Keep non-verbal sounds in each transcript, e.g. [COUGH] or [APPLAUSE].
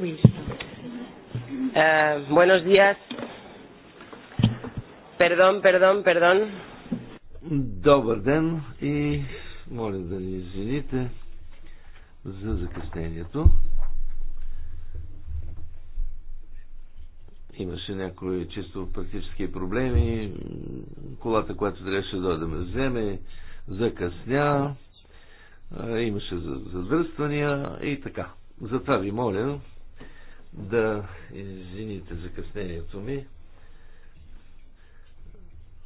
Eh, buenos días. Perdón, perdón, perdón. Добър ден и моля да ни извините за закъснението. Имаше някои чисто практически проблеми. Колата, която трябваше да дойде да вземе, закъсня. Е, имаше задръствания и така. Затова ви моля да извините закъснението ми.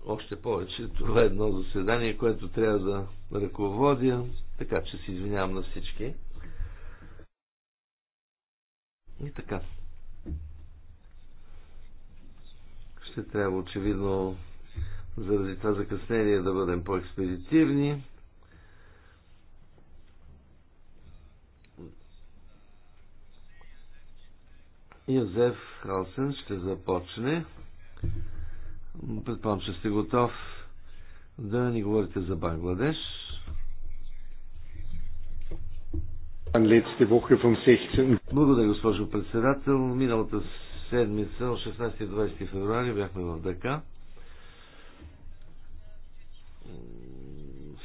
Още повече, това е едно заседание, което трябва да ръководя, така че се извинявам на всички. И така. Ще трябва очевидно заради това закъснение да бъдем по-експедитивни. Йозеф Халсен ще започне. Предполагам, че сте готов да ни говорите за Бангладеш. Благодаря, госпожо председател. Миналата седмица, от 16 и 20 февруари, бяхме в ДК.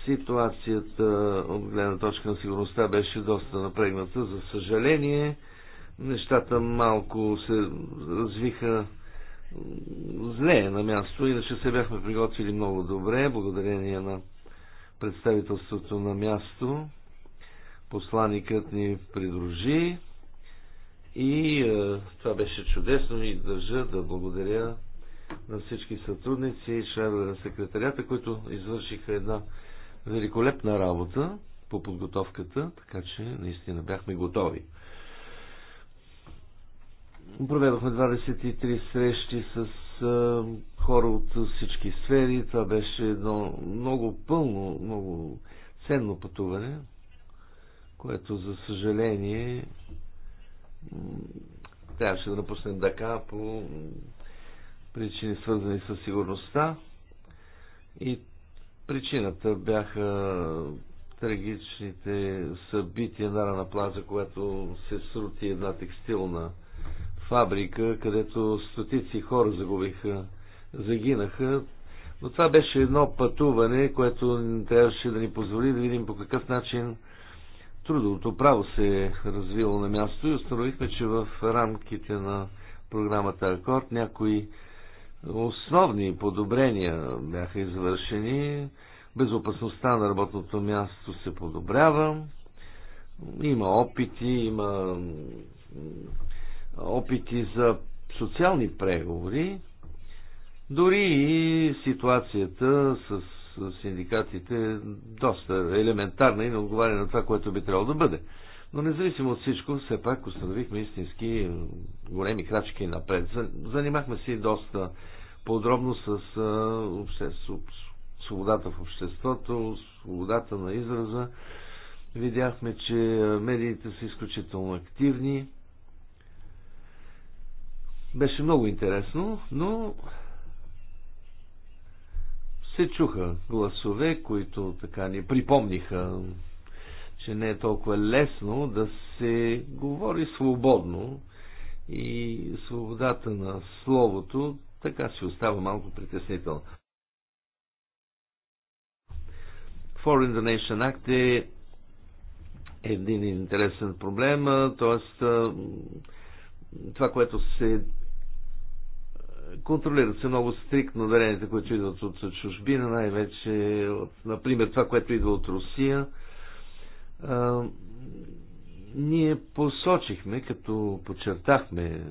Ситуацията от гледна точка на сигурността беше доста напрегната. За съжаление, нещата малко се развиха зле е на място, иначе се бяхме приготвили много добре, благодарение на представителството на място. Посланикът ни придружи и е, това беше чудесно и държа да благодаря на всички сътрудници и членове на секретарията, които извършиха една великолепна работа по подготовката, така че наистина бяхме готови. Проведохме 23 срещи с хора от всички сфери. Това беше едно много пълно, много ценно пътуване, което за съжаление трябваше да напуснем Дака по причини свързани с сигурността и причината бяха трагичните събития на Рана Плаза, когато се срути една текстилна фабрика, където стотици хора загубиха, загинаха. Но това беше едно пътуване, което трябваше да ни позволи да видим по какъв начин трудовото право се е развило на място и установихме, че в рамките на програмата Акорд някои основни подобрения бяха извършени. Безопасността на работното място се подобрява. Има опити, има опити за социални преговори, дори и ситуацията с синдикатите е доста елементарна и не отговаря на това, което би трябвало да бъде. Но независимо от всичко, все пак установихме истински големи крачки напред. Занимахме се и доста подробно с свободата в обществото, свободата на израза. Видяхме, че медиите са изключително активни беше много интересно, но се чуха гласове, които така ни припомниха, че не е толкова лесно да се говори свободно и свободата на словото така си остава малко притеснителна. Foreign Donation Act е един интересен проблем, т.е. това, което се контролират се много стриктно даренията, които идват от чужбина, най-вече, от, например, това, което идва от Русия. А, ние посочихме, като подчертахме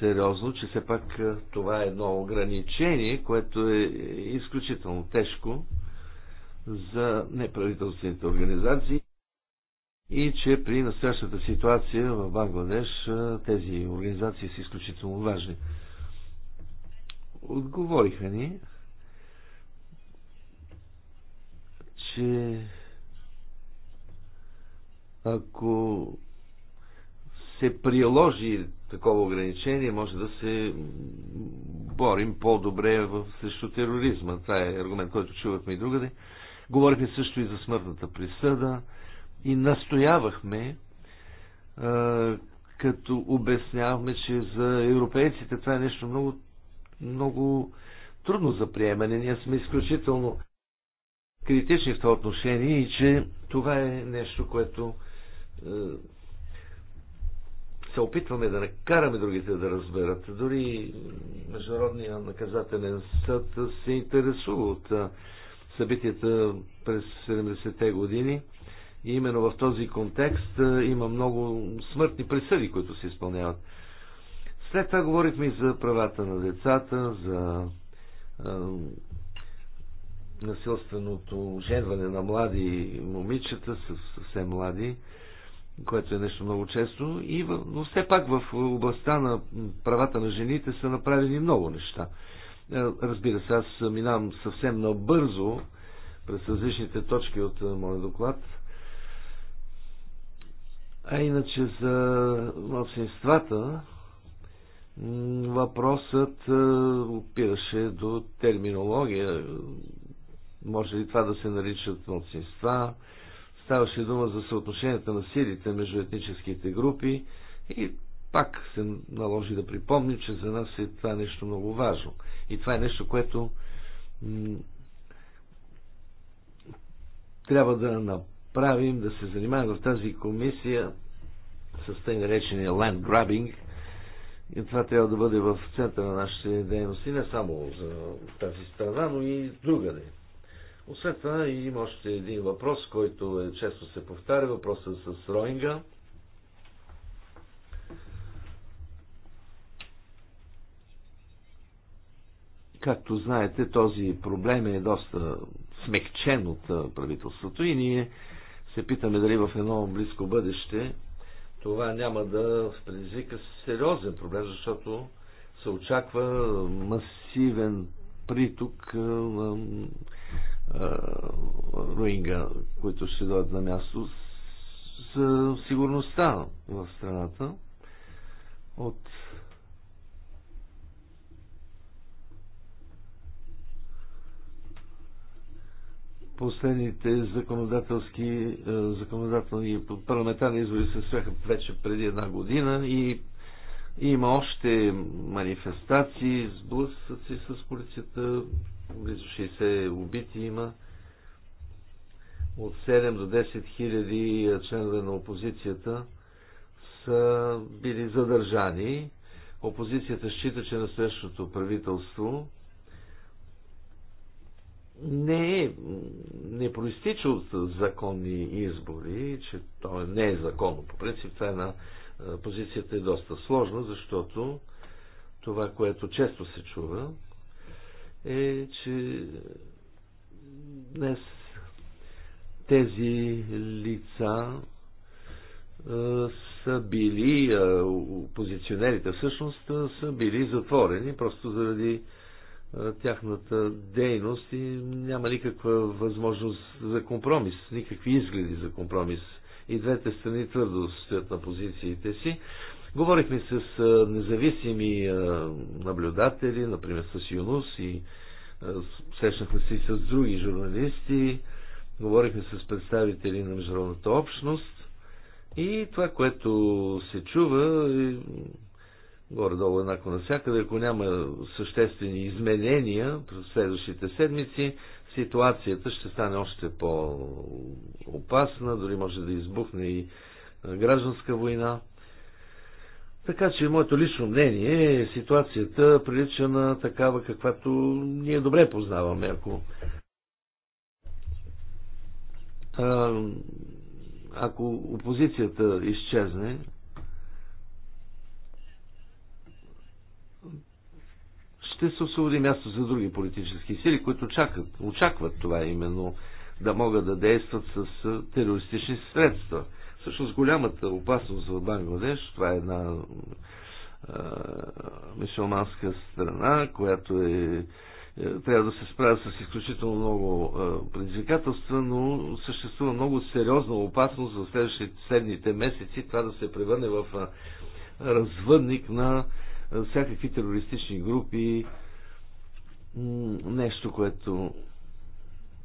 сериозно, че все пак това е едно ограничение, което е изключително тежко за неправителствените организации и че при настоящата ситуация в Бангладеш тези организации са изключително важни. Отговориха ни, че ако се приложи такова ограничение, може да се борим по-добре срещу тероризма. Това е аргумент, който чувахме и другаде. Говорихме също и за смъртната присъда и настоявахме, като обяснявахме, че за европейците това е нещо много много трудно за приемане. Ние сме изключително критични в това отношение и че това е нещо, което е, се опитваме да накараме другите да разберат. Дори Международния наказателен съд се интересува от е, събитията през 70-те години. И именно в този контекст е, има много смъртни присъди, които се изпълняват. След това говорихме и за правата на децата, за насилственото женване на млади момичета, съвсем млади, което е нещо много често, и, но все пак в областта на правата на жените са направени много неща. Разбира се, аз минавам съвсем набързо през различните точки от моя доклад. А иначе за младсинствата, Въпросът е, опираше до терминология. Може ли това да се наричат младсинства? Ставаше дума за съотношенията на силите между етническите групи и пак се наложи да припомним, че за нас е това нещо много важно. И това е нещо, което трябва да направим, да се занимаваме в тази комисия с тъй наречения land grabbing – и това трябва да бъде в центъра на нашите дейности, не само за тази страна, но и другаде. Освен това има още един въпрос, който е, често се повтаря, въпросът с Роинга. Както знаете, този проблем е доста смекчен от правителството и ние се питаме дали в едно близко бъдеще това няма да предизвика сериозен проблем, защото се очаква масивен приток на руинга, които ще дойдат на място за сигурността в страната от последните законодателски, е, законодателни парламентарни избори се свяха вече преди една година и има още манифестации, сблъсъци с полицията, близо 60 убити има. От 7 до 10 хиляди членове на опозицията са били задържани. Опозицията счита, че настоящото правителство не, е, не проистича от законни избори, че то не е законно. По принцип това е на позицията е доста сложна, защото това, което често се чува, е, че днес тези лица са били, опозиционерите всъщност са били затворени просто заради тяхната дейност и няма никаква възможност за компромис, никакви изгледи за компромис. И двете страни твърдо стоят на позициите си. Говорихме с независими наблюдатели, например с Юнус и срещнахме се и с други журналисти, говорихме с представители на международната общност и това, което се чува, е, горе-долу еднакво навсякъде. Ако няма съществени изменения през следващите седмици, ситуацията ще стане още по-опасна, дори може да избухне и гражданска война. Така че моето лично мнение е ситуацията прилича на такава, каквато ние добре познаваме. Ако, а, ако опозицията изчезне, ще се освободи място за други политически сили, които чакат, очакват това именно да могат да действат с терористични средства. Всъщност голямата опасност в Бангладеш, това е една мисулманска страна, която е, е, трябва да се справя с изключително много предизвикателства, но съществува много сериозна опасност в следващите, следните месеци това да се превърне в развъдник на всякакви терористични групи, нещо, което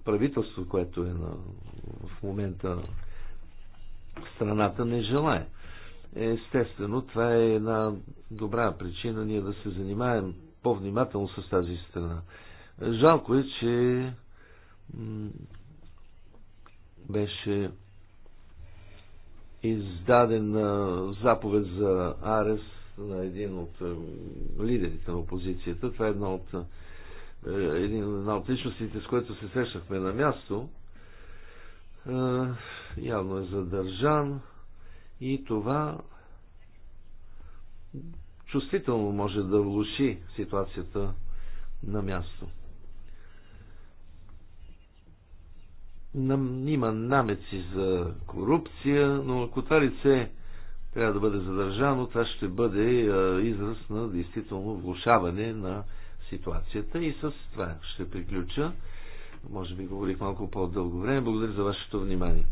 правителство, което е на, в момента страната не желая. Естествено, това е една добра причина ние да се занимаем по-внимателно с тази страна. Жалко е, че беше издадена заповед за арест на един от лидерите на опозицията. Това е една от, е, една от личностите, с което се срещнахме на място. Е, явно е задържан и това чувствително може да влуши ситуацията на място. Нам, има намеци за корупция, но ако това лице трябва да бъде задържано, това ще бъде израз на действително влушаване на ситуацията. И с това ще приключа. Може би говорих малко по-дълго време. Благодаря за вашето внимание.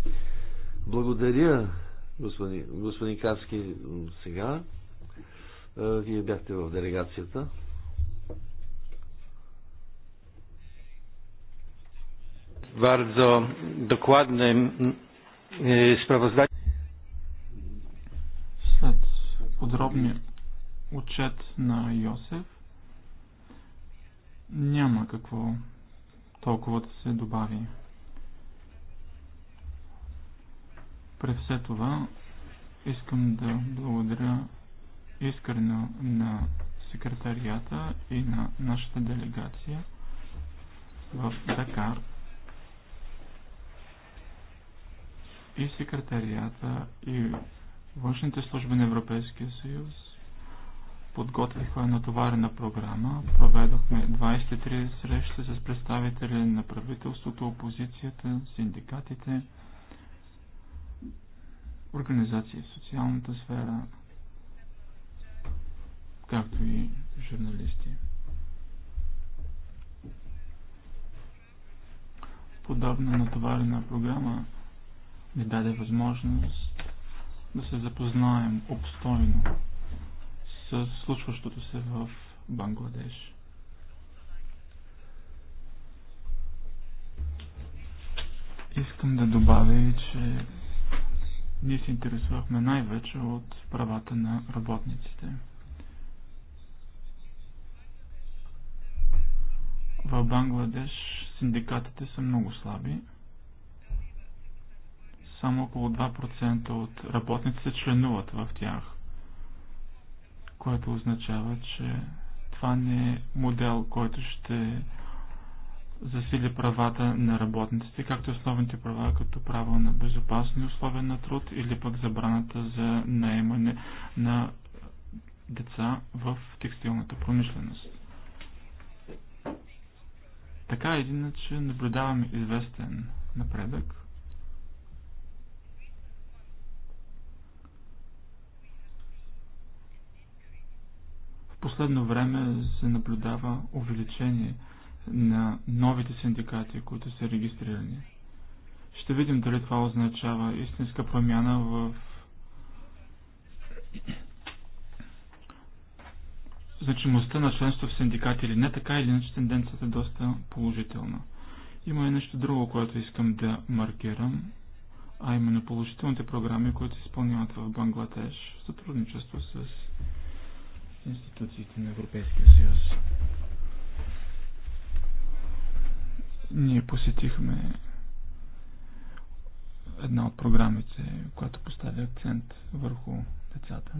Благодаря, господин, господин Каски, сега. Вие бяхте в делегацията. Bardzo dokładnym sprawozdaniu. подробния отчет на Йосеф няма какво толкова да се добави. При все това искам да благодаря искрено на секретарията и на нашата делегация в Дакар и секретарията и Външните служби на Европейския съюз подготвиха натоварена програма. Проведохме 23 срещи с представители на правителството, опозицията, синдикатите, организации в социалната сфера, както и журналисти. Подобна натоварена програма ни даде възможност да се запознаем обстойно с случващото се в Бангладеш. Искам да добавя и, че ние се интересувахме най-вече от правата на работниците. В Бангладеш синдикатите са много слаби. Само около 2% от работниците членуват в тях, което означава, че това не е модел, който ще засили правата на работниците, както основните права, като право на безопасни условия на труд или пък забраната за наемане на деца в текстилната промишленост. Така иначе наблюдаваме известен напредък. последно време се наблюдава увеличение на новите синдикати, които са регистрирани. Ще видим дали това означава истинска промяна в значимостта на членство в синдикати или не, така или иначе тенденцията е доста положителна. Има и нещо друго, което искам да маркирам, а именно положителните програми, които се изпълняват в Бангладеш в сътрудничество с институциите на Европейския съюз. Ние посетихме една от програмите, която поставя акцент върху децата.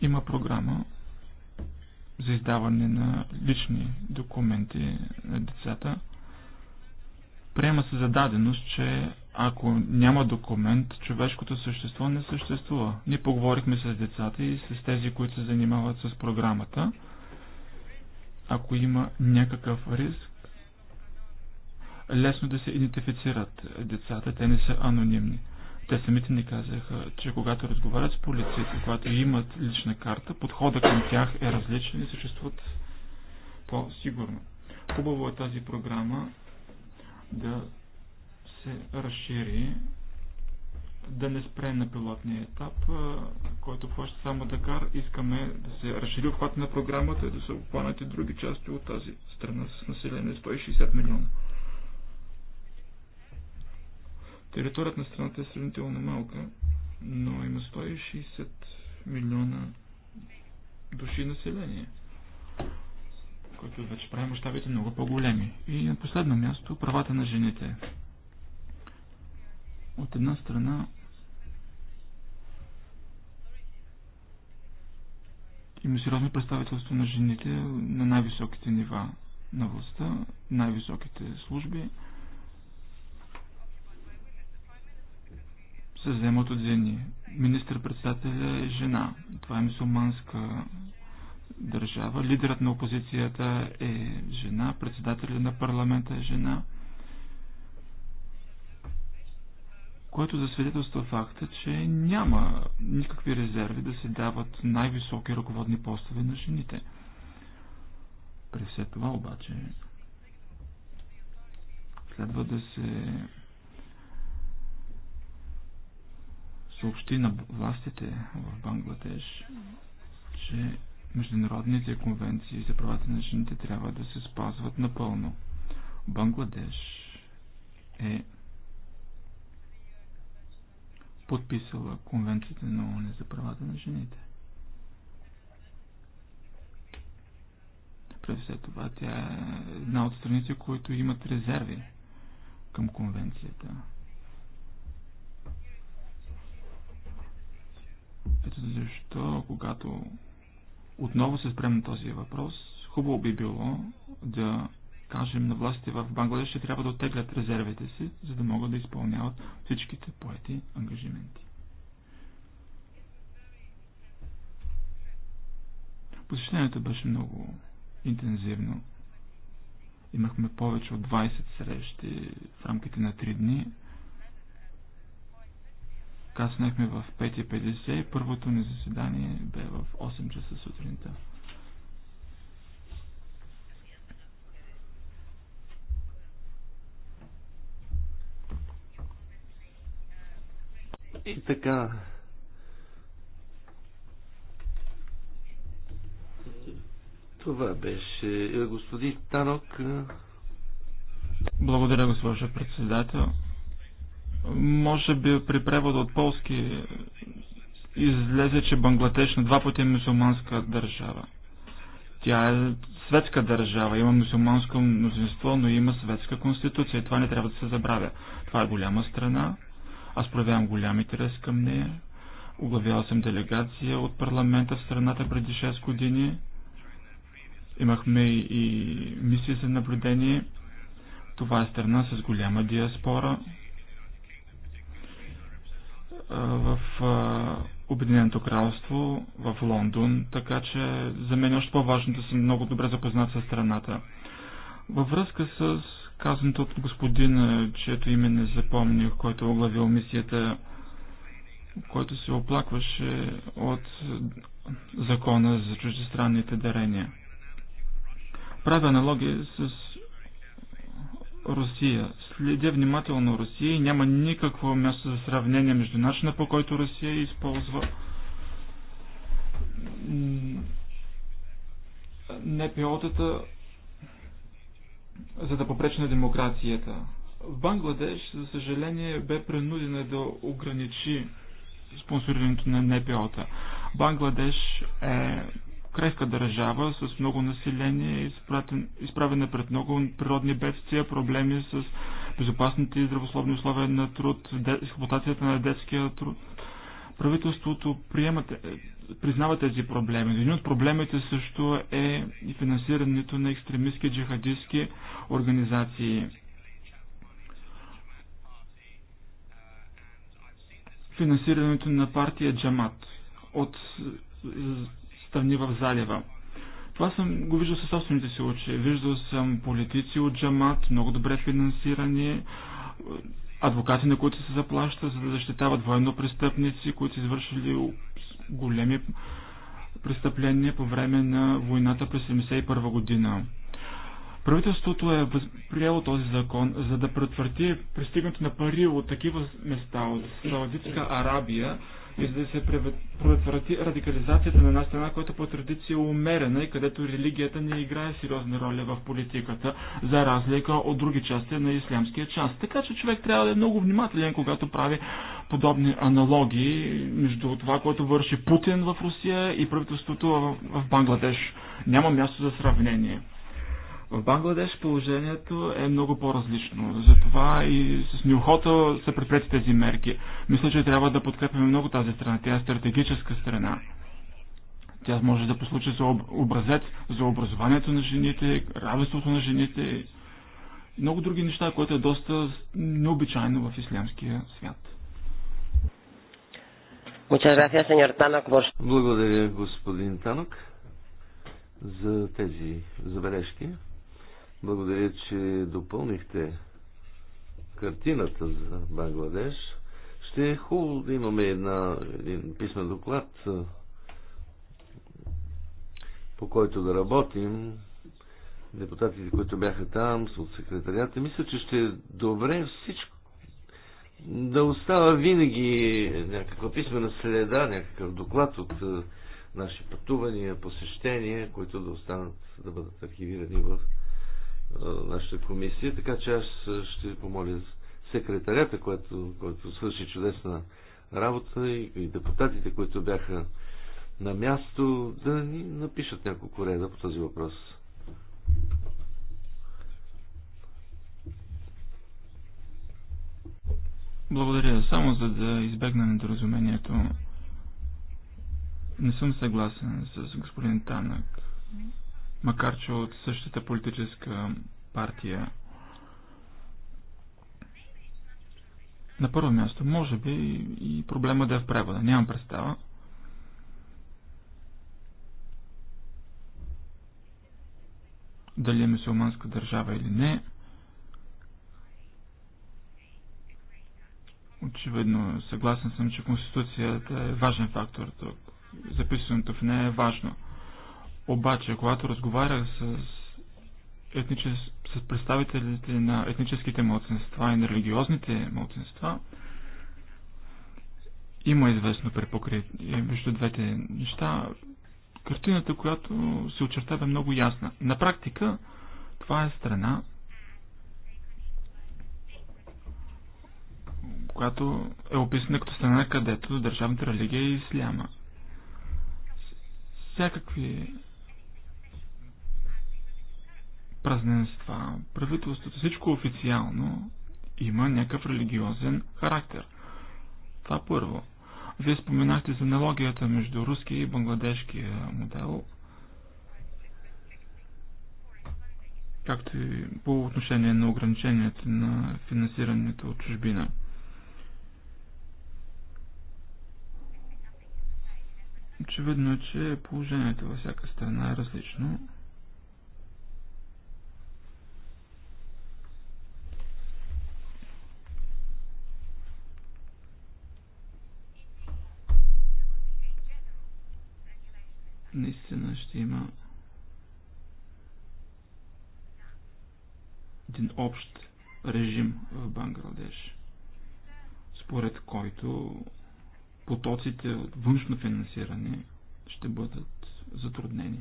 Има програма за издаване на лични документи на децата. Приема се зададеност, че ако няма документ, човешкото същество не съществува. Ние поговорихме с децата и с тези, които се занимават с програмата. Ако има някакъв риск, лесно да се идентифицират децата, те не са анонимни. Те самите ни казаха, че когато разговарят с полицията, когато имат лична карта, подхода към тях е различен и съществуват по-сигурно. Хубаво е тази програма да се разшири, да не спрем на пилотния етап, който плаща само Дакар. Искаме да се разшири обхват на програмата и да се обхванат и други части от тази страна с население 160 милиона. Територията на страната е сравнително малка, но има 160 милиона души население, което вече прави мащабите много по-големи. И на последно място правата на жените. От една страна има сериозно представителство на жените на най-високите нива на властта, най-високите служби се вземат от жени. Министър-председателя е жена. Това е мусулманска държава. Лидерът на опозицията е жена, председателя на парламента е жена. което засвидетелства факта, че няма никакви резерви да се дават най-високи ръководни постове на жените. При все това обаче следва да се съобщи на властите в Бангладеш, че международните конвенции за правата на жените трябва да се спазват напълно. Бангладеш е подписала Конвенцията на ООН за правата на жените. През все това тя е една от страните, които имат резерви към Конвенцията. Ето защо, когато отново се спрем на този въпрос, хубаво би било да кажем на властите в Бангладеш, ще трябва да оттеглят резервите си, за да могат да изпълняват всичките поети ангажименти. Посещението беше много интензивно. Имахме повече от 20 срещи в рамките на 3 дни. Каснахме в 5.50 и първото ни заседание бе в 8 часа сутринта. И така. Това беше е, господин Танок. Благодаря, госпожо председател. Може би при превода от полски излезе, че Бангладеш на два пъти е мусулманска държава. Тя е светска държава, има мусулманско мнозинство, но има светска конституция. и Това не трябва да се забравя. Това е голяма страна, аз проявявам голям интерес към нея. Оглавял съм делегация от парламента в страната преди 6 години. Имахме и мисия за наблюдение. Това е страна с голяма диаспора. В Обединеното кралство, в Лондон, така че за мен е още по-важно да съм много добре запознат с страната. Във връзка с Казаното от господин, чието име не запомних, който е оглавил мисията, който се оплакваше от закона за чуждестранните дарения. Правя аналогия с Русия. Следя внимателно Русия и няма никакво място за сравнение между начина по който Русия използва НПО-тата за да попречи на демокрацията. В Бангладеш, за съжаление, бе принудена да ограничи спонсорирането на НПО-та. Бангладеш е крехка държава с много население, изправена пред много природни бедствия, проблеми с безопасните и здравословни условия на труд, експлуатацията на детския труд. Правителството приема признава тези проблеми. Един от проблемите също е и финансирането на екстремистски джихадистски организации. Финансирането на партия Джамат от страни в залива. Това съм го виждал със собствените си очи. Виждал съм политици от Джамат, много добре финансирани, адвокати, на които се заплаща, за да защитават военно престъпници, които са извършили големи престъпления по време на войната през 1971 година. Правителството е възприело този закон, за да предотврати пристигането на пари от такива места, от Саудитска Арабия, и за да се предотврати радикализацията на една страна, която по традиция е умерена и където религията не играе сериозна роля в политиката, за разлика от други части на ислямския част. Така че човек трябва да е много внимателен, когато прави подобни аналогии между това, което върши Путин в Русия и правителството в Бангладеш. Няма място за сравнение. В Бангладеш положението е много по-различно. Затова и с неохота се предприяти тези мерки. Мисля, че трябва да подкрепяме много тази страна. Тя е стратегическа страна. Тя може да послучи за образец за образованието на жените, равенството на жените и много други неща, което е доста необичайно в ислямския свят. Благодаря, господин Танок, за тези забележки. Благодаря, че допълнихте картината за Бангладеш. Ще е хубаво да имаме една, един писмен доклад, по който да работим. Депутатите, които бяха там, са от секретарията, мисля, че ще е добре всичко да остава винаги някаква писмена следа, някакъв доклад от наши пътувания, посещения, които да останат да бъдат архивирани в нашата комисия, така че аз ще помоля секретарята, който, който свърши чудесна работа и, и депутатите, които бяха на място, да ни напишат няколко реда по този въпрос. Благодаря. Само за да избегна недоразумението, не съм съгласен с господин Танък макар че от същата политическа партия. На първо място, може би и проблема да е в превода. Нямам представа. Дали е мусулманска държава или не. Очевидно, съгласен съм, че Конституцията е важен фактор тук. Записаното в нея е важно – обаче, когато разговарях с, етничес... с представителите на етническите младсенства и на религиозните младсенства, има известно препокритие между двете неща. Картината, която се очертава е много ясна. На практика, това е страна, която е описана като страна, където държавната религия е исляма. Всякакви празненства. Правителството, всичко официално има някакъв религиозен характер. Това първо. Вие споменахте за аналогията между руския и бангладешкия модел, както и по отношение на ограниченията на финансирането от чужбина. Очевидно е, че положението във всяка страна е различно. наистина ще има един общ режим в Бангладеш, според който потоците от външно финансиране ще бъдат затруднени.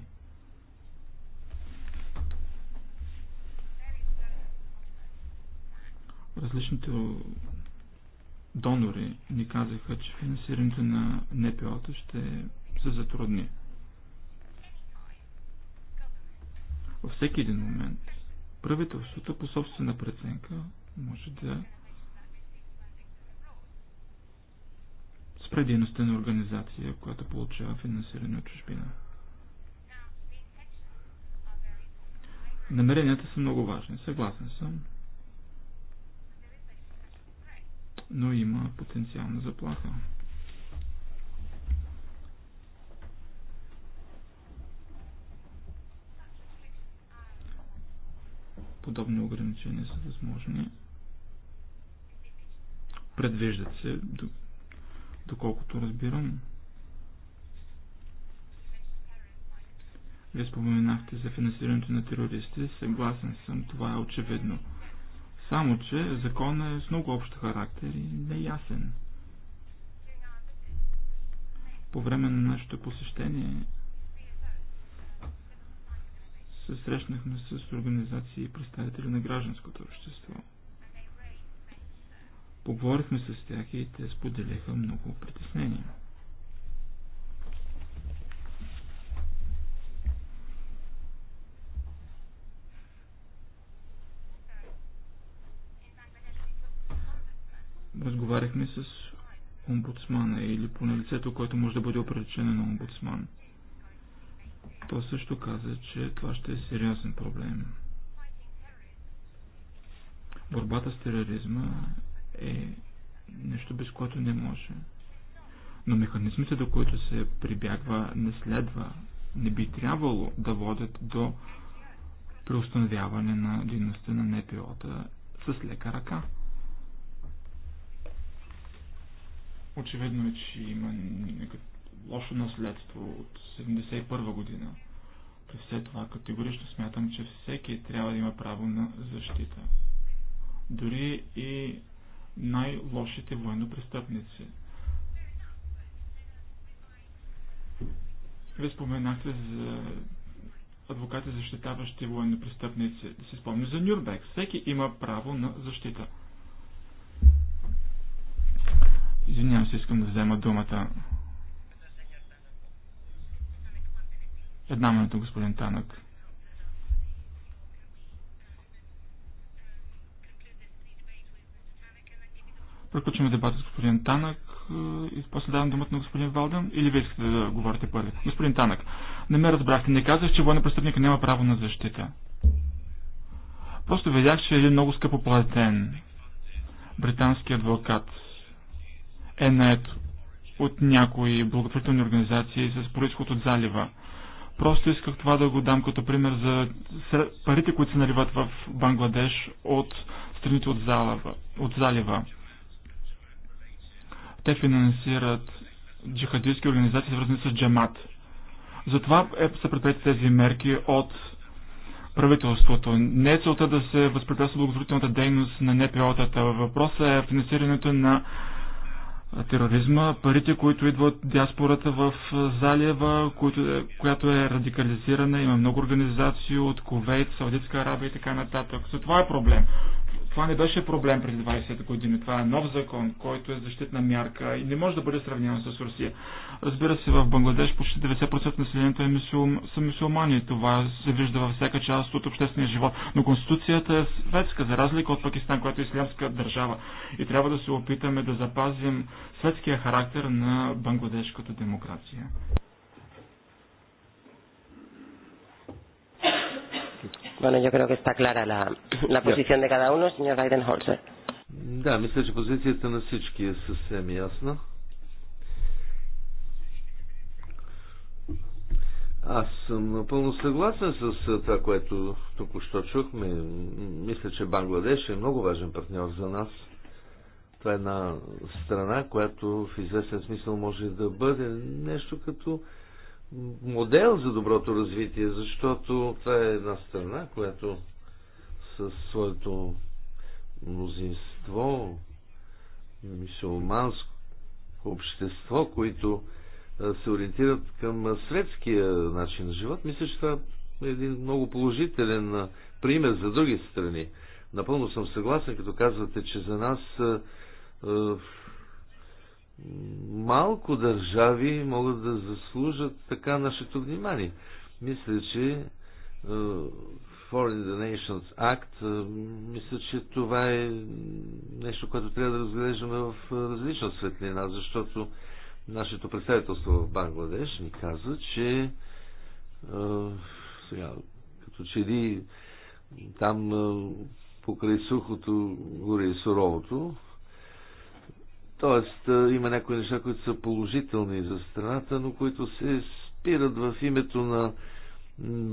Различните донори ни казаха, че финансирането на НПО-та ще се затрудни. Във всеки един момент правителството по собствена преценка може да спре дейността на организация, която получава финансиране от чужбина. Намеренията са много важни, съгласен съм. Но има потенциална заплаха. подобни ограничения са възможни. Предвиждат се, доколкото разбирам. Вие споменахте за финансирането на терористи. Съгласен съм, това е очевидно. Само, че законът е с много общ характер и неясен. Е По време на нашето посещение се срещнахме с организации и представители на гражданското общество. Поговорихме с тях и те споделиха много притеснения. Разговаряхме с омбудсмана или поне лицето, което може да бъде определено на омбудсман – той също каза, че това ще е сериозен проблем. Борбата с тероризма е нещо, без което не може. Но механизмите, до които се прибягва, не следва, не би трябвало да водят до преустановяване на дейността на НПО-та с лека ръка. Очевидно е, че има някакъв лошо наследство от 71 година. При все това категорично смятам, че всеки трябва да има право на защита. Дори и най-лошите военнопрестъпници. Вие споменахте за адвокати, защитаващи военнопрестъпници. Да се спомни за Нюрнберг. Всеки има право на защита. Извинявам се, искам да взема думата. Една минута, господин Танък. Приключваме дебата с господин Танък и после давам думата на господин Валден или вие искате да говорите първи? Господин Танък, не ме разбрахте. Не казах, че военна престъпник няма право на защита. Просто видях, че е един много скъпо платен британски адвокат е наед от някои благотворителни организации с происход от залива. Просто исках това да го дам като пример за парите, които се наливат в Бангладеш от страните от, залава, от залива. Те финансират джихадистски организации, свързани с джамат. Затова е, са предприяти тези мерки от правителството. Не е целта да се възпрепятства благотворителната дейност на НПО-тата. Въпросът е финансирането на тероризма, парите, които идват от диаспората в залива, които, е, която е радикализирана, има много организации от Ковейт, Саудитска Арабия и така нататък. За това е проблем. Това не беше проблем преди 20 години. Това е нов закон, който е защитна мярка и не може да бъде сравняван с Русия. Разбира се, в Бангладеш почти 90% от населението е мисул... са мусулмани. Това се вижда във всяка част от обществения живот. Но Конституцията е светска, за разлика от Пакистан, която е ислямска държава. И трябва да се опитаме да запазим светския характер на бангладешката демокрация. Bueno, yo creo que está clara la, la posición de cada uno, señor Weidenholzer. Да, мисля, че позицията на всички е съвсем ясна. Аз съм напълно съгласен с това, което току-що чухме. Мисля, че Бангладеш е много важен партньор за нас. Това е една страна, която в известен смисъл може да бъде нещо като модел за доброто развитие, защото това е една страна, която със своето мнозинство, мисулманско общество, които се ориентират към светския начин на живот, мисля, че това е един много положителен пример за други страни. Напълно съм съгласен, като казвате, че за нас малко държави могат да заслужат така нашето внимание. Мисля, че е, Foreign Nations Act, е, мисля, че това е нещо, което трябва да разглеждаме в е, различна светлина, защото нашето представителство в Бангладеш ни каза, че сега, като че ли там покрай сухото горе и суровото, Тоест, има някои неща, които са положителни за страната, но които се спират в името на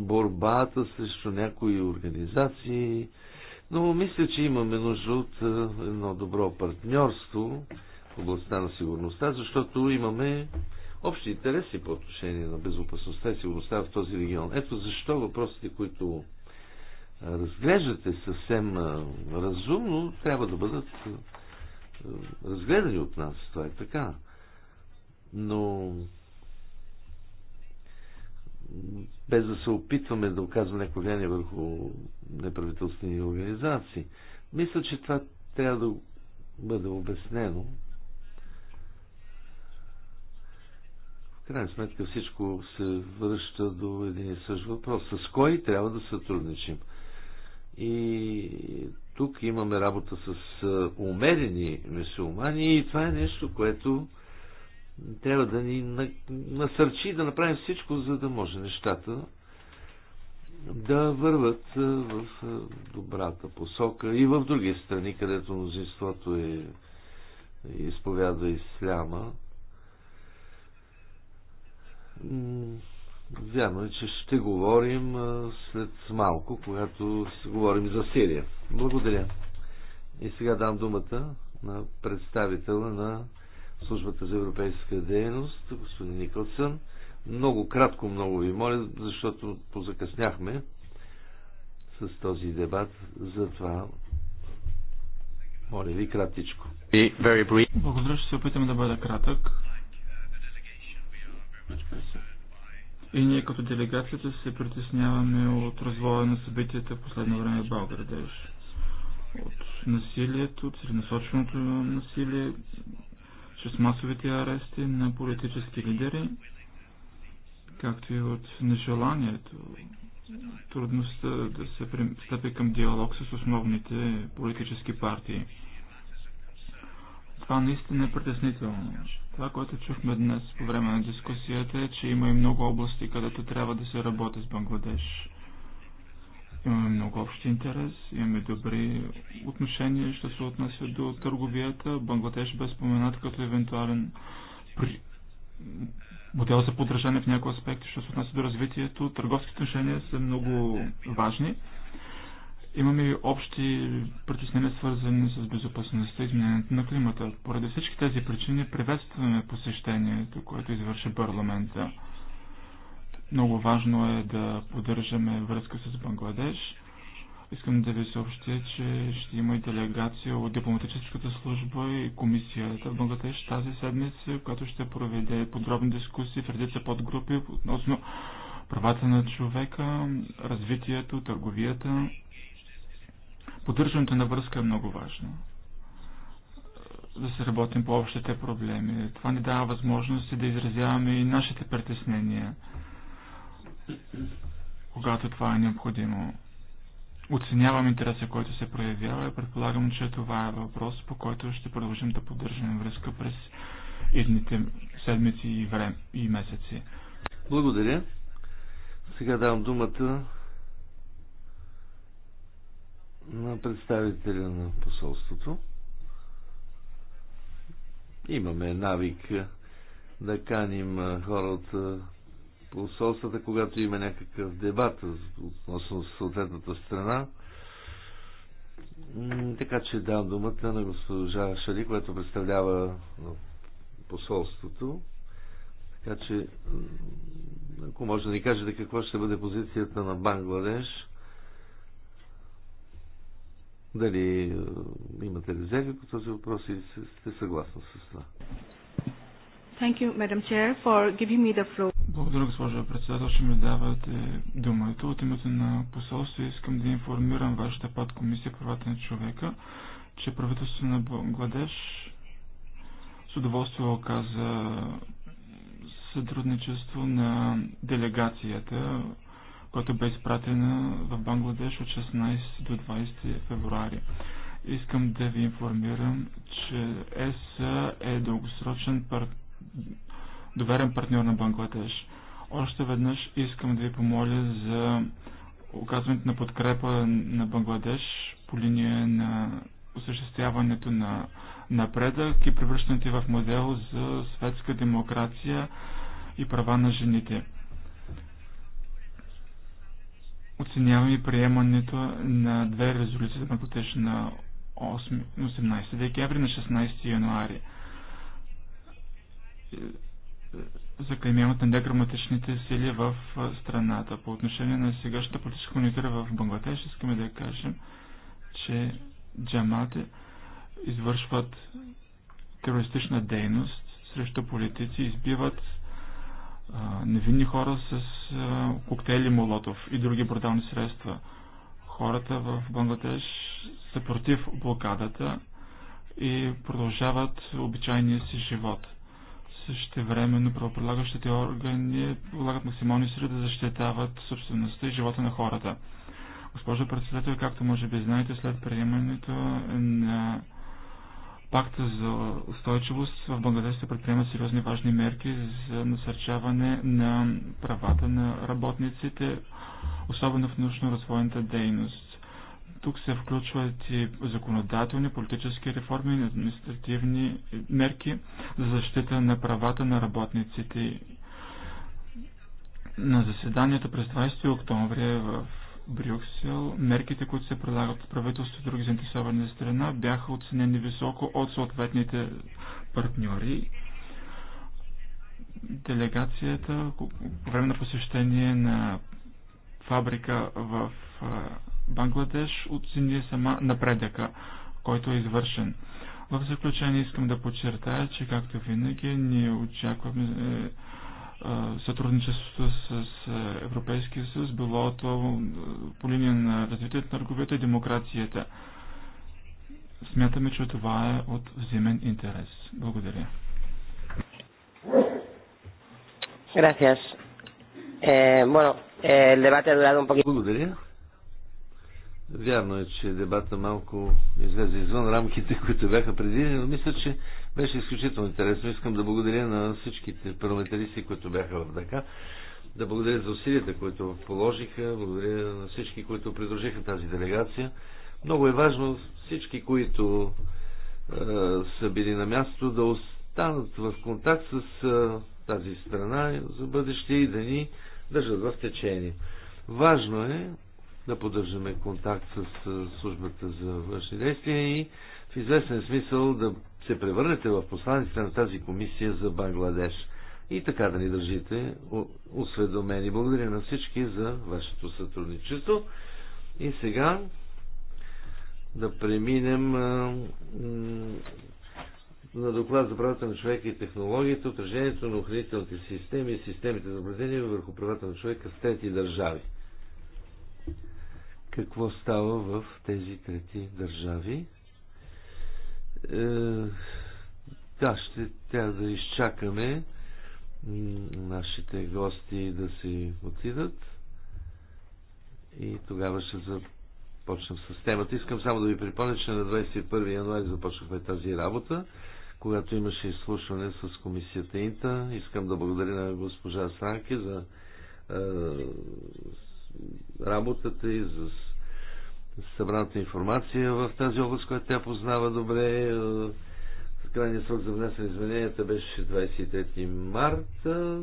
борбата срещу някои организации. Но мисля, че имаме нужда от едно добро партньорство в областта на сигурността, защото имаме общи интереси по отношение на безопасността и сигурността в този регион. Ето защо въпросите, които разглеждате съвсем разумно, трябва да бъдат разгледани от нас. Това е така. Но без да се опитваме да оказваме някакво влияние върху неправителствени организации. Мисля, че това трябва да бъде обяснено. В крайна сметка всичко се връща до един и същ въпрос. С кой трябва да сътрудничим? И тук имаме работа с умерени мусулмани и това е нещо, което трябва да ни насърчи да направим всичко, за да може нещата да върват в добрата посока и в други страни, където мнозинството е изповядва исляма Вярно е, че ще говорим след малко, когато ще говорим за Сирия. Благодаря. И сега дам думата на представителя на Службата за европейска дейност, господин Николсън. Много кратко, много ви моля, защото позакъсняхме с този дебат, затова моля ви кратичко. Благодаря, ще се опитам да бъда кратък. И ние като делегацията се притесняваме от развоя на събитията в последно време в Балградеш. От насилието, целенасоченото насилие, чрез масовите арести на политически лидери, както и от нежеланието, трудността да се пристъпи към диалог с основните политически партии. Това наистина е притеснително. Това, което чухме днес по време на дискусията е, че има и много области, където трябва да се работи с Бангладеш. Имаме много общ интерес, имаме добри отношения, що се отнася до търговията. Бангладеш бе споменат като евентуален при... модел за подражание в някои аспекти, що се отнася до развитието. Търговските отношения са много важни. Имаме и общи притеснения, свързани с безопасността и изменението на климата. Поради всички тези причини приветстваме посещението, което извърши парламента. Много важно е да поддържаме връзка с Бангладеш. Искам да ви съобщя, че ще има и делегация от дипломатическата служба и комисията в Бангладеш тази седмица, която ще проведе подробни дискусии в редица подгрупи относно правата на човека, развитието, търговията, Поддържането на връзка е много важно. Да се работим по общите проблеми. Това ни дава възможност да изразяваме и нашите притеснения, когато това е необходимо. Оценявам интереса, който се проявява и предполагам, че това е въпрос, по който ще продължим да поддържаме връзка през идните седмици и, време, и месеци. Благодаря. Сега давам думата на представителя на посолството. Имаме навик да каним хора от посолствата, когато има някакъв дебат относно съответната страна. Така че дам думата на госпожа Шали, която представлява посолството. Така че, ако може да ни кажете какво ще бъде позицията на Бангладеш дали е, имате резерви по този въпрос и сте съгласни с това? Thank you, Madam Chair, for giving me the floor. Благодаря, госпожо председател, че ми давате думата. От името на посолство искам да информирам вашата пад комисия правата на човека, че правителството на Бангладеш с удоволствие оказа сътрудничество на делегацията която бе изпратена в Бангладеш от 16 до 20 февруари. Искам да ви информирам, че ЕС е дългосрочен пар... доверен партньор на Бангладеш. Още веднъж искам да ви помоля за оказването на подкрепа на Бангладеш по линия на осъществяването на напредък и превръщането в модел за светска демокрация и права на жените. Оценявам и приемането на две резолюции на платеж на 8, 18 декември на 16 януари на неграматичните сили в страната. По отношение на сегашната политическа конъюнктура в Бангладеш, искаме да кажем, че джамате извършват терористична дейност срещу политици, избиват невинни хора с коктейли Молотов и други брутални средства. Хората в Бангладеш са против блокадата и продължават обичайния си живот. Също времено правоприлагащите органи полагат максимални среди да защитават собствеността и живота на хората. Госпожо председател, както може би знаете, след приемането на пакта за устойчивост в Бангладеш се предприемат сериозни важни мерки за насърчаване на правата на работниците, особено в научно-развойната дейност. Тук се включват и законодателни, политически реформи административни мерки за защита на правата на работниците. На заседанието през 20 октомври в Брюксел, мерките, които се предлагат от правителството и други заинтересовани страна, бяха оценени високо от съответните партньори. Делегацията по време на посещение на фабрика в Бангладеш оцени сама напредъка, който е извършен. В заключение искам да подчертая, че както винаги ние очакваме е, сътрудничеството с Европейския съюз, било то по линия на развитието на търговията и демокрацията. Смятаме, че това е от взимен интерес. Благодаря. Gracias. Eh, bueno, eh, el debate ha durado un poquito. Благодаря. Вярно е, че дебата малко излезе извън рамките, [LAUGHS] които бяха предвидени, но мисля, че беше изключително интересно. Искам да благодаря на всичките парламентаристи, които бяха в Дака. Да благодаря за усилията, които положиха. Благодаря на всички, които придружиха тази делегация. Много е важно всички, които е, са били на място, да останат в контакт с е, тази страна за бъдеще и да ни държат в течение. Важно е да поддържаме контакт с службата за външни действия и в известен смисъл да се превърнете в посланиците на тази комисия за Бангладеш и така да ни държите осведомени. Благодаря на всички за вашето сътрудничество. И сега да преминем на доклад за правата на човека и технологията, отражението на охранителните системи и системите за наблюдение върху правата на човека с трети държави. Какво става в тези трети държави? Е, да, ще трябва да изчакаме нашите гости да си отидат и тогава ще започнем с темата. Искам само да ви припомня, че на 21 януари започнахме тази работа, когато имаше изслушване с комисията Инта. Искам да благодаря на госпожа Санке за е, работата и за събраната информация в тази област, която тя познава добре. Е, Крайният срок за внесене измененията беше 23 марта.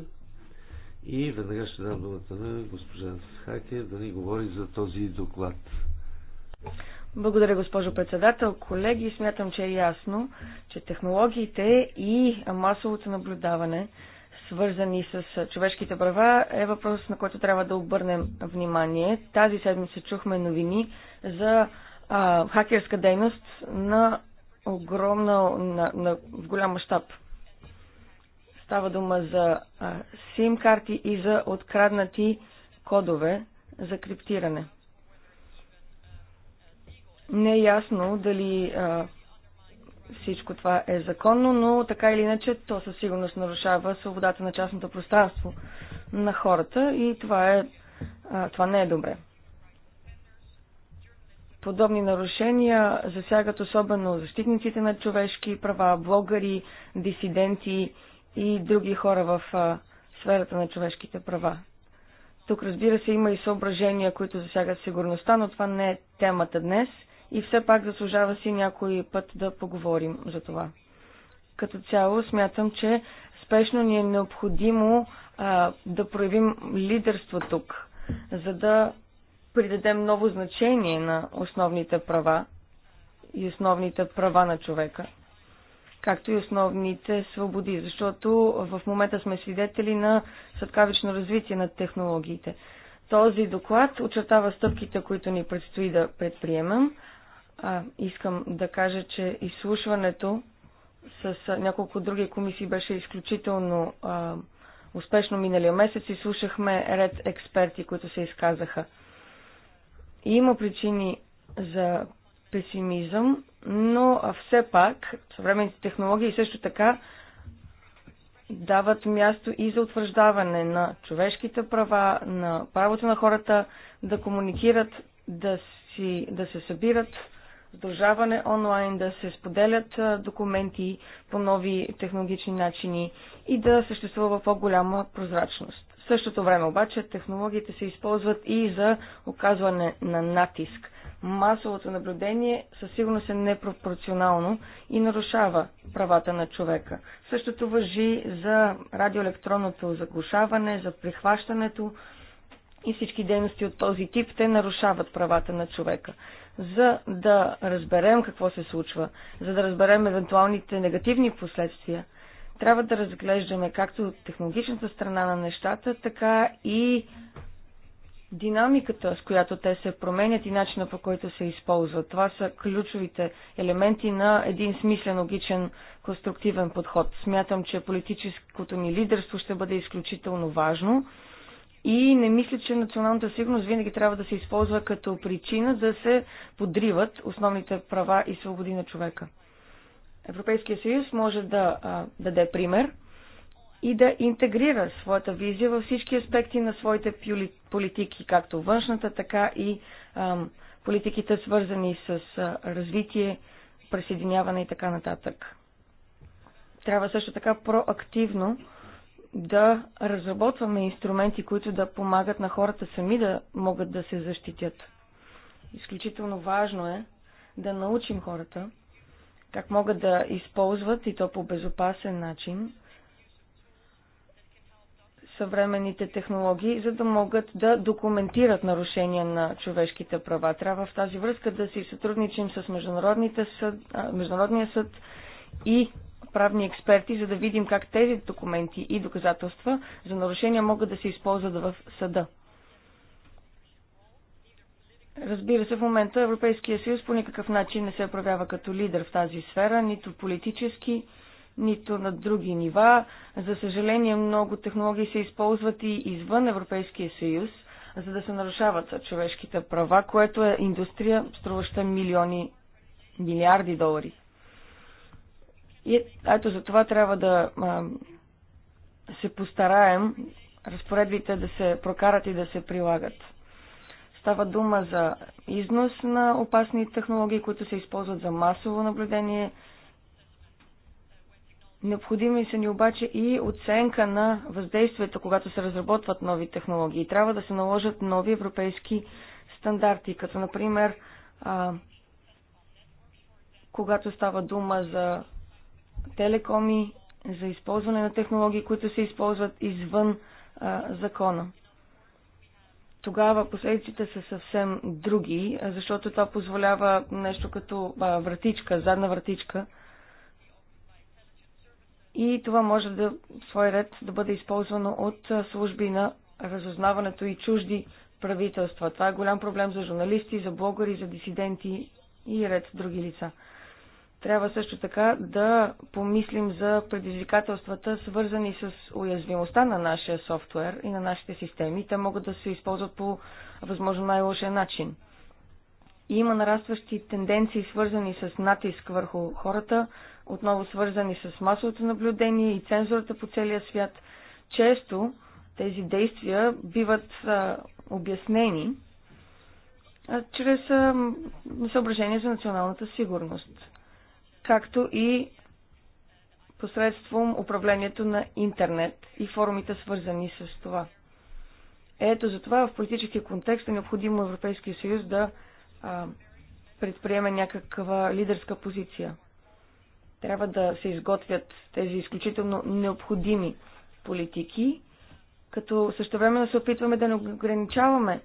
И веднага ще дам думата на госпожа Хаке да ни говори за този доклад. Благодаря, госпожо председател. Колеги, смятам, че е ясно, че технологиите и масовото наблюдаване, свързани с човешките права, е въпрос, на който трябва да обърнем внимание. Тази седмица чухме новини за а, хакерска дейност на огромна, на, на, голям мащаб. Става дума за сим карти и за откраднати кодове за криптиране. Не е ясно дали а, всичко това е законно, но така или иначе то със сигурност нарушава свободата на частното пространство на хората и това, е, а, това не е добре. Подобни нарушения засягат особено защитниците на човешки права, блогъри, дисиденти и други хора в сферата на човешките права. Тук разбира се има и съображения, които засягат сигурността, но това не е темата днес и все пак заслужава си някой път да поговорим за това. Като цяло смятам, че спешно ни е необходимо а, да проявим лидерство тук, за да придадем ново значение на основните права и основните права на човека, както и основните свободи, защото в момента сме свидетели на съткавично развитие на технологиите. Този доклад очертава стъпките, които ни предстои да предприемем. А, искам да кажа, че изслушването с няколко други комисии беше изключително а, успешно миналия месец и слушахме ред експерти, които се изказаха. Има причини за песимизъм, но все пак съвременните технологии също така дават място и за утвърждаване на човешките права, на правото на хората да комуникират, да, си, да се събират, сдружаване онлайн, да се споделят документи по нови технологични начини и да съществува по-голяма прозрачност. В същото време обаче технологиите се използват и за оказване на натиск. Масовото наблюдение със сигурност е непропорционално и нарушава правата на човека. Същото въжи за радиоелектронното заглушаване, за прихващането и всички дейности от този тип, те нарушават правата на човека. За да разберем какво се случва, за да разберем евентуалните негативни последствия, трябва да разглеждаме както технологичната страна на нещата, така и динамиката, с която те се променят и начина по който се използват. Това са ключовите елементи на един смислен, логичен, конструктивен подход. Смятам, че политическото ни лидерство ще бъде изключително важно и не мисля, че националната сигурност винаги трябва да се използва като причина да се подриват основните права и свободи на човека. Европейския съюз може да а, даде пример и да интегрира своята визия във всички аспекти на своите политики, както външната, така и а, политиките свързани с а, развитие, присъединяване и така нататък. Трябва също така проактивно да разработваме инструменти, които да помагат на хората сами да могат да се защитят. Изключително важно е да научим хората как могат да използват и то по безопасен начин съвременните технологии, за да могат да документират нарушения на човешките права. Трябва в тази връзка да си сътрудничим с Международните съд, Международния съд и правни експерти, за да видим как тези документи и доказателства за нарушения могат да се използват в съда. Разбира се, в момента Европейския съюз по никакъв начин не се проявява като лидер в тази сфера, нито политически, нито на други нива. За съжаление, много технологии се използват и извън Европейския съюз, за да се нарушават човешките права, което е индустрия, струваща милиони, милиарди долари. И ето за това трябва да а, се постараем разпоредбите да се прокарат и да се прилагат. Става дума за износ на опасни технологии, които се използват за масово наблюдение. Необходими са ни обаче и оценка на въздействието, когато се разработват нови технологии. Трябва да се наложат нови европейски стандарти, като например, а, когато става дума за телекоми, за използване на технологии, които се използват извън а, закона тогава последиците са съвсем други, защото това позволява нещо като вратичка, задна вратичка. И това може да, в свой ред, да бъде използвано от служби на разузнаването и чужди правителства. Това е голям проблем за журналисти, за блогъри, за дисиденти и ред други лица. Трябва също така да помислим за предизвикателствата, свързани с уязвимостта на нашия софтуер и на нашите системи. Те могат да се използват по възможно най-лошия начин. И има нарастващи тенденции, свързани с натиск върху хората, отново свързани с масовото наблюдение и цензурата по целия свят. Често тези действия биват а, обяснени а, чрез а, съображение за националната сигурност както и посредством управлението на интернет и форумите свързани с това. Ето за това в политически контекст е необходимо Европейския съюз да а, предприеме някаква лидерска позиция. Трябва да се изготвят тези изключително необходими политики, като същевременно се опитваме да не ограничаваме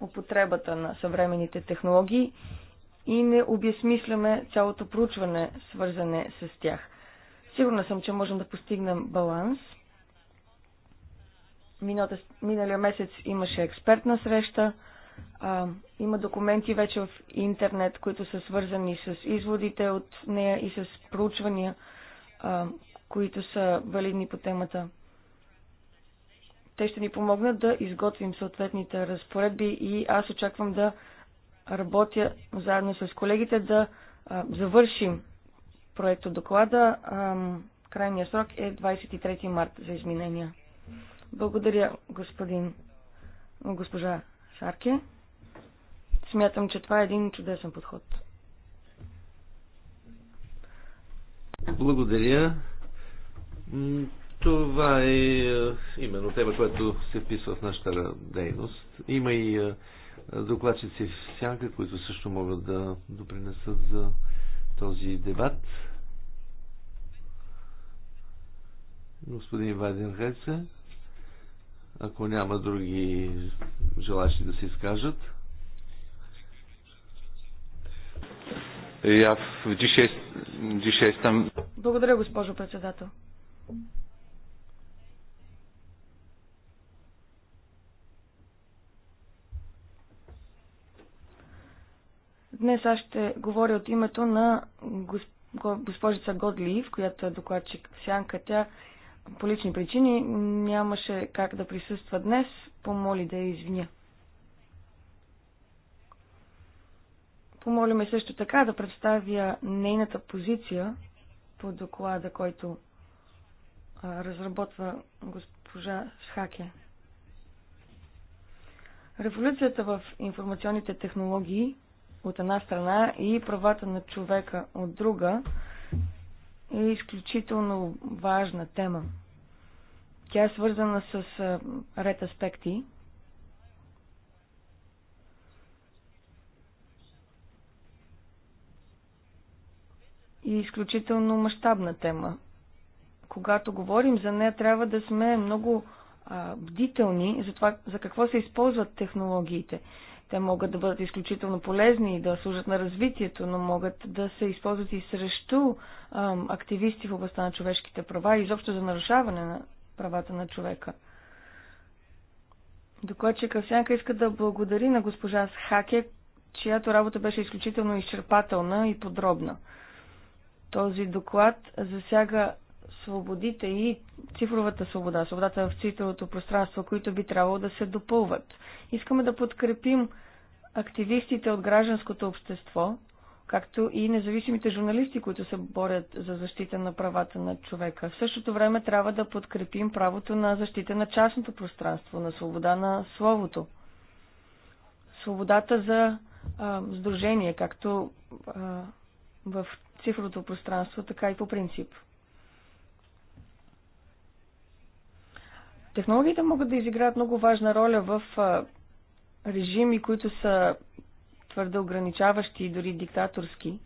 употребата на съвременните технологии и не обясмисляме цялото проучване, свързане с тях. Сигурна съм, че можем да постигнем баланс. Миналата, миналия месец имаше експертна среща. А, има документи вече в интернет, които са свързани с изводите от нея и с проучвания, а, които са валидни по темата. Те ще ни помогнат да изготвим съответните разпоредби и аз очаквам да работя заедно с колегите да а, завършим проекто доклада. крайният срок е 23 март за изменения. Благодаря, господин, госпожа Шарке. Смятам, че това е един чудесен подход. Благодаря. Това е именно тема, която се вписва в нашата дейност. Има и докладчици в сянка, които също могат да допринесат за този дебат. Господин Вайден Хайце, ако няма други желащи да се изкажат. Я в... Благодаря, госпожо председател. Днес аз ще говоря от името на госпожица Годлиев, която е докладчик Сянка. Тя по лични причини нямаше как да присъства днес. Помоли да я извиня. Помолиме също така да представя нейната позиция по доклада, който разработва госпожа Шхаке. Революцията в информационните технологии от една страна и правата на човека от друга е изключително важна тема. Тя е свързана с ред аспекти. И изключително мащабна тема. Когато говорим за нея, трябва да сме много бдителни за това, за какво се използват технологиите. Те могат да бъдат изключително полезни и да служат на развитието, но могат да се използват и срещу ам, активисти в областта на човешките права и изобщо за нарушаване на правата на човека. Докладчика Сянка иска да благодари на госпожа Хаке, чиято работа беше изключително изчерпателна и подробна. Този доклад засяга свободите и цифровата свобода, свободата в цифровото пространство, които би трябвало да се допълват. Искаме да подкрепим активистите от гражданското общество, както и независимите журналисти, които се борят за защита на правата на човека. В същото време трябва да подкрепим правото на защита на частното пространство, на свобода на словото, свободата за а, сдружение, както а, в цифровото пространство, така и по принцип. Технологиите могат да изиграят много важна роля в режими, които са твърде ограничаващи и дори диктаторски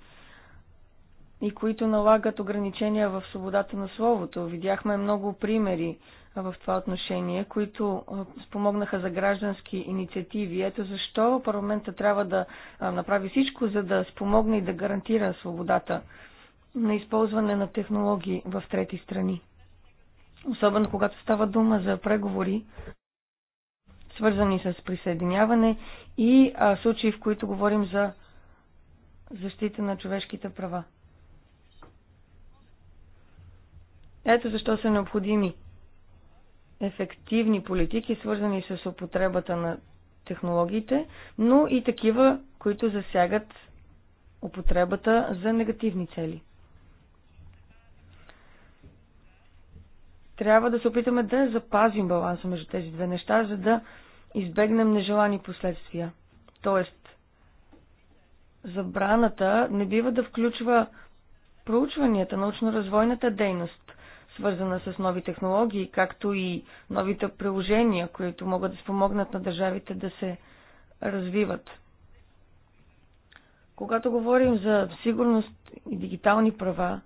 и които налагат ограничения в свободата на словото. Видяхме много примери в това отношение, които спомогнаха за граждански инициативи. Ето защо парламента трябва да направи всичко, за да спомогне и да гарантира свободата на използване на технологии в трети страни особено когато става дума за преговори, свързани с присъединяване и а, случаи, в които говорим за защита на човешките права. Ето защо са необходими ефективни политики, свързани с употребата на технологиите, но и такива, които засягат употребата за негативни цели. трябва да се опитаме да запазим баланса между тези две неща, за да избегнем нежелани последствия. Тоест, забраната не бива да включва проучванията, научно-развойната дейност, свързана с нови технологии, както и новите приложения, които могат да спомогнат на държавите да се развиват. Когато говорим за сигурност и дигитални права,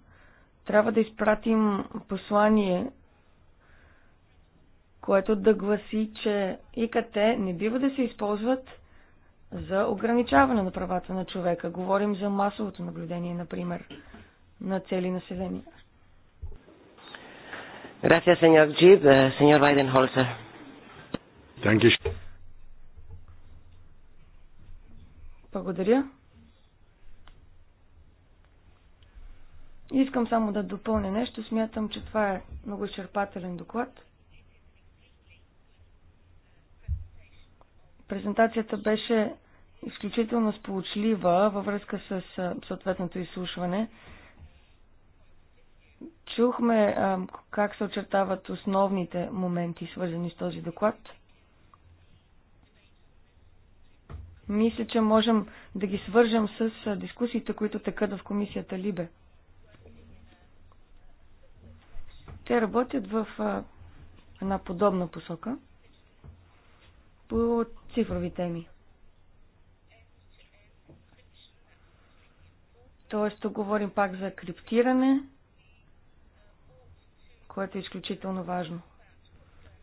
трябва да изпратим послание което да гласи, че ИКТ не бива да се използват за ограничаване на правата на човека. Говорим за масовото наблюдение, например, на цели населения. Gracias, señor Gib. Eh, señor Weidenholzer. Thank you. Благодаря. Искам само да допълня нещо. Смятам, че това е много изчерпателен доклад. Презентацията беше изключително сполучлива във връзка с съответното изслушване. Чухме как се очертават основните моменти, свързани с този доклад. Мисля, че можем да ги свържем с дискусиите, които текат в комисията Либе. Те работят в една подобна посока по цифрови теми. Тоест, тук говорим пак за криптиране, което е изключително важно.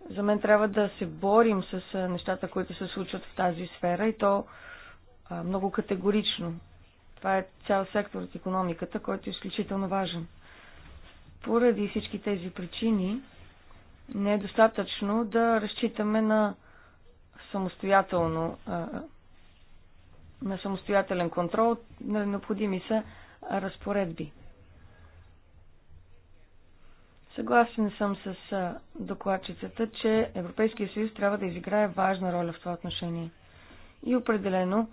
За мен трябва да се борим с нещата, които се случват в тази сфера и то а, много категорично. Това е цял сектор от економиката, който е изключително важен. Поради всички тези причини не е достатъчно да разчитаме на самостоятелно, на самостоятелен контрол, необходими са разпоредби. Съгласен съм с докладчицата, че Европейския съюз трябва да изиграе важна роля в това отношение. И определено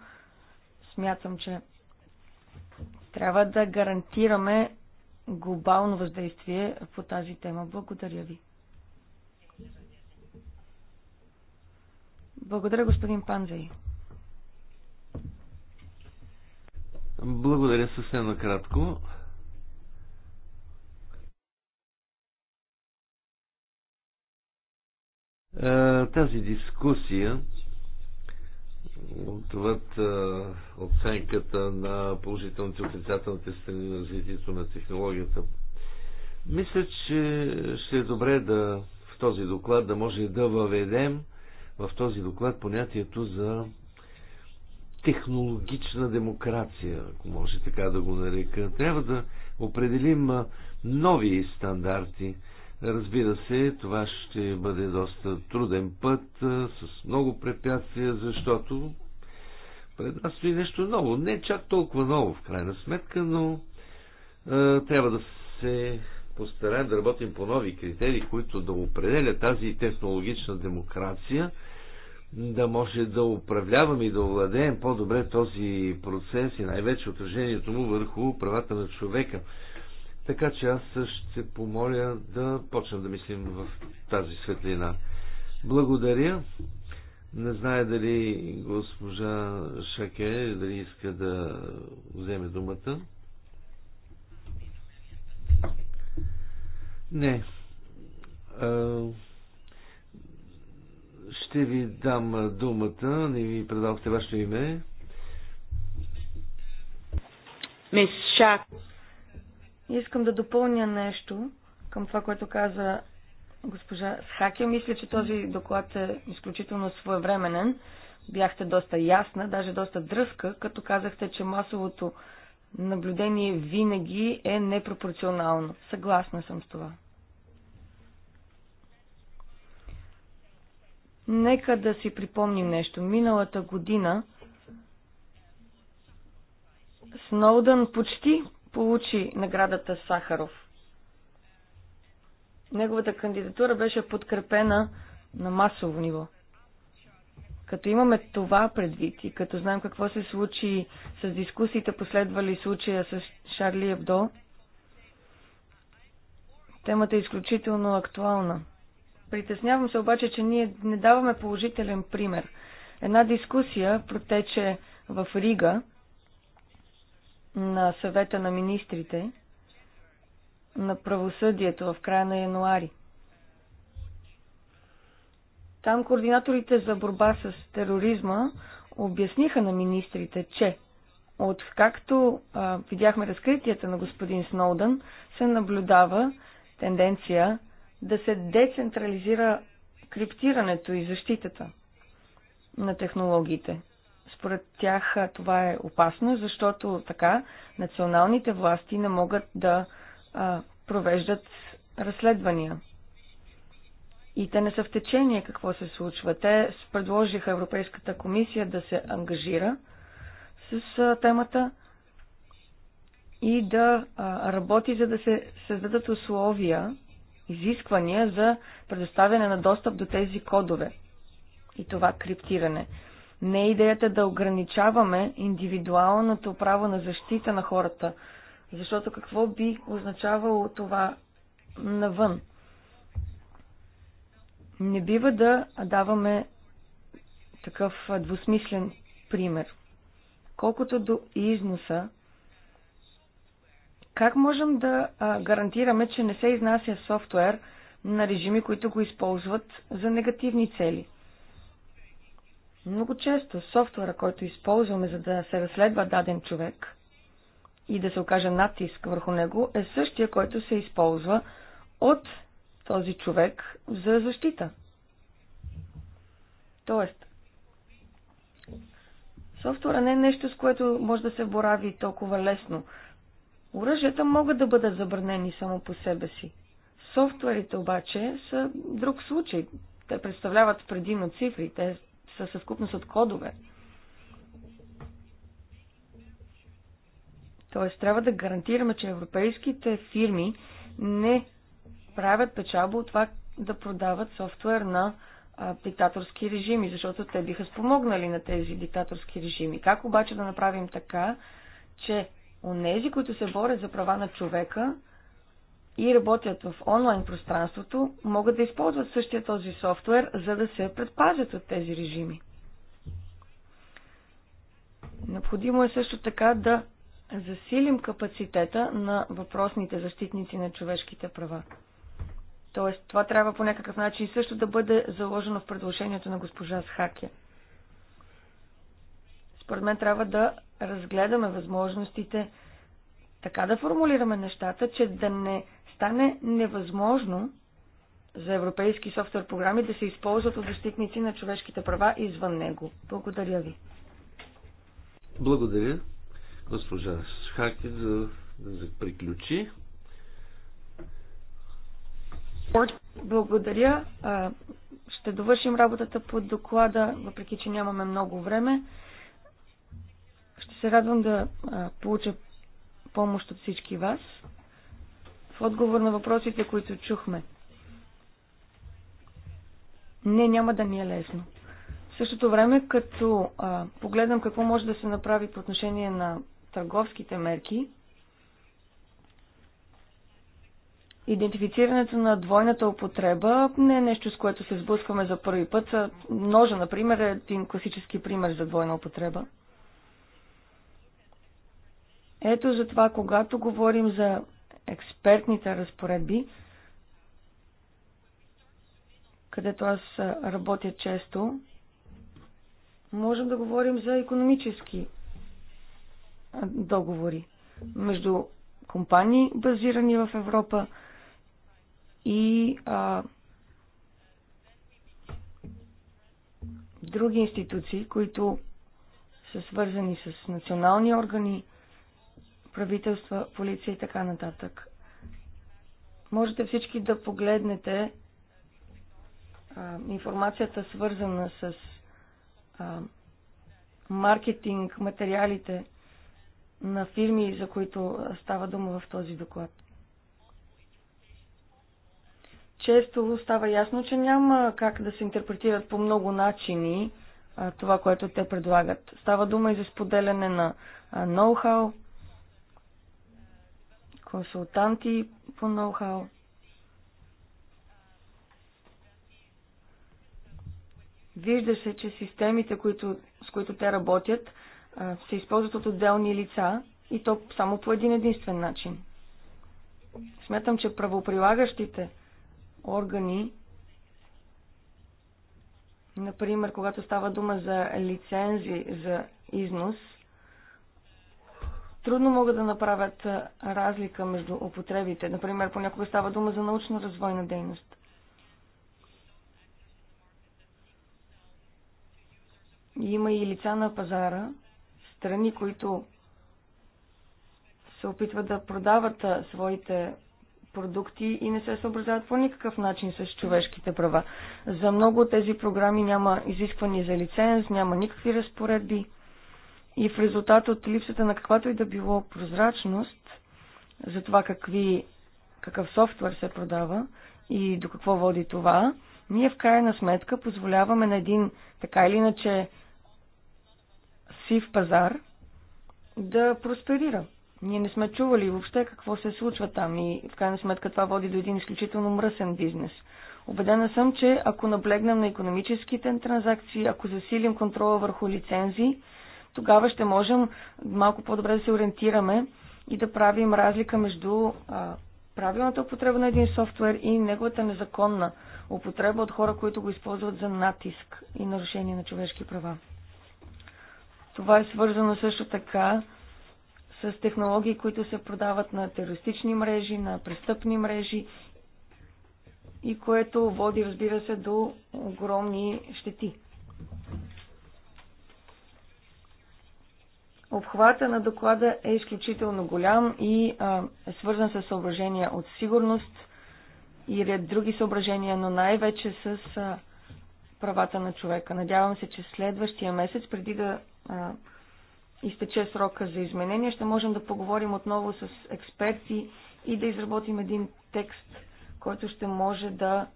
смятам, че трябва да гарантираме глобално въздействие по тази тема. Благодаря ви. Благодаря, господин Панзей. Благодаря съвсем накратко. Е, тази дискусия отвъд е, оценката на положителните отрицателните страни на развитието на технологията. Мисля, че ще е добре да в този доклад да може да въведем в този доклад понятието за технологична демокрация, ако може така да го нарека. Трябва да определим нови стандарти. Разбира се, това ще бъде доста труден път, с много препятствия, защото пред нас стои нещо ново. Не чак толкова ново, в крайна сметка, но е, трябва да се постараем да работим по нови критерии, които да определят тази технологична демокрация, да може да управляваме и да овладеем по-добре този процес и най-вече отражението му върху правата на човека. Така че аз ще помоля да почнем да мислим в тази светлина. Благодаря. Не знае дали госпожа Шаке дали иска да вземе думата. Не. Ще ви дам думата. Не ви предавахте вашето име. Мис Шак. Искам да допълня нещо към това, което каза госпожа Схакия. Мисля, че този доклад е изключително своевременен. Бяхте доста ясна, даже доста дръзка, като казахте, че масовото наблюдение винаги е непропорционално. Съгласна съм с това. Нека да си припомним нещо. Миналата година Сноудън почти получи наградата Сахаров. Неговата кандидатура беше подкрепена на масово ниво. Като имаме това предвид и като знаем какво се случи с дискусиите последвали случая с Шарли Ебдо, темата е изключително актуална. Притеснявам се обаче, че ние не даваме положителен пример. Една дискусия протече в Рига на съвета на министрите на правосъдието в края на януари – там координаторите за борба с тероризма обясниха на министрите, че както а, видяхме разкритията на господин Сноудън, се наблюдава тенденция да се децентрализира криптирането и защитата на технологиите. Според тях това е опасно, защото така националните власти не могат да а, провеждат разследвания и те не са в течение какво се случва. Те предложиха Европейската комисия да се ангажира с темата и да работи, за да се създадат условия, изисквания за предоставяне на достъп до тези кодове и това криптиране. Не е идеята да ограничаваме индивидуалното право на защита на хората, защото какво би означавало това навън? Не бива да даваме такъв двусмислен пример. Колкото до износа, как можем да гарантираме, че не се изнася софтуер на режими, които го използват за негативни цели? Много често софтуера, който използваме, за да се разследва даден човек и да се окаже натиск върху него, е същия, който се използва от този човек за защита. Тоест, софтуера не е нещо, с което може да се борави толкова лесно. Оръжията могат да бъдат забранени само по себе си. Софтуерите обаче са друг случай. Те представляват предимно цифри, те са съвкупност от кодове. Тоест трябва да гарантираме, че европейските фирми не правят печалба от това да продават софтуер на а, диктаторски режими, защото те биха спомогнали на тези диктаторски режими. Как обаче да направим така, че онези, които се борят за права на човека и работят в онлайн пространството, могат да използват същия този софтуер, за да се предпазят от тези режими. Необходимо е също така да засилим капацитета на въпросните защитници на човешките права. Тоест, това трябва по някакъв начин също да бъде заложено в предложението на госпожа Схаке. Според мен трябва да разгледаме възможностите, така да формулираме нещата, че да не стане невъзможно за европейски софтуер програми да се използват от защитници на човешките права извън него. Благодаря ви. Благодаря, госпожа Схаки, за да приключи. Благодаря. Ще довършим работата по доклада, въпреки че нямаме много време. Ще се радвам да получа помощ от всички вас в отговор на въпросите, които чухме. Не, няма да ни е лесно. В същото време, като а, погледам какво може да се направи по отношение на търговските мерки, Идентифицирането на двойната употреба не е нещо, с което се сблъскваме за първи път. Ножа, например, е един класически пример за двойна употреба. Ето затова, когато говорим за експертните разпоредби, където аз работя често, можем да говорим за економически договори между компании, базирани в Европа, и а, други институции, които са свързани с национални органи, правителства, полиция и така нататък. Можете всички да погледнете а, информацията, свързана с а, маркетинг, материалите на фирми, за които става дума в този доклад често става ясно, че няма как да се интерпретират по много начини това, което те предлагат. Става дума и за споделяне на ноу-хау, консултанти по ноу-хау. Вижда се, че системите, които, с които те работят, се използват от отделни лица и то само по един единствен начин. Смятам, че правоприлагащите органи, например, когато става дума за лицензи за износ, трудно могат да направят разлика между употребите. Например, понякога става дума за научно-развойна дейност. Има и лица на пазара, страни, които се опитват да продават своите продукти и не се съобразяват по никакъв начин с човешките права. За много от тези програми няма изисквания за лиценз, няма никакви разпоредби и в резултат от липсата на каквато и да било прозрачност за това какви, какъв софтуер се продава и до какво води това, ние в крайна сметка позволяваме на един така или иначе сив пазар да просперира. Ние не сме чували въобще какво се случва там и в крайна сметка това води до един изключително мръсен бизнес. Обедена съм, че ако наблегнем на економическите транзакции, ако засилим контрола върху лицензии, тогава ще можем малко по-добре да се ориентираме и да правим разлика между а, правилната употреба на един софтуер и неговата незаконна употреба от хора, които го използват за натиск и нарушение на човешки права. Това е свързано също така с технологии, които се продават на терористични мрежи, на престъпни мрежи и което води, разбира се, до огромни щети. Обхвата на доклада е изключително голям и а, е свързан с съображения от сигурност и ред други съображения, но най-вече с а, правата на човека. Надявам се, че следващия месец, преди да а, изтече срока за изменение, ще можем да поговорим отново с експерти и да изработим един текст, който ще може да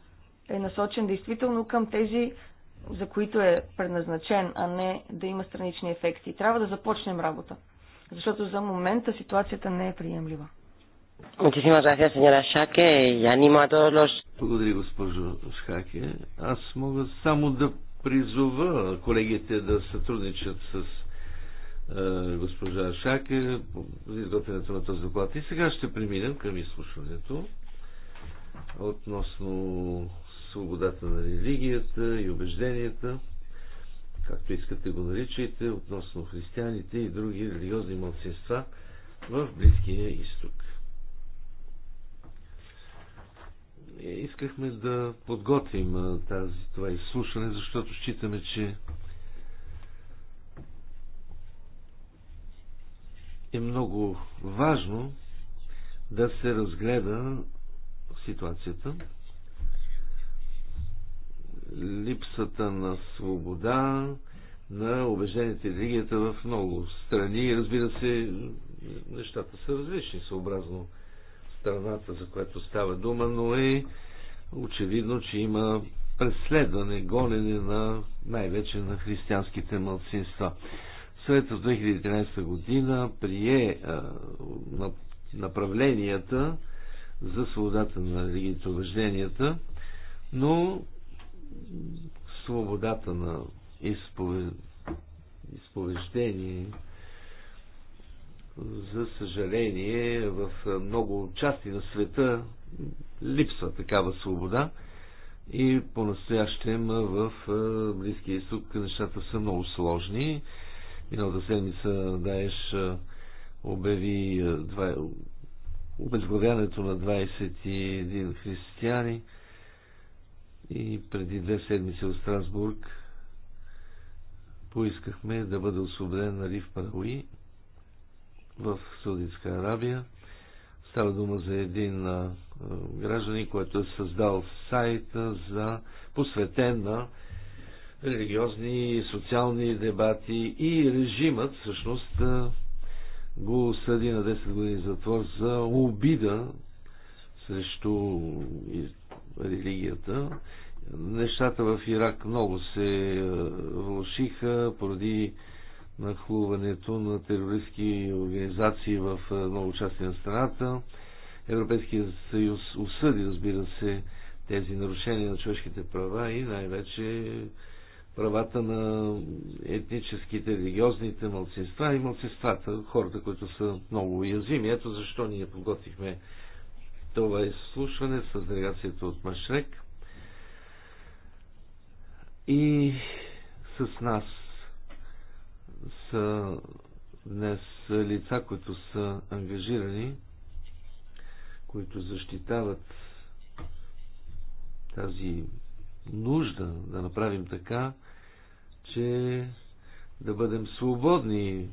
е насочен действително към тези, за които е предназначен, а не да има странични ефекти. Трябва да започнем работа, защото за момента ситуацията не е приемлива. Muchísimas gracias, señora Шаке, и animo a todos los... Благодаря, госпожо Шаке. Аз мога само да призова колегите да сътрудничат с е, госпожа Шаке за изготвянето на този доклад. И сега ще преминем към изслушването относно свободата на религията и убежденията, както искате го наричайте, относно християните и други религиозни младсинства в Близкия изток. Искахме да подготвим тази, това изслушане, защото считаме, че е много важно да се разгледа ситуацията. Липсата на свобода на убежденията и религията в много страни. Разбира се, нещата са различни съобразно страната, за която става дума, но е очевидно, че има преследване, гонене на най-вече на християнските мълцинства. Съветът в 2013 година прие е, направленията за свободата на религиите убежденията, но свободата на изпове... изповеждение за съжаление в много части на света липсва такава свобода и по-настоящем в е, Близкия изток нещата са много сложни. Миналата седмица Даеш обяви обезглавянето на 21 християни и преди две седмици от Страсбург поискахме да бъде освободен на Риф Парауи в Саудитска Арабия. Става дума за един гражданин, който е създал сайта за посветен на религиозни и социални дебати и режимът всъщност го съди на 10 години затвор за обида срещу религията. Нещата в Ирак много се влушиха поради нахлуването на терористски организации в много части на страната. Европейския съюз осъди, разбира се, тези нарушения на човешките права и най-вече правата на етническите, религиозните мълцинства и мълцинствата, хората, които са много уязвими. Ето защо ние подготвихме това изслушване с делегацията от Машрек. И с нас са днес лица, които са ангажирани, които защитават тази нужда да направим така, че да бъдем свободни,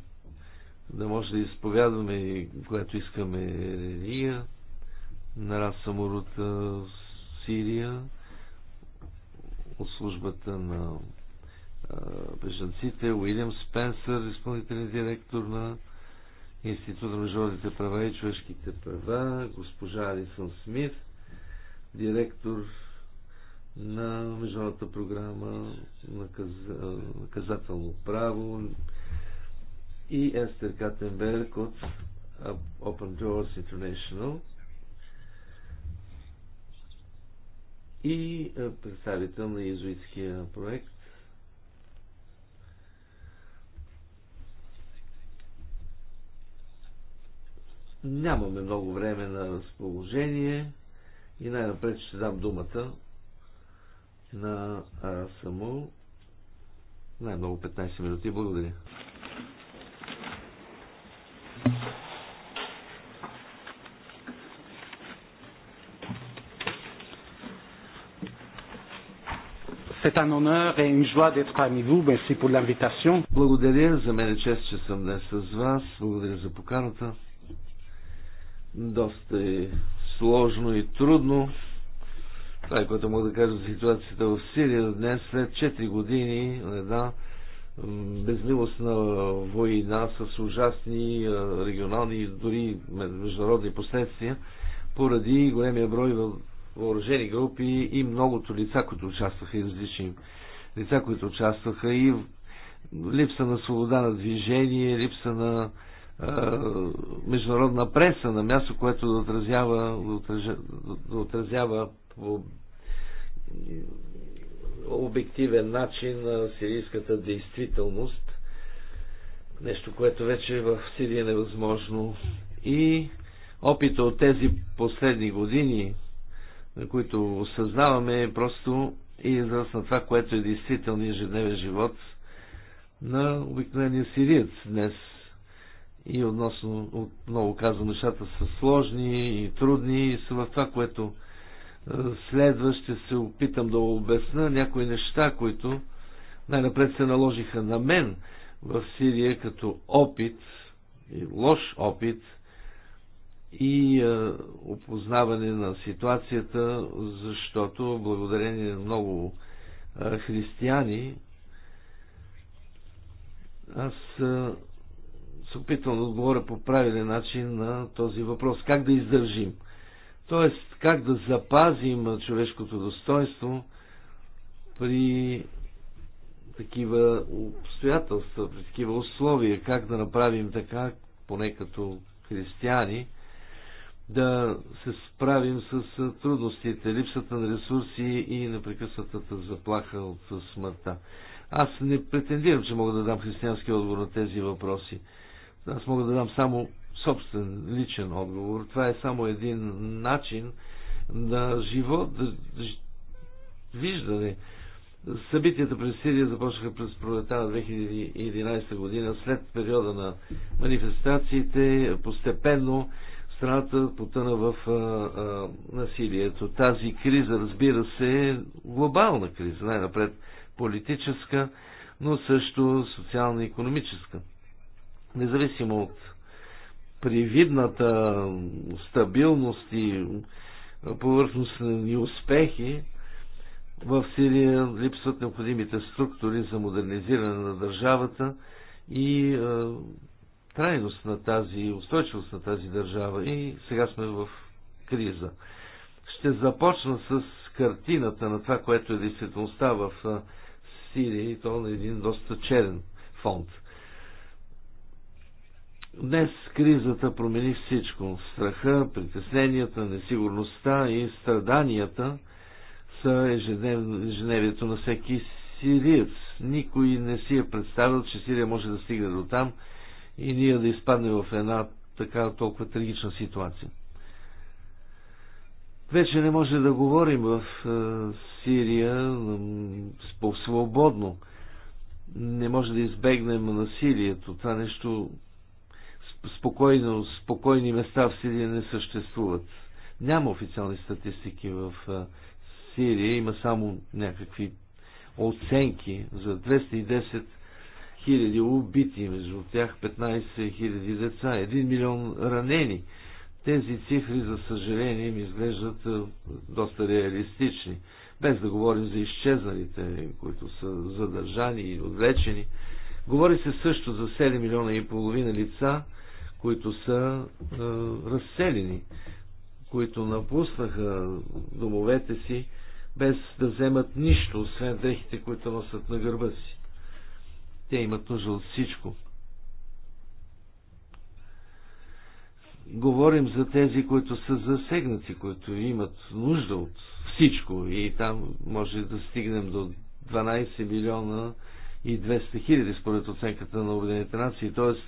да може да изповядваме, което искаме религия. на от Сирия, от службата на бежанците, Уилям Спенсър, изпълнителен директор на Института на международните права и човешките права, госпожа Алисън Смит, директор на международната програма каз... наказателно право и Естер Катенберг от Open Doors International и представител на иезуитския проект Нямаме много време на разположение и най-напред ще дам думата на а, само най-много 15 минути. Благодаря. C'est un honneur et une joie d'être parmi vous. Merci pour l'invitation. Благодаря. За мен е чест, че съм днес с вас. Благодаря за поканата. Доста е сложно и трудно това е което мога да кажа за ситуацията в Сирия днес, след 4 години на една безмилостна война с ужасни регионални и дори международни последствия, поради големия брой въоръжени групи и многото лица, които участваха и различни лица, които участваха и липса на свобода на движение, липса на международна преса на място, което да отразява, да отразява обективен начин на сирийската действителност. Нещо, което вече в Сирия е невъзможно. И опита от тези последни години, на които осъзнаваме, е просто и израз на това, което е действителният ежедневен живот на обикновения сириец днес. И относно, отново казвам, нещата са сложни и трудни и са в това, което Следва ще се опитам да обясна някои неща, които най-напред се наложиха на мен в Сирия като опит и лош опит и е, опознаване на ситуацията, защото благодарение на много е, християни аз е, се опитвам да отговоря по правилен начин на този въпрос. Как да издържим? Тоест, как да запазим човешкото достоинство при такива обстоятелства, при такива условия, как да направим така, поне като християни, да се справим с трудностите, липсата на ресурси и непрекъснатата заплаха от смъртта. Аз не претендирам, че мога да дам християнски отговор на тези въпроси. Аз мога да дам само собствен личен отговор. Това е само един начин на живот, виждане. Събитията през Сирия започнаха през пролета на 2011 година, след периода на манифестациите, постепенно страната потъна в а, а, насилието. Тази криза, разбира се, е глобална криза, най-напред политическа, но също социална и економическа. Независимо от привидната стабилност и повърхностни успехи, в Сирия липсват необходимите структури за модернизиране на държавата и е, трайност на тази, устойчивост на тази държава. И сега сме в криза. Ще започна с картината на това, което е действителността в е, Сирия и то на един доста черен фонд – Днес кризата промени всичко. Страха, притесненията, несигурността и страданията са ежеднев... ежедневието на всеки сириец. Никой не си е представил, че Сирия може да стигне до там и ние да изпадне в една така толкова трагична ситуация. Вече не може да говорим в е, Сирия по-свободно. Не може да избегнем насилието. Това нещо спокойно, спокойни места в Сирия не съществуват. Няма официални статистики в Сирия, има само някакви оценки за 210 хиляди убити, между тях 15 хиляди деца, 1 милион ранени. Тези цифри, за съжаление, ми изглеждат доста реалистични. Без да говорим за изчезналите, които са задържани и отвлечени. Говори се също за 7 милиона и половина лица, които са е, разселени, които напуснаха домовете си, без да вземат нищо, освен дрехите, които носят на гърба си. Те имат нужда от всичко. Говорим за тези, които са засегнати, които имат нужда от всичко и там може да стигнем до 12 милиона и 200 хиляди според оценката на Обединените нации. Тоест,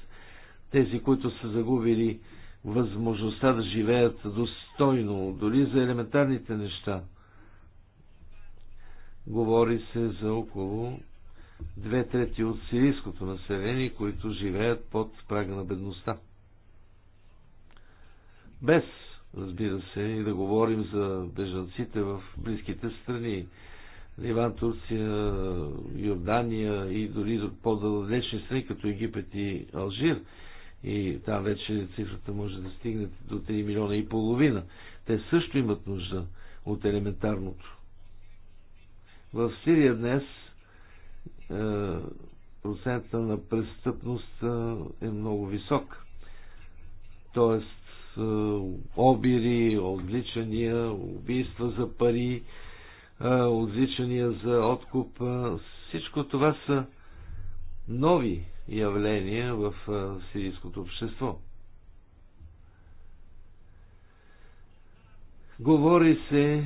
тези, които са загубили възможността да живеят достойно, дори за елементарните неща. Говори се за около две трети от сирийското население, които живеят под прага на бедността. Без, разбира се, и да говорим за бежанците в близките страни. Ливан, Турция, Йордания и дори по-далечни страни, като Египет и Алжир – и там вече цифрата може да стигне до 3 милиона и половина. Те също имат нужда от елементарното. В Сирия днес е, процента на престъпност е, е много висок. Тоест, е, обири, отвличания, убийства за пари, отвличания за откуп. Всичко това са нови явления в сирийското общество. Говори се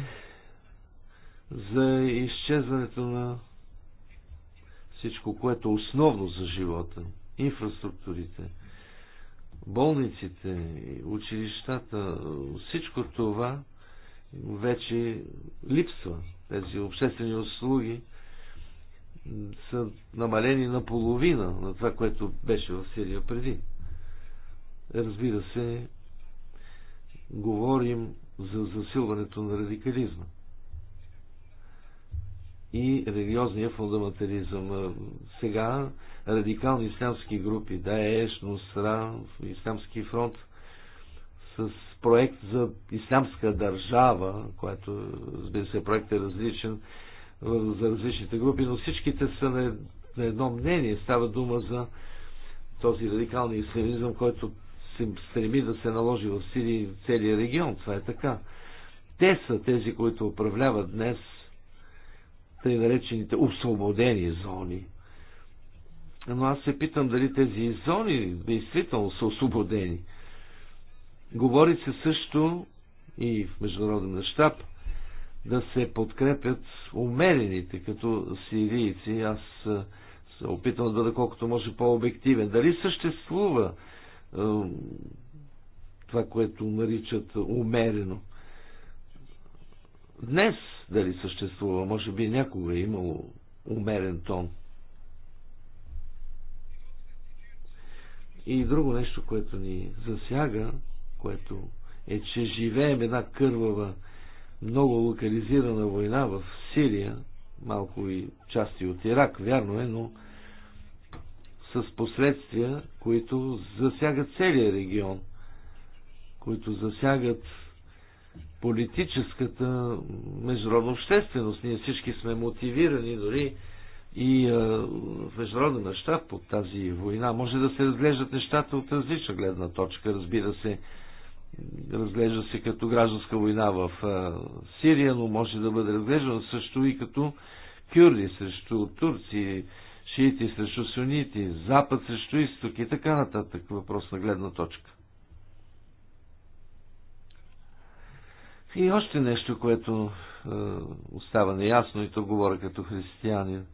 за изчезването на всичко, което е основно за живота. Инфраструктурите, болниците, училищата, всичко това вече липсва. Тези обществени услуги са намалени на половина на това, което беше в Сирия преди. Разбира се, говорим за засилването на радикализма и религиозния фундаментализъм. Сега радикални ислямски групи, да Даеш, Нусра, Ислямски фронт, с проект за ислямска държава, който, разбира се, проект е различен, за различните групи, но всичките са на, на едно мнение. Става дума за този радикалния ислямизъм, който се стреми да се наложи в Сирия и в целия регион. Това е така. Те са тези, които управляват днес тъй наречените освободени зони. Но аз се питам дали тези зони действително са освободени. Говори се също и в международен мащаб да се подкрепят умерените като сирийци. Аз се опитвам да бъда колкото може по-обективен. Дали съществува е, това, което наричат умерено? Днес дали съществува? Може би някога е имало умерен тон. И друго нещо, което ни засяга, което е, че живеем една кървава много локализирана война в Сирия, малко и части от Ирак, вярно е, но с последствия, които засягат целия регион, които засягат политическата международна общественост. Ние всички сме мотивирани дори и а, в международен мащаб от тази война. Може да се разглеждат нещата от различна гледна точка, разбира се разглежда се като гражданска война в Сирия, но може да бъде разглеждана също и като кюрди срещу турци, шиити срещу сунити, запад срещу изток и така нататък. Въпрос на гледна точка. И още нещо, което е, остава неясно и то говоря като християнин.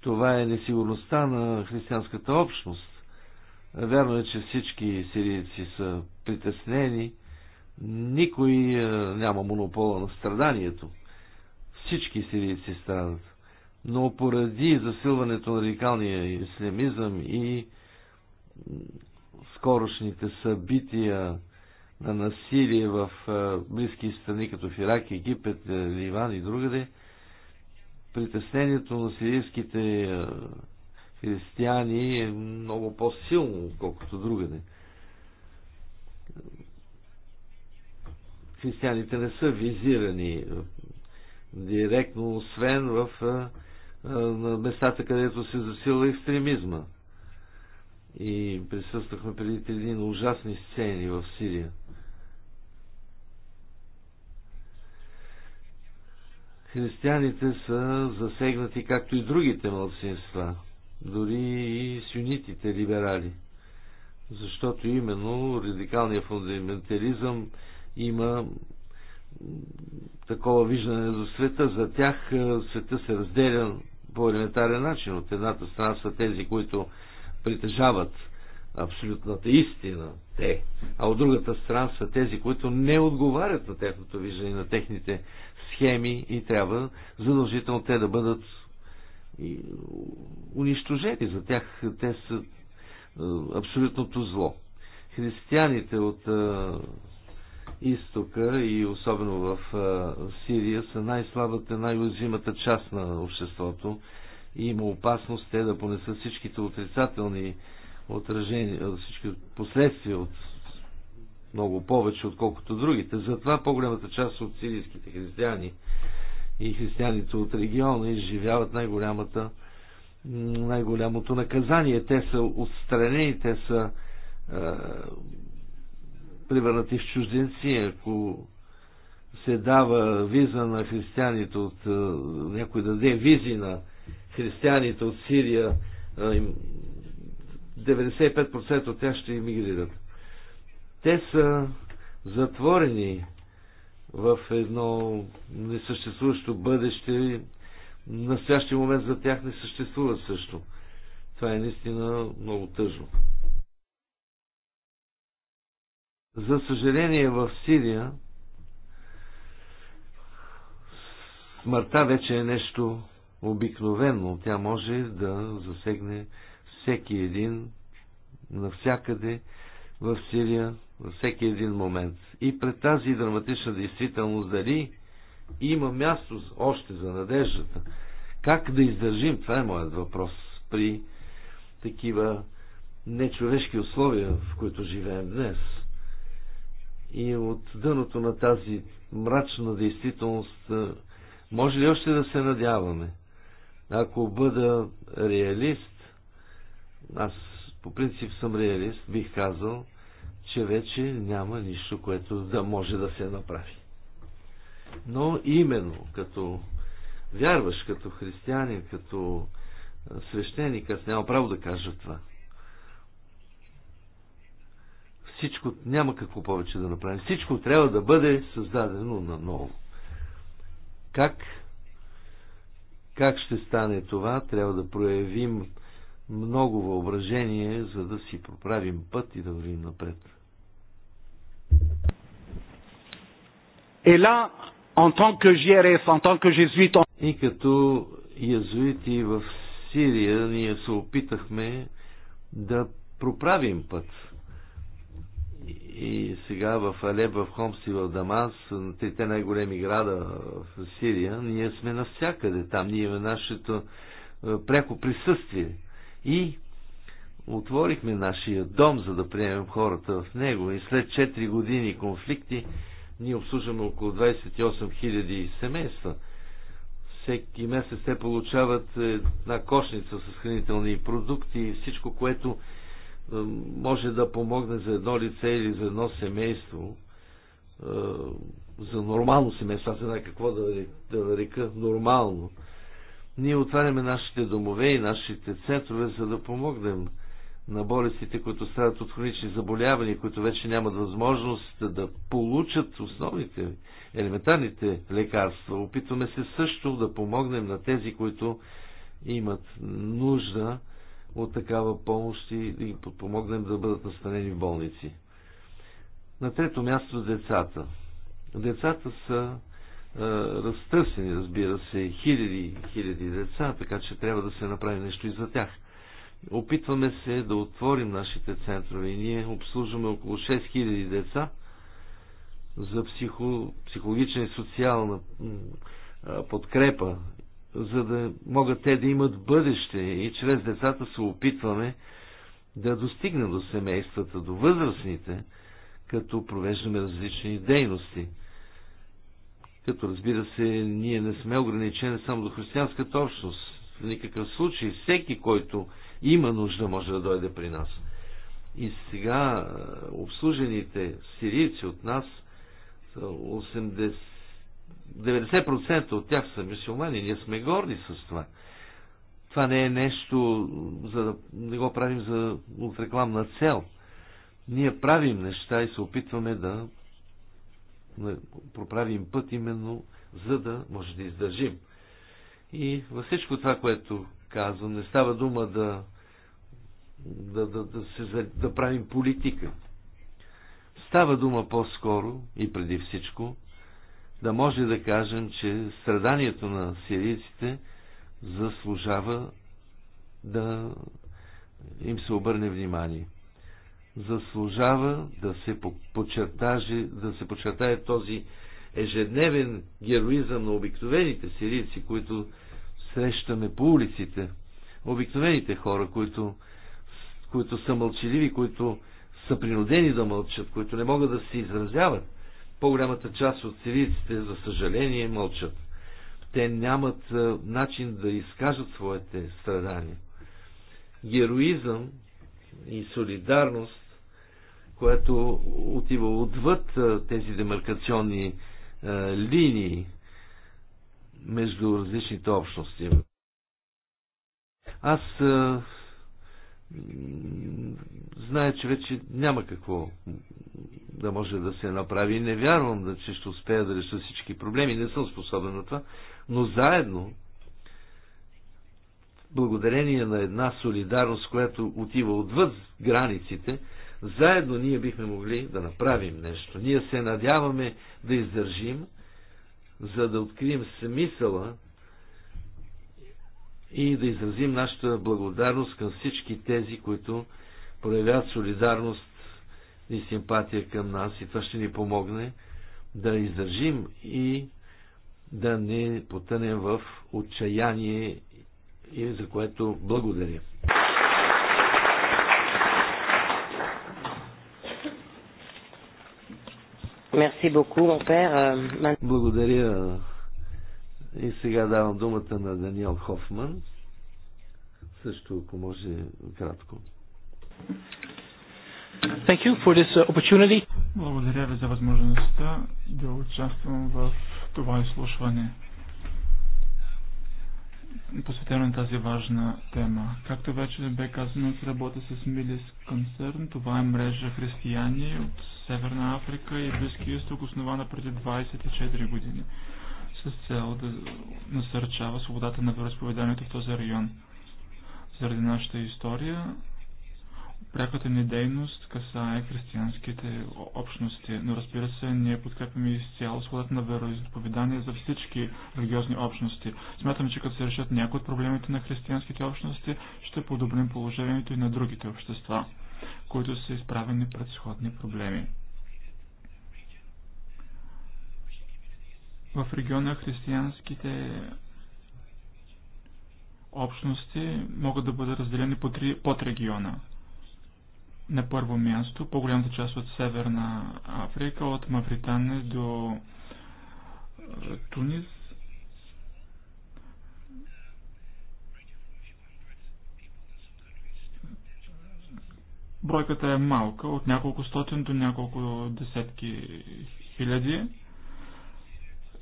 Това е несигурността на християнската общност Вярно е, че всички сирийци са притеснени. Никой е, няма монопола на страданието. Всички сирийци страдат. Но поради засилването на радикалния ислямизъм и скорошните събития на насилие в е, близки страни, като в Ирак, Египет, е, Ливан и другаде, притеснението на сирийските християни е много по-силно, отколкото другаде. Християните не са визирани е, директно, освен в е, е, на местата, където се засила екстремизма. И присъствахме преди един на ужасни сцени в Сирия. Християните са засегнати, както и другите младсинства – дори и сюнитите либерали. Защото именно радикалният фундаментализъм има такова виждане за света. За тях е, света се разделя по елементарен начин. От едната страна са тези, които притежават абсолютната истина, те, а от другата страна са тези, които не отговарят на техното виждане, на техните схеми и трябва задължително те да бъдат и унищожени. За тях те са е, абсолютното зло. Християните от е, изтока и особено в е, Сирия са най-слабата, най-уязвимата част на обществото и има опасност те да понесат всичките отрицателни отражения, всички последствия от много повече, отколкото другите. Затова по-голямата част от сирийските християни и християните от региона изживяват най-голямата най-голямото наказание. Те са отстранени, те са е, превърнати в чужденци. Ако се дава виза на християните от е, някой даде визи на християните от Сирия, е, 95% от тях ще иммигрират. Те са затворени в едно несъществуващо бъдеще, настоящия момент за тях не съществува също. Това е наистина много тъжно. За съжаление в Сирия смъртта вече е нещо обикновено. Тя може да засегне всеки един, навсякъде в Сирия, във всеки един момент. И пред тази драматична действителност дали има място още за надеждата? Как да издържим? Това е моят въпрос при такива нечовешки условия, в които живеем днес. И от дъното на тази мрачна действителност може ли още да се надяваме? Ако бъда реалист, аз по принцип съм реалист, бих казал – че вече няма нищо, което да може да се направи. Но именно като вярваш, като християнин, като свещеник, аз няма право да кажа това. Всичко няма какво повече да направим. Всичко трябва да бъде създадено наново. Как? Как ще стане това? Трябва да проявим много въображение, за да си проправим път и да вървим напред. Et là, en tant que JRS, en tant que jésuite, en... И като язуити в Сирия ние се опитахме да проправим път. И сега в Алеп, в Хомс и в Дамас, на трите най-големи града в Сирия, ние сме навсякъде там. Ние имаме нашето е, пряко присъствие. И отворихме нашия дом, за да приемем хората в него и след 4 години конфликти ние обслужваме около 28 000 семейства. Всеки месец те получават една кошница с хранителни продукти и всичко, което може да помогне за едно лице или за едно семейство, за нормално семейство, аз не знае какво да, да нарека нормално. Ние отваряме нашите домове и нашите центрове, за да помогнем на болестите, които страдат от хронични заболявания, които вече нямат възможност да получат основните, елементарните лекарства. Опитваме се също да помогнем на тези, които имат нужда от такава помощ и да ги подпомогнем да бъдат настанени в болници. На трето място децата. Децата са е, разтърсени, разбира се, хиляди, и хиляди деца, така че трябва да се направи нещо и за тях – Опитваме се да отворим нашите центрове. Ние обслужваме около 6000 деца за психо, психологична и социална подкрепа, за да могат те да имат бъдеще и чрез децата се опитваме да достигнем до семействата, до възрастните, като провеждаме различни дейности. Като разбира се, ние не сме ограничени само до християнската общност. В никакъв случай всеки, който има нужда, може да дойде при нас. И сега обслужените сирийци от нас, 80, 90% от тях са мусулмани. Ние сме горди с това. Това не е нещо, за да не го правим за от рекламна цел. Ние правим неща и се опитваме да проправим път именно, за да може да издържим. И във всичко това, което казвам. Не става дума да, да, да, да, се, да правим политика. Става дума по-скоро и преди всичко да може да кажем, че страданието на сирийците заслужава да им се обърне внимание. Заслужава да се, подчертаже, да се подчертае този ежедневен героизъм на обикновените сирийци, които срещаме по улиците. Обикновените хора, които, които са мълчаливи, които са принудени да мълчат, които не могат да се изразяват. По-голямата част от сирийците, за съжаление, мълчат. Те нямат е, начин да изкажат своите страдания. Героизъм и солидарност, която отива отвъд е, тези демаркационни е, линии, между различните общности. Аз а, знае, че вече няма какво да може да се направи. Не вярвам, да, че ще успея да реша всички проблеми. Не съм способен на това. Но заедно, благодарение на една солидарност, която отива отвъд границите, заедно ние бихме могли да направим нещо. Ние се надяваме да издържим за да открием смисъла и да изразим нашата благодарност към всички тези, които проявяват солидарност и симпатия към нас и това ще ни помогне да издържим и да не потънем в отчаяние и за което благодаря. Merci beaucoup, mon père. Euh, Благодаря. И сега давам думата на Даниел Хофман. Също, ако може, кратко. Thank you for this uh, opportunity. Благодаря ви за възможността да участвам в това изслушване посветено на тази важна тема. Както вече бе казано, се работя с Милис Концерн. Това е мрежа християни от Северна Африка и Близки изток, основана преди 24 години с цел да насърчава свободата на вероисповеданието в този район. Заради нашата история Пряката ни дейност касае християнските общности, но разбира се, ние подкрепяме изцяло свободата на вероизповедание за всички религиозни общности. Смятам, че като се решат някои от проблемите на християнските общности, ще подобрим положението и на другите общества, които са изправени пред сходни проблеми. В региона християнските общности могат да бъдат разделени по три подрегиона на първо място, по-голямата част от Северна Африка, от Мавритания до е, Тунис, бройката е малка, от няколко стотин до няколко десетки хиляди.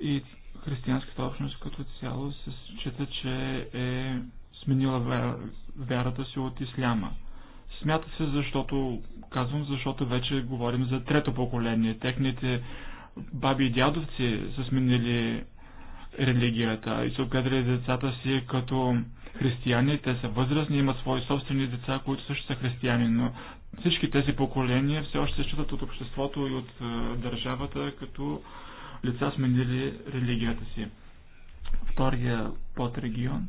И християнската общност като цяло се счита, че е сменила вярата си от исляма. Смята се, защото, казвам, защото вече говорим за трето поколение. Техните баби и дядовци са сменили религията и са огледали децата си като християни. Те са възрастни, имат свои собствени деца, които също са християни, но всички тези поколения все още се считат от обществото и от е, държавата като лица сменили религията си. Втория подрегион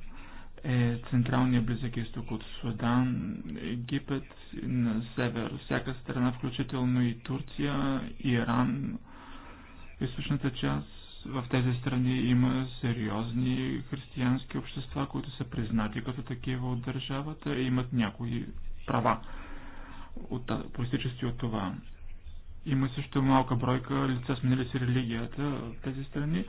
е Централния близък изток от Судан, Египет на север, всяка страна, включително и Турция, Иран, източната част. В тези страни има сериозни християнски общества, които са признати като такива от държавата и имат някои права, от, проистичащи от това. Има също малка бройка лица, сменили си религията в тези страни.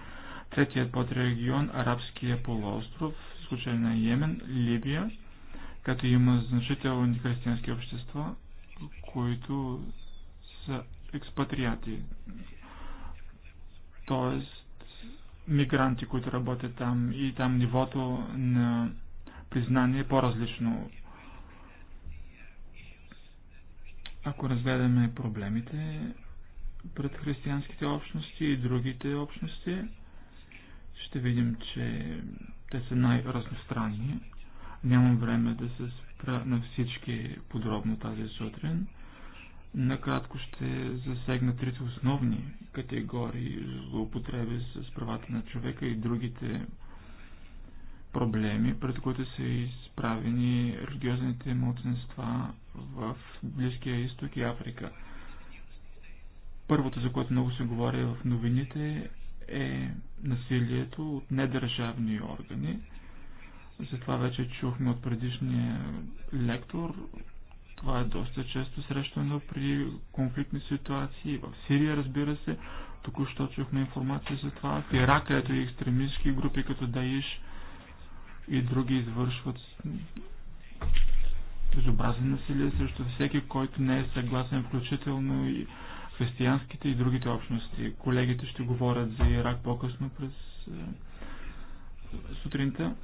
Третият подрегион, Арабския полуостров, случая на Йемен, Либия, като има значителни християнски общества, които са експатриати, т.е. мигранти, които работят там и там нивото на признание е по-различно. Ако разгледаме проблемите пред християнските общности и другите общности, ще видим, че те са най-разностранни. Нямам време да се спра на всички подробно тази сутрин. Накратко ще засегна трите основни категории злоупотреби с правата на човека и другите проблеми, пред които са изправени религиозните младсенства в Близкия изток и Африка. Първото, за което много се говори е в новините, е насилието от недържавни органи. Затова вече чухме от предишния лектор. Това е доста често срещано при конфликтни ситуации. В Сирия, разбира се, току-що чухме информация за това. В Ирак, където и екстремистски групи като Даиш и други извършват безобразен насилие срещу всеки, който не е съгласен, включително и християнските и другите общности. Колегите ще говорят за Ирак по-късно през е, сутринта.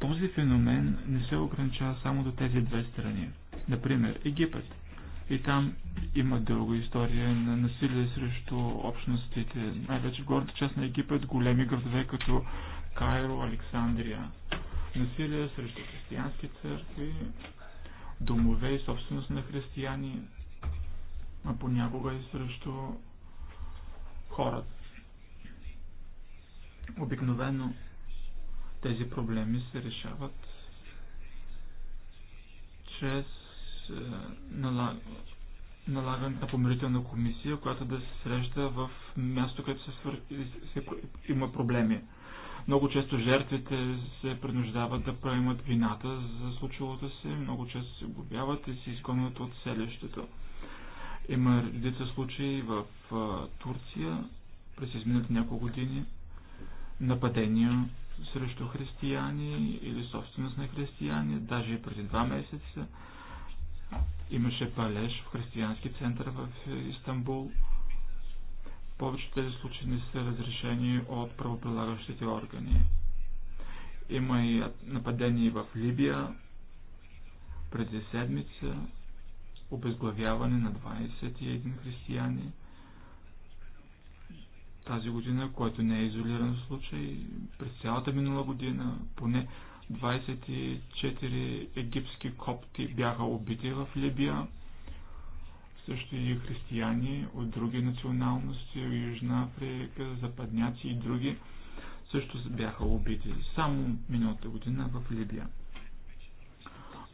Този феномен не се ограничава само до тези две страни. Например, Египет. И там има дълга история на насилие срещу общностите. Най-вече в горната част на Египет големи градове като Кайро, Александрия. Насилие срещу християнски църкви, домове и собственост на християни, а понякога и срещу хората. Обикновено тези проблеми се решават чрез е, налагане на помирителна комисия, която да се среща в място, където се, свър... се... има проблеми. Много често жертвите се принуждават да поемат вината за случилото се, много често се губяват и се изгонват от селището. Има редица случаи в Турция през изминалите няколко години нападения срещу християни или собственост на християни. Даже и преди два месеца имаше палеж в християнски център в Истанбул. Повечето тези случаи не са разрешени от правоприлагащите органи. Има и нападения в Либия преди седмица обезглавяване на 21 християни тази година, което не е изолиран случай. През цялата минала година поне 24 египски копти бяха убити в Либия. Също и християни от други националности, Южна Африка, западняци и други също бяха убити. Само миналата година в Либия.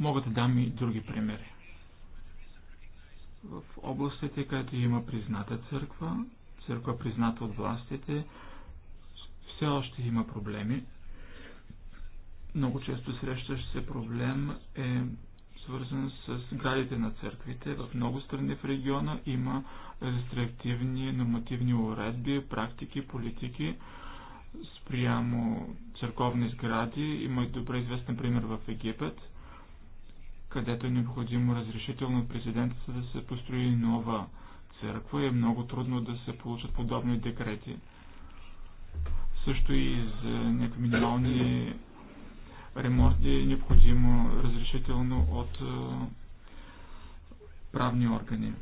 Мога да дам и други примери в областите, където има призната църква, църква призната от властите, все още има проблеми. Много често срещащ се проблем е свързан с градите на църквите. В много страни в региона има рестриктивни нормативни уредби, практики, политики спрямо църковни сгради. Има и добре известен пример в Египет – където е необходимо разрешително от президента, за да се построи нова църква и е много трудно да се получат подобни декрети. Също и за някакви минимални ремонти е необходимо разрешително от правни органи.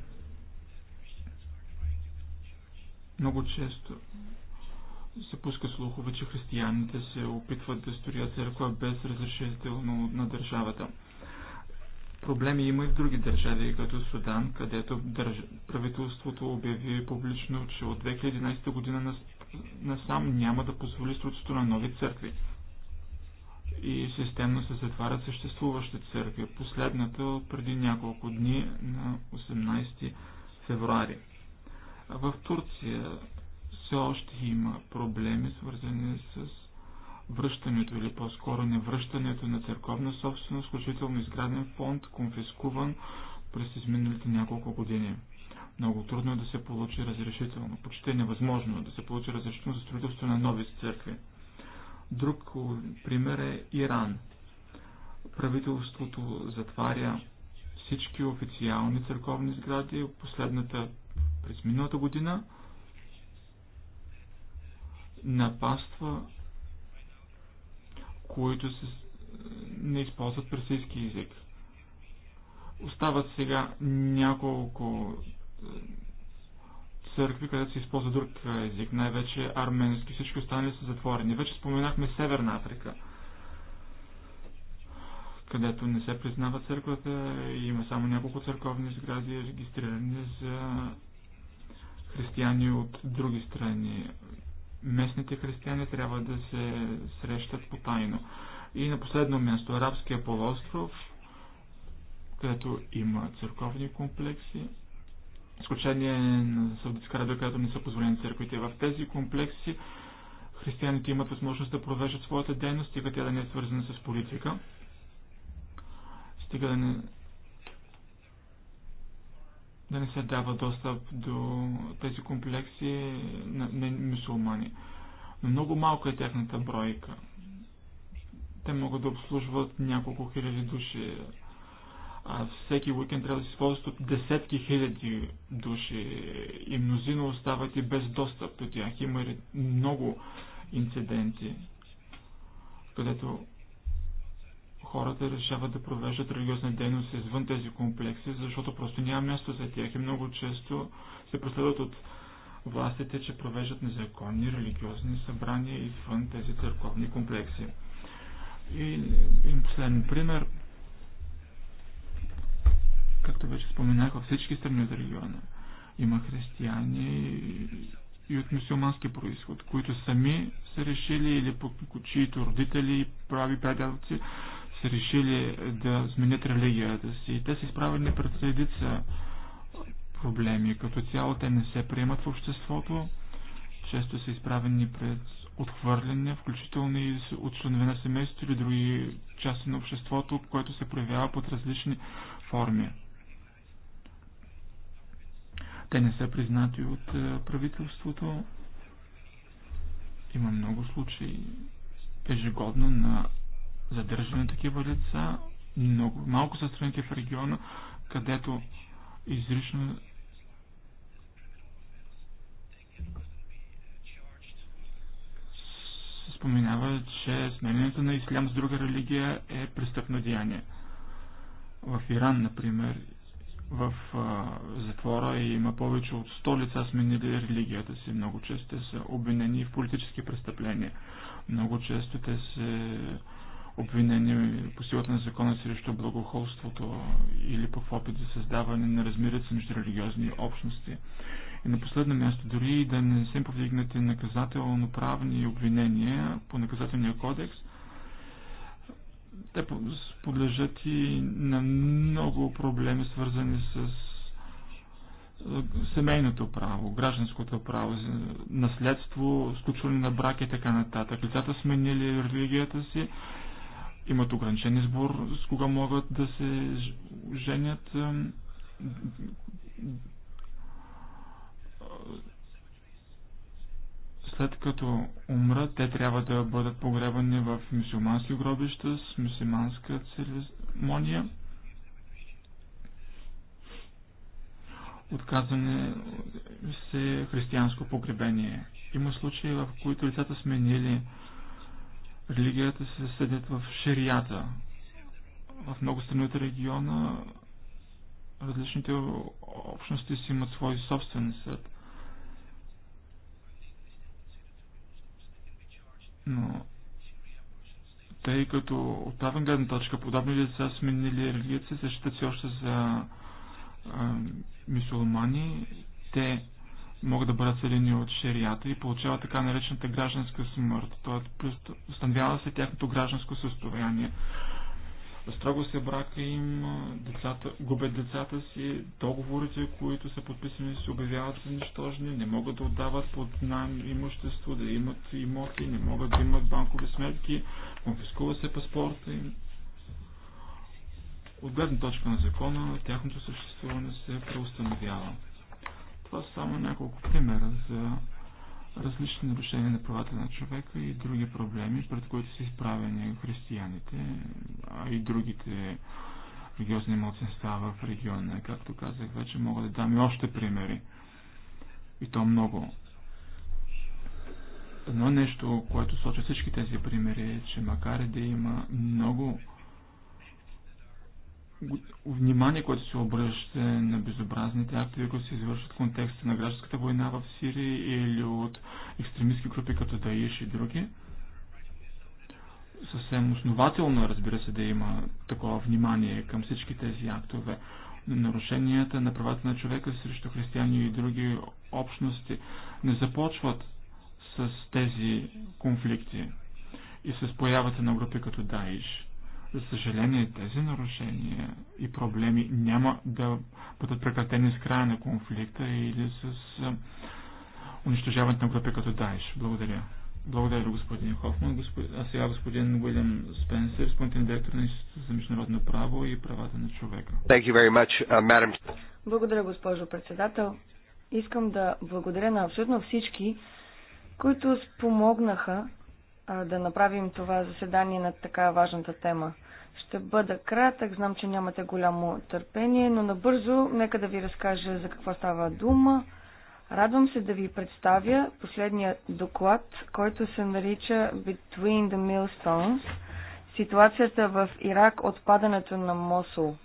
Много често се пуска слухове, че християните се опитват да строят църква без разрешително на държавата. Проблеми има и в други държави, като Судан, където държ... правителството обяви публично, че от 2011 година насам няма да позволи строителството на нови църкви. И системно се затварят съществуващи църкви. Последната преди няколко дни на 18 февруари. В Турция все още има проблеми, свързани с връщането или по-скоро невръщането на църковна собственост, включително изграден фонд, конфискуван през изминалите няколко години. Много трудно е да се получи разрешително, почти е невъзможно да се получи разрешително за строителство на нови църкви. Друг пример е Иран. Правителството затваря всички официални църковни сгради, последната през миналата година напаства които се, не използват персийски език. Остават сега няколко е, църкви, където се използва друг език, най-вече арменски. Всички останали са затворени. Вече споменахме Северна Африка, където не се признава църквата и има само няколко църковни сгради, регистрирани за християни от други страни местните християни трябва да се срещат потайно. И на последно място, Арабския полуостров, където има църковни комплекси, изключение на Саудитска Арабия, където не са позволени църквите. В тези комплекси християните имат възможност да провеждат своята дейност, стига тя да не е свързана с политика, стига да не да не се дава достъп до тези комплекси на, на мусулмани. Но много малко е тяхната бройка. Те могат да обслужват няколко хиляди души. А всеки уикенд трябва да се използват от десетки хиляди души и мнозина остават и без достъп до тях. Има много инциденти, където хората решават да провеждат религиозна дейност извън тези комплекси, защото просто няма място за тях и много често се преследват от властите, че провеждат незаконни религиозни събрания извън тези църковни комплекси. И, и последен пример, както вече споменах, във всички страни от региона има християни и от мусулмански происход, които сами са решили или по чието родители и прави предалци, са решили да сменят религията си. Те са изправени пред следица проблеми. Като цяло те не се приемат в обществото. Често са изправени пред отхвърляне, включително и от членове на семейството или други части на обществото, което се проявява под различни форми. Те не са признати от е, правителството. Има много случаи ежегодно на задържане на такива лица. Много малко са страните в региона, където изрично се споменава, че сменянето на ислям с друга религия е престъпно деяние. В Иран, например, в а, затвора има повече от 100 лица сменили религията си. Много често те са обвинени в политически престъпления. Много често те се обвинени по силата на закона срещу благохолството или по опит за създаване на размирица между религиозни общности. И на последно място, дори да не се повдигнати наказателно-правни обвинения по наказателния кодекс, те подлежат и на много проблеми, свързани с семейното право, гражданското право, наследство, сключване на брак и така нататък. Лицата сменили религията си, имат ограничен избор с кога могат да се женят. След като умрат, те трябва да бъдат погребани в мусулмански гробища с мусулманска церемония. Отказване се християнско погребение. Има случаи, в които лицата сменили Религията се съдят в ширията. В много страни от региона различните общности си имат свой собствен съд. Но тъй като от тази гледна точка подобни лица сменили религията, се защитат си още за мусулмани, те могат да бъдат съдени от шерията и получават така наречената гражданска смърт, т.е. установява се тяхното гражданско състояние. Строго се брака им, децата, губят децата си, договорите, които са подписани, се обявяват за нищожни, не могат да отдават под найм имущество, да имат имоти, не могат да имат банкови сметки, конфискува се паспорта им. От гледна точка на закона, тяхното съществуване се преустановява. Това са само няколко примера за различни нарушения на правата на човека и други проблеми, пред които са изправени християните, а и другите религиозни младсенства в региона. Както казах вече, мога да дам и още примери. И то много. Едно нещо, което сочи всички тези примери е, че макар и да има много внимание, което се обръща на безобразните актове, които се извършват в контекста на гражданската война в Сирия или от екстремистски групи като Даиш и други. Съвсем основателно, разбира се, да има такова внимание към всички тези актове. нарушенията на правата на човека срещу християни и други общности не започват с тези конфликти и с появата на групи като Даиш за съжаление, тези нарушения и проблеми няма да бъдат прекратени с края на конфликта или с унищожаването на групи като Даиш. Благодаря. Благодаря, господин Хофман. Господ... А сега господин Уилям Спенсер, изпълнителен директор на Института за международно право и правата на човека. Thank you very much, uh, madam. Благодаря, госпожо председател. Искам да благодаря на абсолютно всички, които спомогнаха да направим това заседание на така важната тема. Ще бъда кратък, знам, че нямате голямо търпение, но набързо нека да ви разкажа за какво става дума. Радвам се да ви представя последния доклад, който се нарича Between the Millstones – ситуацията в Ирак от падането на Мосул.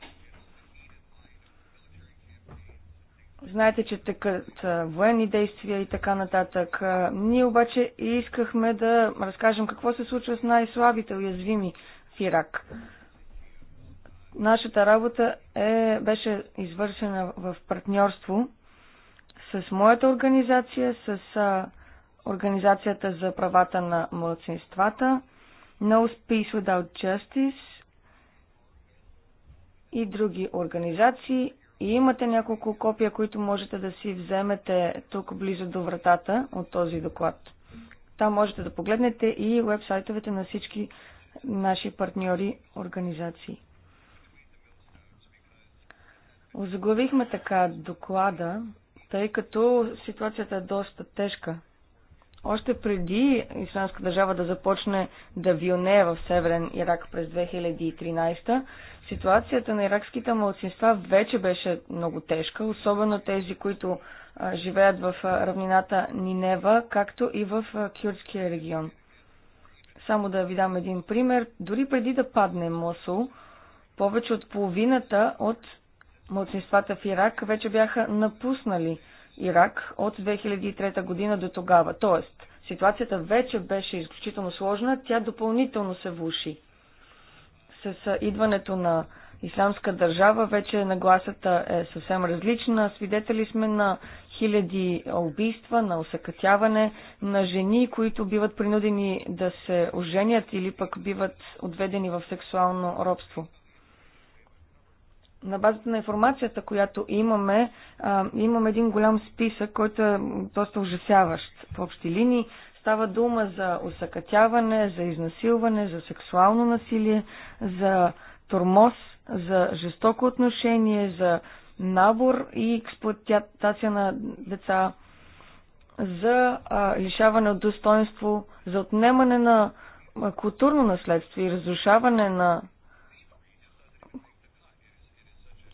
Знаете, че тъкат военни действия и така нататък. Ние обаче искахме да разкажем какво се случва с най-слабите уязвими в Ирак. Нашата работа е, беше извършена в партньорство с моята организация, с Организацията за правата на младсинствата, No Peace Without Justice и други организации, и имате няколко копия, които можете да си вземете тук близо до вратата от този доклад. Там можете да погледнете и вебсайтовете на всички наши партньори организации. Озаглавихме така доклада, тъй като ситуацията е доста тежка. Още преди Исламска държава да започне да вилнее в Северен Ирак през 2013, Ситуацията на иракските младсинства вече беше много тежка, особено тези, които живеят в равнината Нинева, както и в Кюрдския регион. Само да ви дам един пример. Дори преди да падне Мосул, повече от половината от младсинствата в Ирак вече бяха напуснали Ирак от 2003 година до тогава. Тоест, ситуацията вече беше изключително сложна, тя допълнително се влуши с идването на исламска държава вече нагласата е съвсем различна. Свидетели сме на хиляди убийства, на усъкътяване, на жени, които биват принудени да се оженят или пък биват отведени в сексуално робство. На базата на информацията, която имаме, имам един голям списък, който е доста ужасяващ в общи линии. Става дума за усъкътяване, за изнасилване, за сексуално насилие, за тормоз, за жестоко отношение, за набор и експлуатация на деца, за а, лишаване от достоинство, за отнемане на а, културно наследство и разрушаване на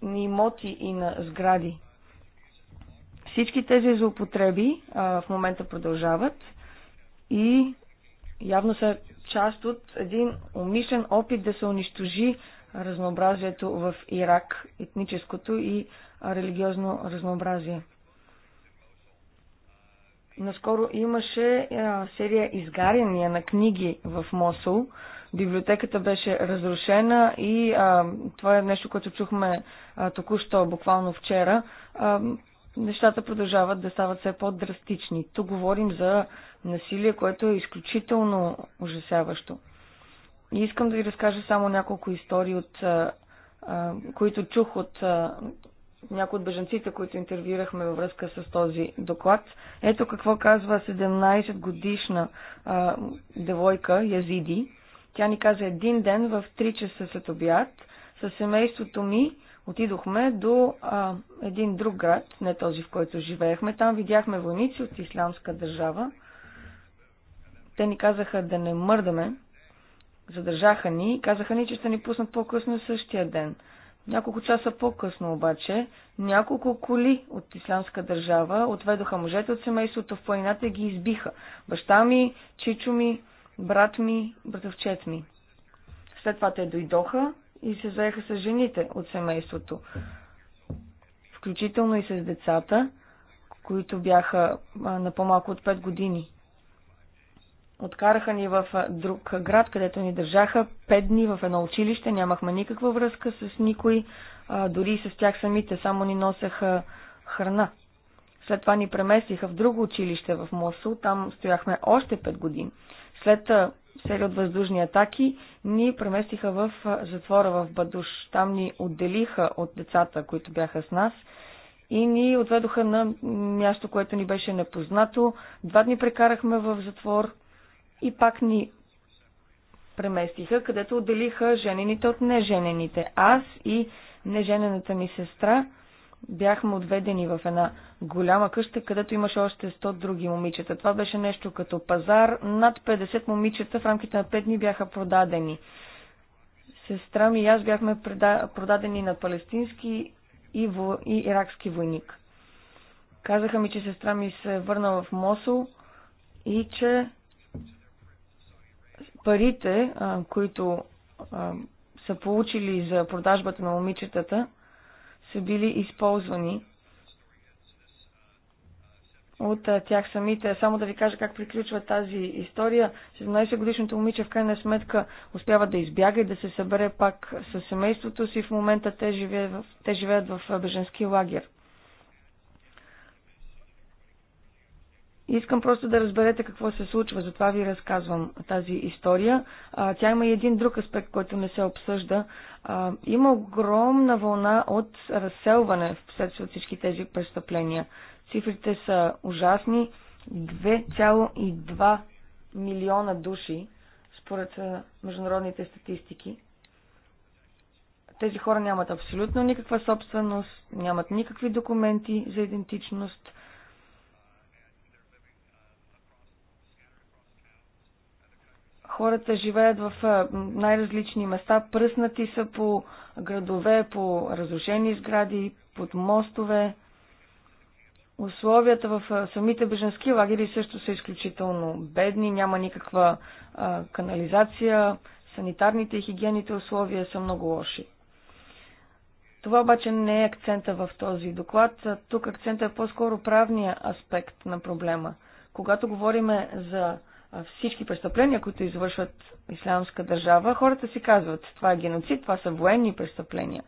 имоти и на сгради. Всички тези злоупотреби а, в момента продължават и явно са част от един умишлен опит да се унищожи разнообразието в Ирак, етническото и религиозно разнообразие. Наскоро имаше серия изгаряния на книги в Мосул. Библиотеката беше разрушена и а, това е нещо, което чухме а, току-що, буквално вчера. А, нещата продължават да стават все по-драстични. Тук говорим за насилие, което е изключително ужасяващо. И искам да ви разкажа само няколко истории, от, а, които чух от а, някои от бежанците, които интервюирахме във връзка с този доклад. Ето какво казва 17 годишна а, девойка Язиди. Тя ни каза един ден в 3 часа след обяд със семейството ми Отидохме до а, един друг град, не този в който живеехме. Там видяхме войници от исламска държава. Те ни казаха да не мърдаме. Задържаха ни и казаха ни, че ще ни пуснат по-късно същия ден. Няколко часа по-късно обаче, няколко коли от исламска държава отведоха мъжете от семейството в планината и ги избиха. Баща ми, чичо ми, брат ми, братовчет ми. След това те дойдоха и се заеха с жените от семейството, включително и с децата, които бяха на по-малко от 5 години. Откараха ни в друг град, където ни държаха 5 дни в едно училище, нямахме никаква връзка с никой, дори и с тях самите, само ни носеха храна. След това ни преместиха в друго училище в Мосул, там стояхме още 5 години. След Сели от въздушни атаки ни преместиха в затвора в Бадуш. Там ни отделиха от децата, които бяха с нас и ни отведоха на място, което ни беше непознато. Два дни прекарахме в затвор и пак ни преместиха, където отделиха женените от неженените. Аз и неженената ми сестра – бяхме отведени в една голяма къща, където имаше още 100 други момичета. Това беше нещо като пазар. Над 50 момичета в рамките на 5 дни бяха продадени. Сестра ми и аз бяхме продадени на палестински и, во... и иракски войник. Казаха ми, че сестра ми се върна в Мосул и че парите, които са получили за продажбата на момичетата, са били използвани от тях самите. Само да ви кажа как приключва тази история. 17-годишното момиче в крайна сметка успява да избяга и да се събере пак с семейството си. В момента те, в, те живеят в беженски лагер. Искам просто да разберете какво се случва, затова ви разказвам тази история. А, тя има и един друг аспект, който не се обсъжда. А, има огромна вълна от разселване вследствие от всички тези престъпления. Цифрите са ужасни. 2,2 милиона души, според международните статистики. Тези хора нямат абсолютно никаква собственост, нямат никакви документи за идентичност – Хората живеят в най-различни места, пръснати са по градове, по разрушени сгради, под мостове. Условията в самите беженски лагери също са изключително бедни, няма никаква а, канализация, санитарните и хигиените условия са много лоши. Това обаче не е акцента в този доклад. Тук акцента е по-скоро правния аспект на проблема. Когато говорим за всички престъпления, които извършват исламска държава, хората си казват, това е геноцид, това са военни престъпления.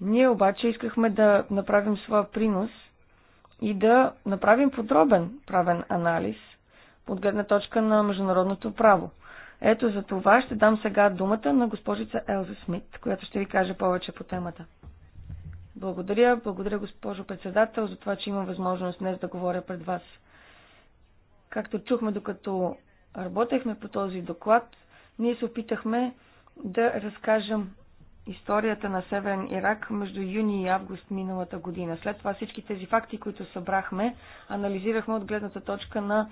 Ние обаче искахме да направим своя принос и да направим подробен правен анализ от гледна точка на международното право. Ето за това ще дам сега думата на госпожица Елза Смит, която ще ви каже повече по темата. Благодаря, благодаря госпожо председател за това, че имам възможност днес да говоря пред вас. Както чухме, докато работехме по този доклад, ние се опитахме да разкажем историята на Северен Ирак между юни и август миналата година. След това всички тези факти, които събрахме, анализирахме от гледната точка на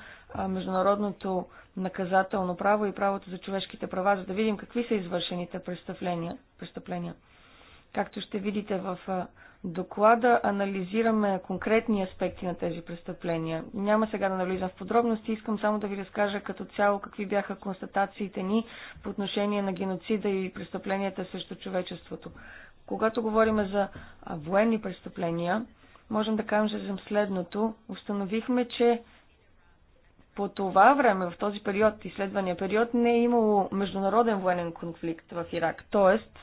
международното наказателно право и правото за човешките права, за да видим какви са извършените престъпления. престъпления. Както ще видите в доклада анализираме конкретни аспекти на тези престъпления. Няма сега да навлизам в подробности, искам само да ви разкажа като цяло какви бяха констатациите ни по отношение на геноцида и престъпленията срещу човечеството. Когато говорим за военни престъпления, можем да кажем следното. Установихме, че по това време, в този период, изследвания период, не е имало международен военен конфликт в Ирак. Тоест,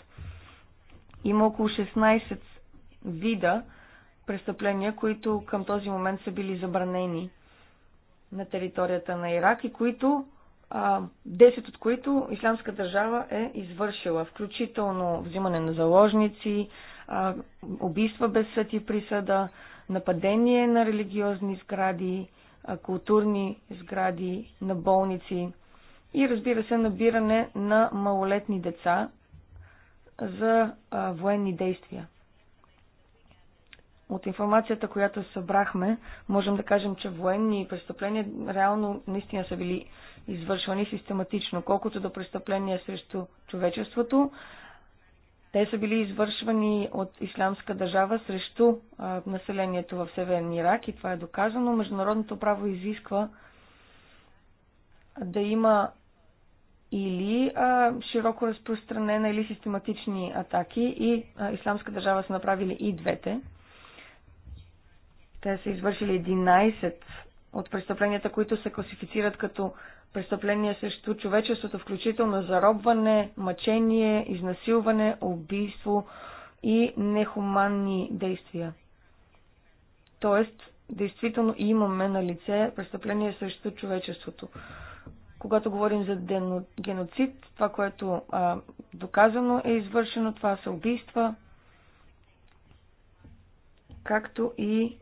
има около 16 вида престъпления, които към този момент са били забранени на територията на Ирак и които, а, 10 от които Исламска държава е извършила, включително взимане на заложници, а, убийства без съд и присъда, нападение на религиозни сгради, а, културни сгради, на болници и разбира се набиране на малолетни деца за а, военни действия. От информацията, която събрахме, можем да кажем, че военни престъпления реално наистина са били извършвани систематично. Колкото до престъпления срещу човечеството, те са били извършвани от исламска държава срещу а, населението в Северен Ирак и това е доказано. Международното право изисква да има или а, широко разпространена или систематични атаки и а, Исламска държава са направили и двете. Те са извършили 11 от престъпленията, които се класифицират като престъпления срещу човечеството, включително заробване, мъчение, изнасилване, убийство и нехуманни действия. Тоест, действително имаме на лице престъпление срещу човечеството. Когато говорим за геноцид, това, което а, доказано е извършено, това са убийства, както и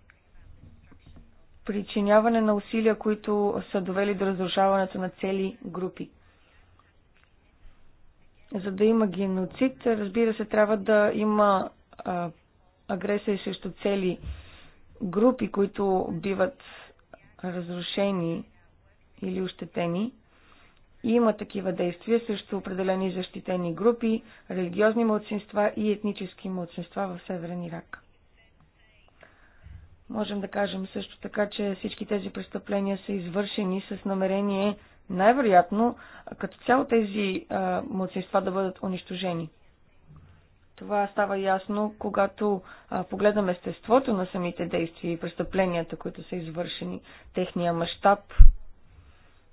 причиняване на усилия, които са довели до разрушаването на цели групи. За да има геноцид, разбира се, трябва да има а, агресия срещу цели групи, които биват разрушени или ощетени. И има такива действия срещу определени защитени групи, религиозни младсинства и етнически младсинства в Северен Ирак. Можем да кажем също така, че всички тези престъпления са извършени с намерение, най-вероятно, като цяло тези младсинства да бъдат унищожени. Това става ясно, когато а, погледаме естеството на самите действия и престъпленията, които са извършени, техния мащаб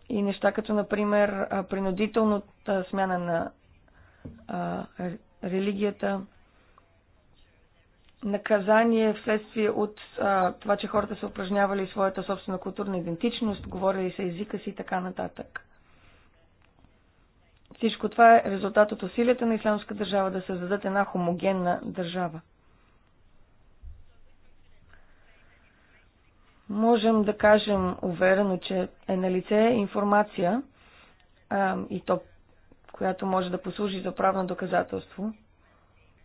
и неща като, например, принудителната смяна на а, религията, наказание вследствие от а, това, че хората са упражнявали своята собствена културна идентичност, говорили са езика си и така нататък. Всичко това е резултат от усилията на Исламска държава да създадат една хомогенна държава. Можем да кажем уверено, че е на лице информация а, и то, която може да послужи за правно доказателство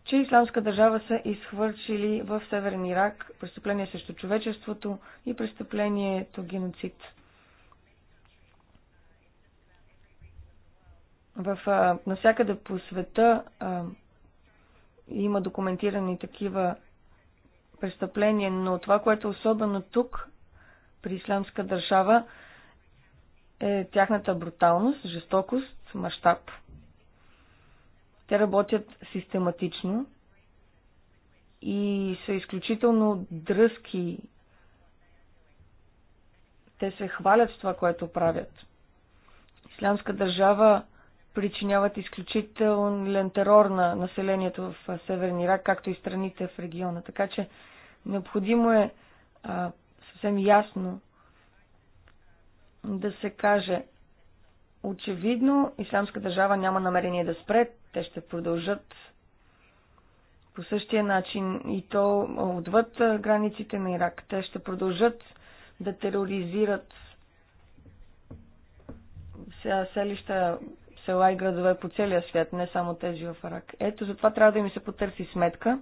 че Исламска държава са изхвърчили в Северен Ирак престъпление срещу човечеството и престъплението геноцид. В, а, навсякъде по света а, има документирани такива престъпления, но това, което е особено тук, при Исламска държава, е тяхната бруталност, жестокост, мащаб. Те работят систематично и са изключително дръзки. Те се хвалят с това, което правят. Ислямска държава причиняват изключителен терор на населението в Северен Ирак, както и страните в региона. Така че необходимо е а, съвсем ясно да се каже, Очевидно, Исламска държава няма намерение да спре. Те ще продължат по същия начин и то отвъд границите на Ирак. Те ще продължат да тероризират селища, села и градове по целия свят, не само тези в Ирак. Ето, затова трябва да им се потърси сметка.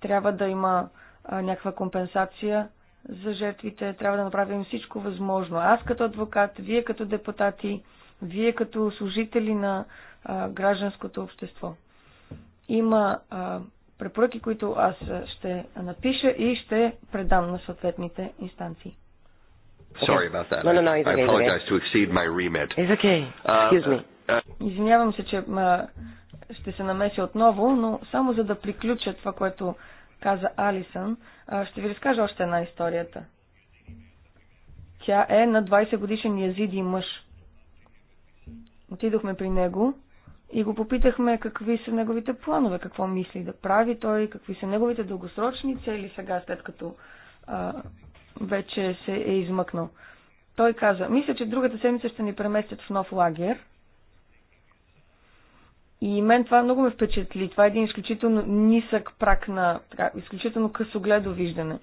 Трябва да има някаква компенсация за жертвите. Трябва да направим всичко възможно. Аз като адвокат, вие като депутати, вие като служители на а, гражданското общество. Има а, препоръки, които аз ще напиша и ще предам на съответните инстанции. Sorry about that. No, no, no, it's okay. I apologize to exceed my remit. It's okay. Uh, Excuse me. Uh, uh, Извинявам се, че ма, ще се намеся отново, но само за да приключа това, което каза Алисън, ще ви разкажа още една историята. Тя е на 20 годишен язиди мъж. Отидохме при него и го попитахме какви са неговите планове, какво мисли да прави той, какви са неговите дългосрочни цели сега, след като а, вече се е измъкнал. Той каза, мисля, че другата седмица ще ни преместят в нов лагер. И мен това много ме впечатли. Това е един изключително нисък прак на, така, изключително късогледо виждане.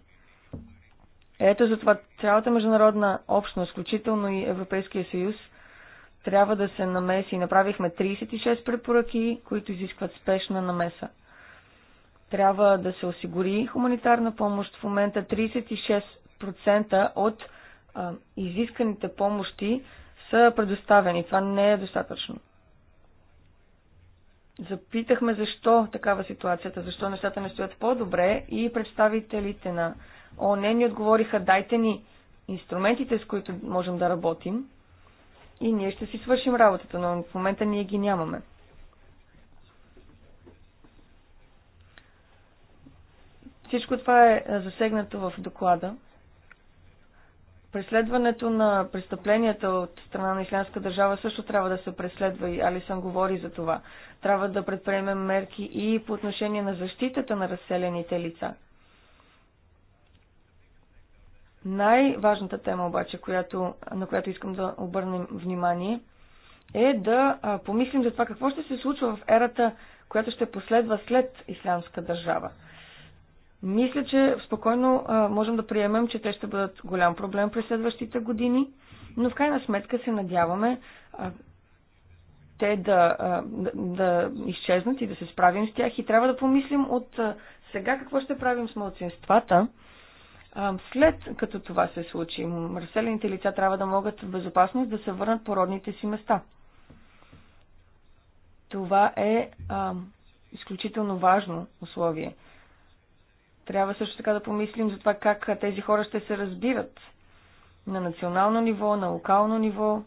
Ето затова цялата международна общност, включително и Европейския съюз – трябва да се намеси. Направихме 36 препоръки, които изискват спешна намеса. Трябва да се осигури хуманитарна помощ. В момента 36% от а, изисканите помощи са предоставени. Това не е достатъчно. Запитахме защо такава ситуацията, защо нещата не стоят по-добре и представителите на ОНЕ ни отговориха, дайте ни инструментите, с които можем да работим, и ние ще си свършим работата, но в момента ние ги нямаме. Всичко това е, е засегнато в доклада. Преследването на престъпленията от страна на Ислямска държава също трябва да се преследва и Алисън говори за това. Трябва да предприемем мерки и по отношение на защитата на разселените лица – най-важната тема обаче, която, на която искам да обърнем внимание, е да помислим за това какво ще се случва в ерата, която ще последва след Ислямска държава. Мисля, че спокойно а, можем да приемем, че те ще бъдат голям проблем през следващите години, но в крайна сметка се надяваме а, те да, а, да, да изчезнат и да се справим с тях и трябва да помислим от а, сега какво ще правим с младсинствата, след като това се случи, разселените лица трябва да могат в безопасност да се върнат по родните си места. Това е а, изключително важно условие. Трябва също така да помислим за това как тези хора ще се разбират на национално ниво, на локално ниво,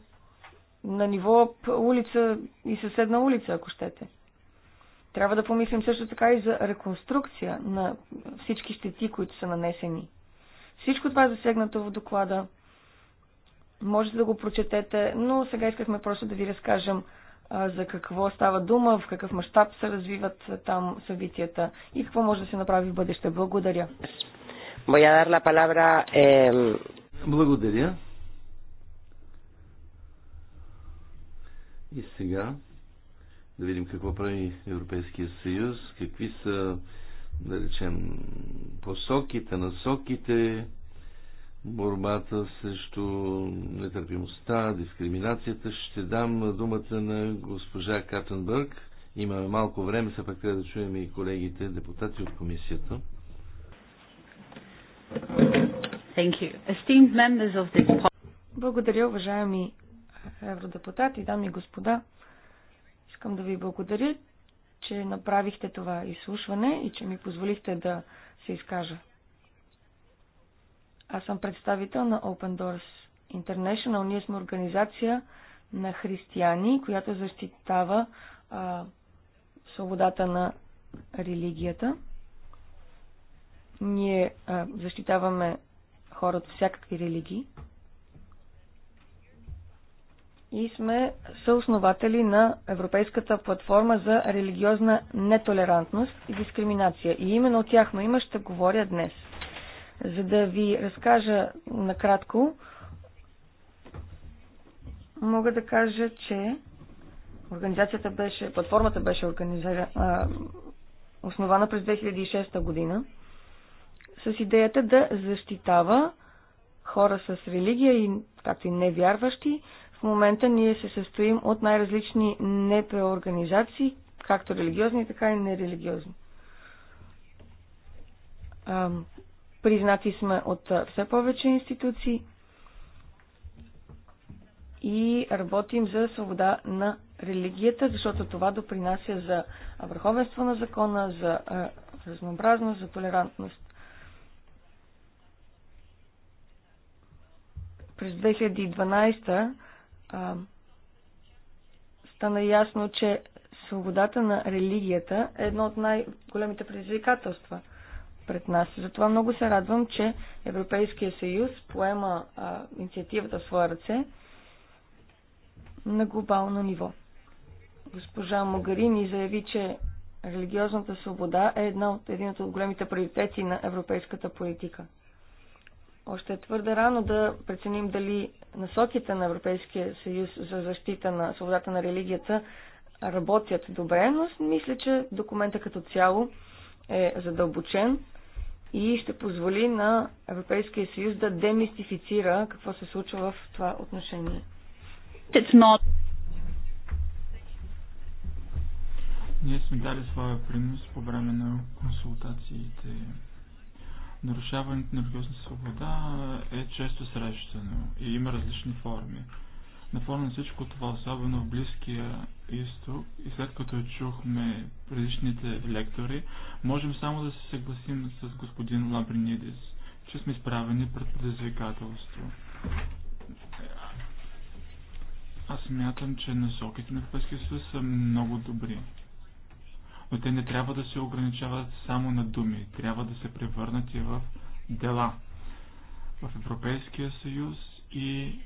на ниво улица и съседна улица, ако щете. Трябва да помислим също така и за реконструкция на всички щети, които са нанесени всичко това е засегнато в доклада. Можете да го прочетете, но сега искахме просто да ви разкажем за какво става дума, в какъв мащаб се развиват там събитията и какво може да се направи в бъдеще. Благодаря. Благодаря. И сега да видим какво прави Европейския съюз, какви са да речем, посоките, насоките, борбата срещу нетърпимостта, дискриминацията. Ще дам думата на госпожа Катенбърг. Имаме малко време, все пак трябва да чуем и колегите депутати от комисията. Благодаря, уважаеми евродепутати, дами и господа. Искам да ви благодаря, че направихте това изслушване и че ми позволихте да се изкажа. Аз съм представител на Open Doors International. Ние сме организация на християни, която защитава а, свободата на религията. Ние а, защитаваме хора от всякакви религии и сме съоснователи на Европейската платформа за религиозна нетолерантност и дискриминация. И именно от тяхно има ще говоря днес. За да ви разкажа накратко, мога да кажа, че организацията беше, платформата беше организира, а, основана през 2006 година с идеята да защитава хора с религия и както и невярващи в момента ние се състоим от най-различни НПО организации, както религиозни, така и нерелигиозни. Признати сме от все повече институции и работим за свобода на религията, защото това допринася за върховенство на закона, за разнообразност, за толерантност. През 2012 а, стана ясно, че свободата на религията е едно от най-големите предизвикателства пред нас. Затова много се радвам, че Европейския съюз поема а, инициативата в своя ръце на глобално ниво. Госпожа Могарини заяви, че религиозната свобода е една от, един от големите приоритети на европейската политика – още е твърде рано да преценим дали насоките на Европейския съюз за защита на свободата на религията работят добре, но мисля, че документа като цяло е задълбочен и ще позволи на Европейския съюз да демистифицира какво се случва в това отношение. Not... Ние сме дали своя принос по време на консултациите нарушаването на религиозна свобода е често срещано и има различни форми. На фона на всичко това, особено в Близкия изток, и след като чухме предишните лектори, можем само да се съгласим с господин Лабринидис, че сме изправени пред предизвикателство. Аз смятам, че насоките на Европейския съюз са много добри но те не трябва да се ограничават само на думи, трябва да се превърнат и в дела. В Европейския съюз и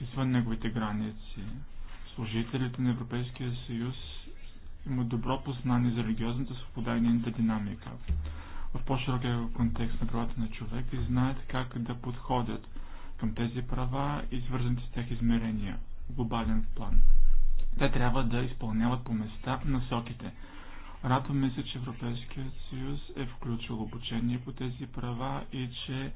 извън неговите граници. Служителите на Европейския съюз имат добро познание за религиозната свобода и нейната динамика в по-широкия контекст на правата на човека и знаят как да подходят към тези права и свързаните с тях измерения в глобален план. Те трябва да изпълняват по места насоките. Радваме се, че Европейският съюз е включил обучение по тези права и че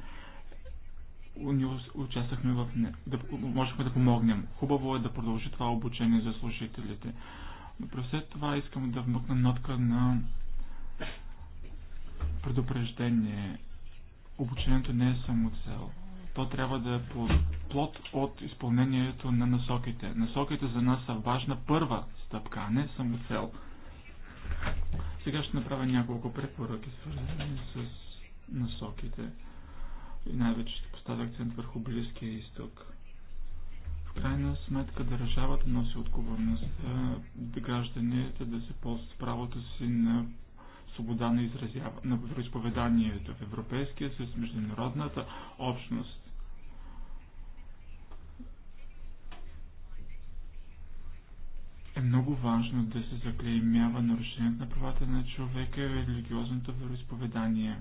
участвахме в не... да, можехме да помогнем. Хубаво е да продължи това обучение за служителите. Но през след това искам да вмъкна нотка на предупреждение. Обучението не е само цел. То трябва да е плод от изпълнението на насоките. Насоките за нас са важна първа стъпка, а не само цел. Сега ще направя няколко препоръки, свързани с насоките. И най-вече ще поставя акцент върху Близкия изток. В крайна сметка държавата носи отговорността гражданите да се ползват правото си на свобода на, изразяване, на в Европейския съюз, международната общност. много важно да се заклеймява нарушението на правата на човека и религиозното вероисповедание.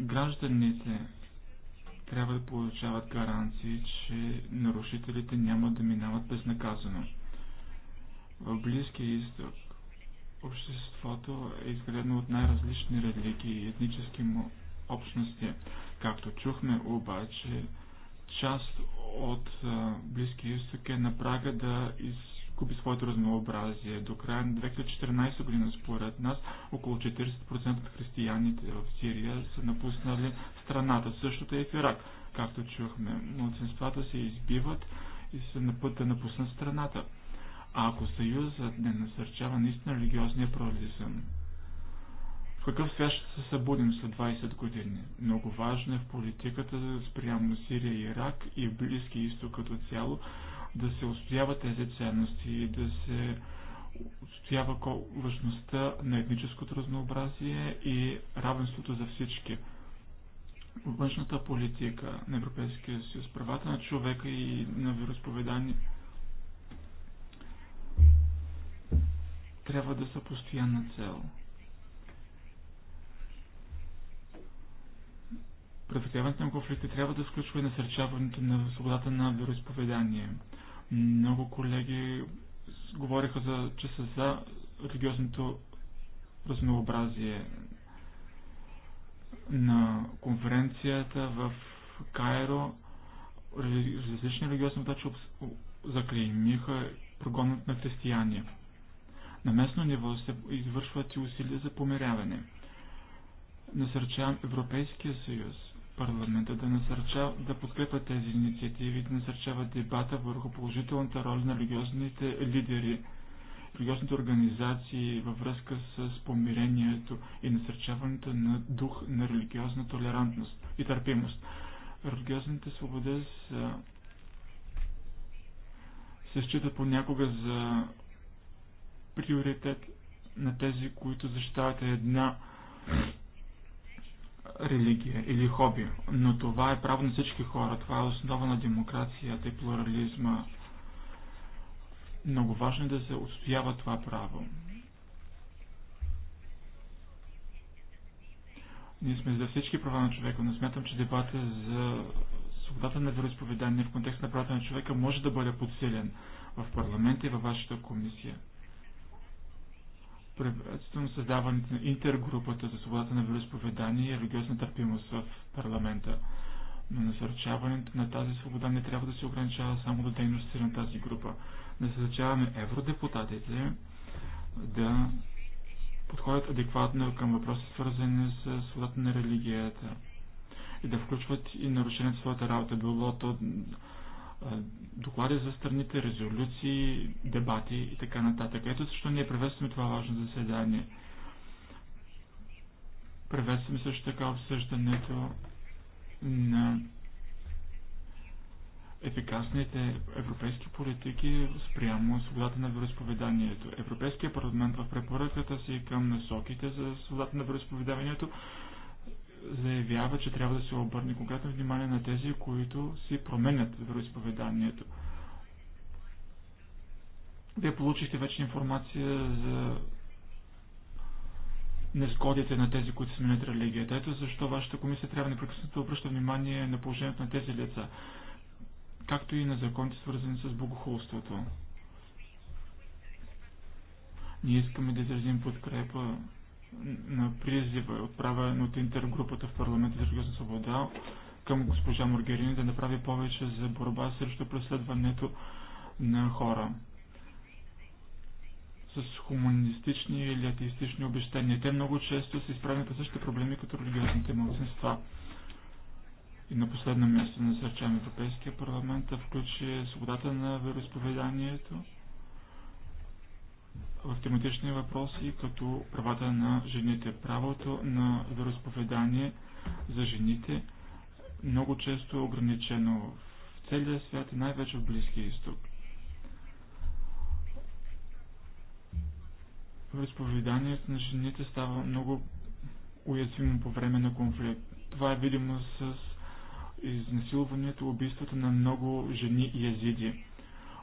Гражданите трябва да получават гаранции, че нарушителите няма да минават безнаказано. В Близкия изток обществото е изградено от най-различни религии и етнически му общности. Както чухме обаче, част от Близкия изток е на прага да из губи своето разнообразие. До края на 2014 година, според нас, около 40% от християните в Сирия са напуснали страната. Същото е в Ирак, както чухме. Младсенствата се избиват и са на път да напуснат страната. А ако съюзът не насърчава наистина религиозния плурализъм, в какъв свят ще се събудим след 20 години? Много важно е в политиката спрямо Сирия и Ирак и Близки изток като цяло да се устоява тези ценности и да се отстоява важността на етническото разнообразие и равенството за всички. Външната политика на Европейския съюз, правата на човека и на вероисповедание трябва да са постоянна цел. Предотвратяването на конфликти трябва да включва и насърчаването на свободата на вероисповедание – много колеги говориха, за, че са за религиозното разнообразие на конференцията в Кайро. Различни религиозни обаче заклеймиха прогонът на християни. На местно ниво се извършват и усилия за помиряване. Насърчавам Европейския съюз парламента да, насърча, да подкрепа тези инициативи, да насърчава дебата върху положителната роля на религиозните лидери, религиозните организации във връзка с помирението и насърчаването на дух на религиозна толерантност и търпимост. Религиозните свободи са, се считат понякога за приоритет на тези, които защитават една религия или хоби, но това е право на всички хора, това е основа на демокрацията и плурализма. Много важно е да се отстоява това право. Ние сме за всички права на човека, но смятам, че дебата за свободата на вероисповедание в контекст на правата на човека може да бъде подсилен в парламента и във вашата комисия. Приветствам създаването на интергрупата за свободата на вероисповедание и религиозна търпимост в парламента. Но насърчаването на тази свобода не трябва да се ограничава само до дейности на тази група. Насърчаваме евродепутатите да подходят адекватно към въпроси, свързани с свободата на религията и да включват и нарушението в своята работа, било то доклади за страните, резолюции, дебати и така нататък. Ето защо ние приветстваме това важно заседание. Приветстваме също така обсъждането на ефикасните европейски политики спрямо свободата на вероисповеданието. Европейския парламент в препоръката си към насоките за свободата на вероисповеданието заявява, че трябва да се обърне конкретно внимание на тези, които си променят вероисповеданието. Вие получихте вече информация за незгодите на тези, които сменят религията. Ето защо вашата комисия трябва непрекъснато да обръща внимание на положението на тези лица, както и на законите, свързани с богохулството. Ние искаме да изразим подкрепа на призива, отправен от интергрупата в парламента за религиозна свобода към госпожа Моргерини да направи повече за борба срещу преследването на хора с хуманистични или атеистични обещания. Те много често са изправят по същите проблеми като религиозните младсинства. И на последно място насърчаваме Европейския парламент да включи свободата на вероисповеданието в тематични въпроси, като правата на жените, правото на вероисповедание за жените, много често е ограничено в целия свят и най-вече в Близкия изток. Вероисповеданието на жените става много уязвимо по време на конфликт. Това е видимо с изнасилването, убийствата на много жени и езиди.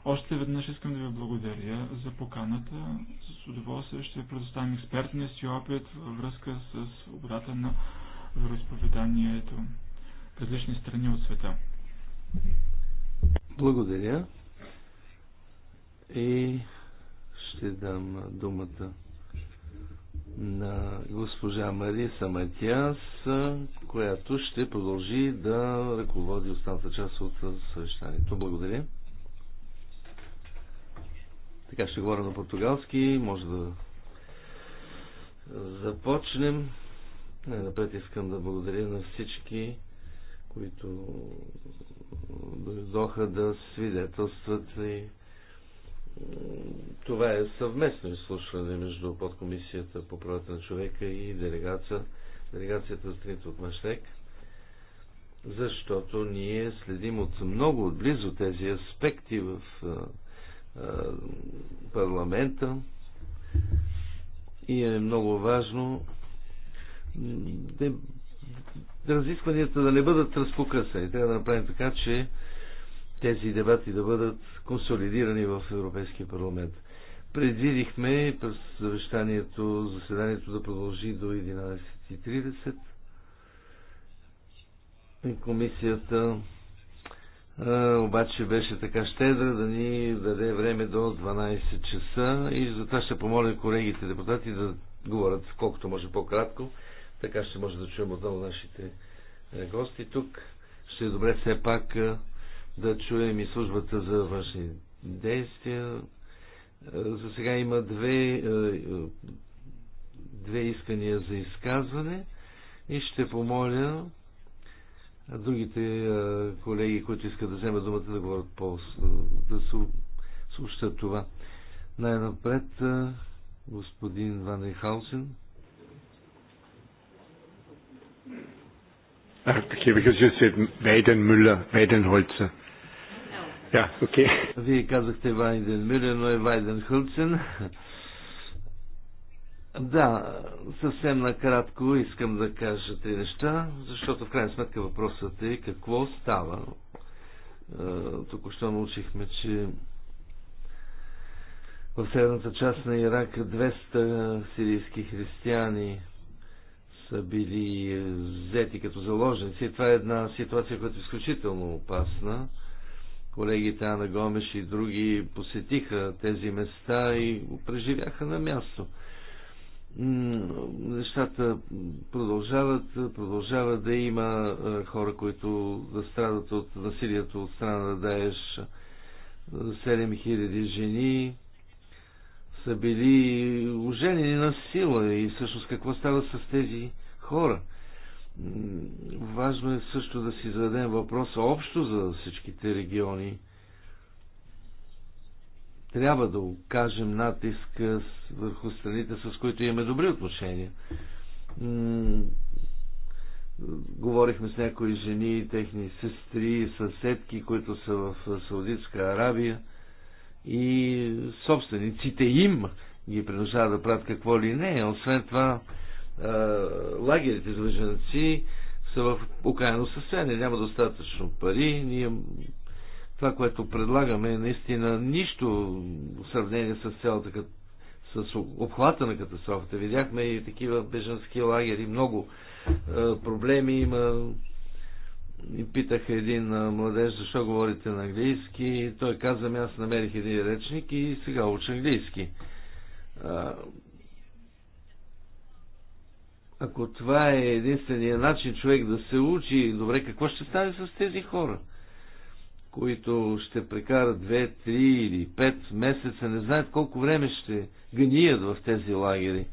Още веднъж искам да ви благодаря за поканата. С удоволствие ще предоставим експертния си опит във връзка с обрата на вероисповеданието в различни страни от света. Благодаря. И ще дам думата на госпожа Мария Саматяс, която ще продължи да ръководи останата част от съвещанието. Благодаря. Така ще говоря на португалски. Може да започнем. Най-напред искам да благодаря на всички, които дойдоха да свидетелстват и това е съвместно изслушване между подкомисията по правата на човека и делегация, делегацията страните от Маштек, защото ние следим от много отблизо тези аспекти в парламента и е много важно да, разискванията да не бъдат разпокъсани. Трябва да направим така, че тези дебати да бъдат консолидирани в Европейския парламент. Предвидихме през завещанието, заседанието да продължи до 11.30. Комисията е, обаче беше така щедра да ни даде време до 12 часа и затова ще помоля колегите депутати да говорят колкото може по-кратко. Така ще може да чуем отново нашите е, гости тук. Ще е добре все пак е, да чуем и службата за външни действия. За сега има две, две искания за изказване и ще помоля другите колеги, които искат да вземат думата да говорят по да слушат това. Най-напред господин Ван Рихаусен. Ah, Вие казахте Вайден Мюлер, но е Вайден Хълцен. Да, съвсем накратко искам да кажа три неща, защото в крайна сметка въпросът е какво става. Е, току-що научихме, че в северната част на Ирак 200 сирийски християни са били взети като заложници. Това е една ситуация, която е изключително опасна. Колегите Ана Гомеш и други посетиха тези места и го преживяха на място нещата продължават, продължава да има хора, които да страдат от насилието от страна на Даеш. 7000 жени са били оженени на сила и всъщност какво става с тези хора. Важно е също да си зададем въпроса общо за всичките региони трябва да окажем натиск върху страните, с които имаме добри отношения. Говорихме с някои жени, техни сестри, съседки, които са в Саудитска Арабия и собствениците им ги принуждават да правят какво ли не. Освен това, лагерите за бежанци са в окаяно състояние, няма достатъчно пари, ние това, което предлагаме е наистина нищо в сравнение с цялата с обхвата на катастрофата. Видяхме и такива бежански лагери, много е, проблеми има. И питах един е, младеж, защо говорите на английски. И той каза, ами аз намерих един речник и сега уча английски. А, е, ако това е единствения начин човек да се учи, добре, какво ще стане с тези хора? които ще прекарат 2, 3 или 5 месеца, не знаят колко време ще гният в тези лагери.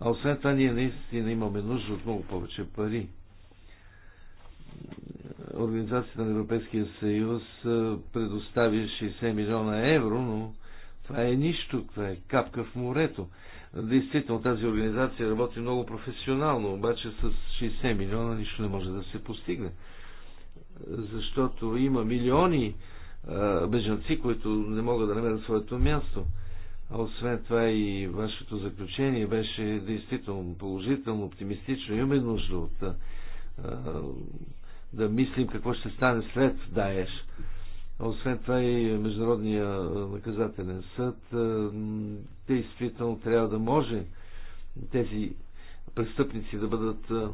А освен това ние наистина имаме нужда от много повече пари. Организацията на Европейския съюз предостави 60 милиона евро, но това е нищо, това е капка в морето. Действително тази организация работи много професионално, обаче с 60 милиона нищо не може да се постигне защото има милиони бежанци, които не могат да намерят своето място. А освен това и вашето заключение беше действително положително, оптимистично. Имаме нужда от да, да мислим какво ще стане след Даеш. А освен това и Международния наказателен съд действително трябва да може тези престъпници да бъдат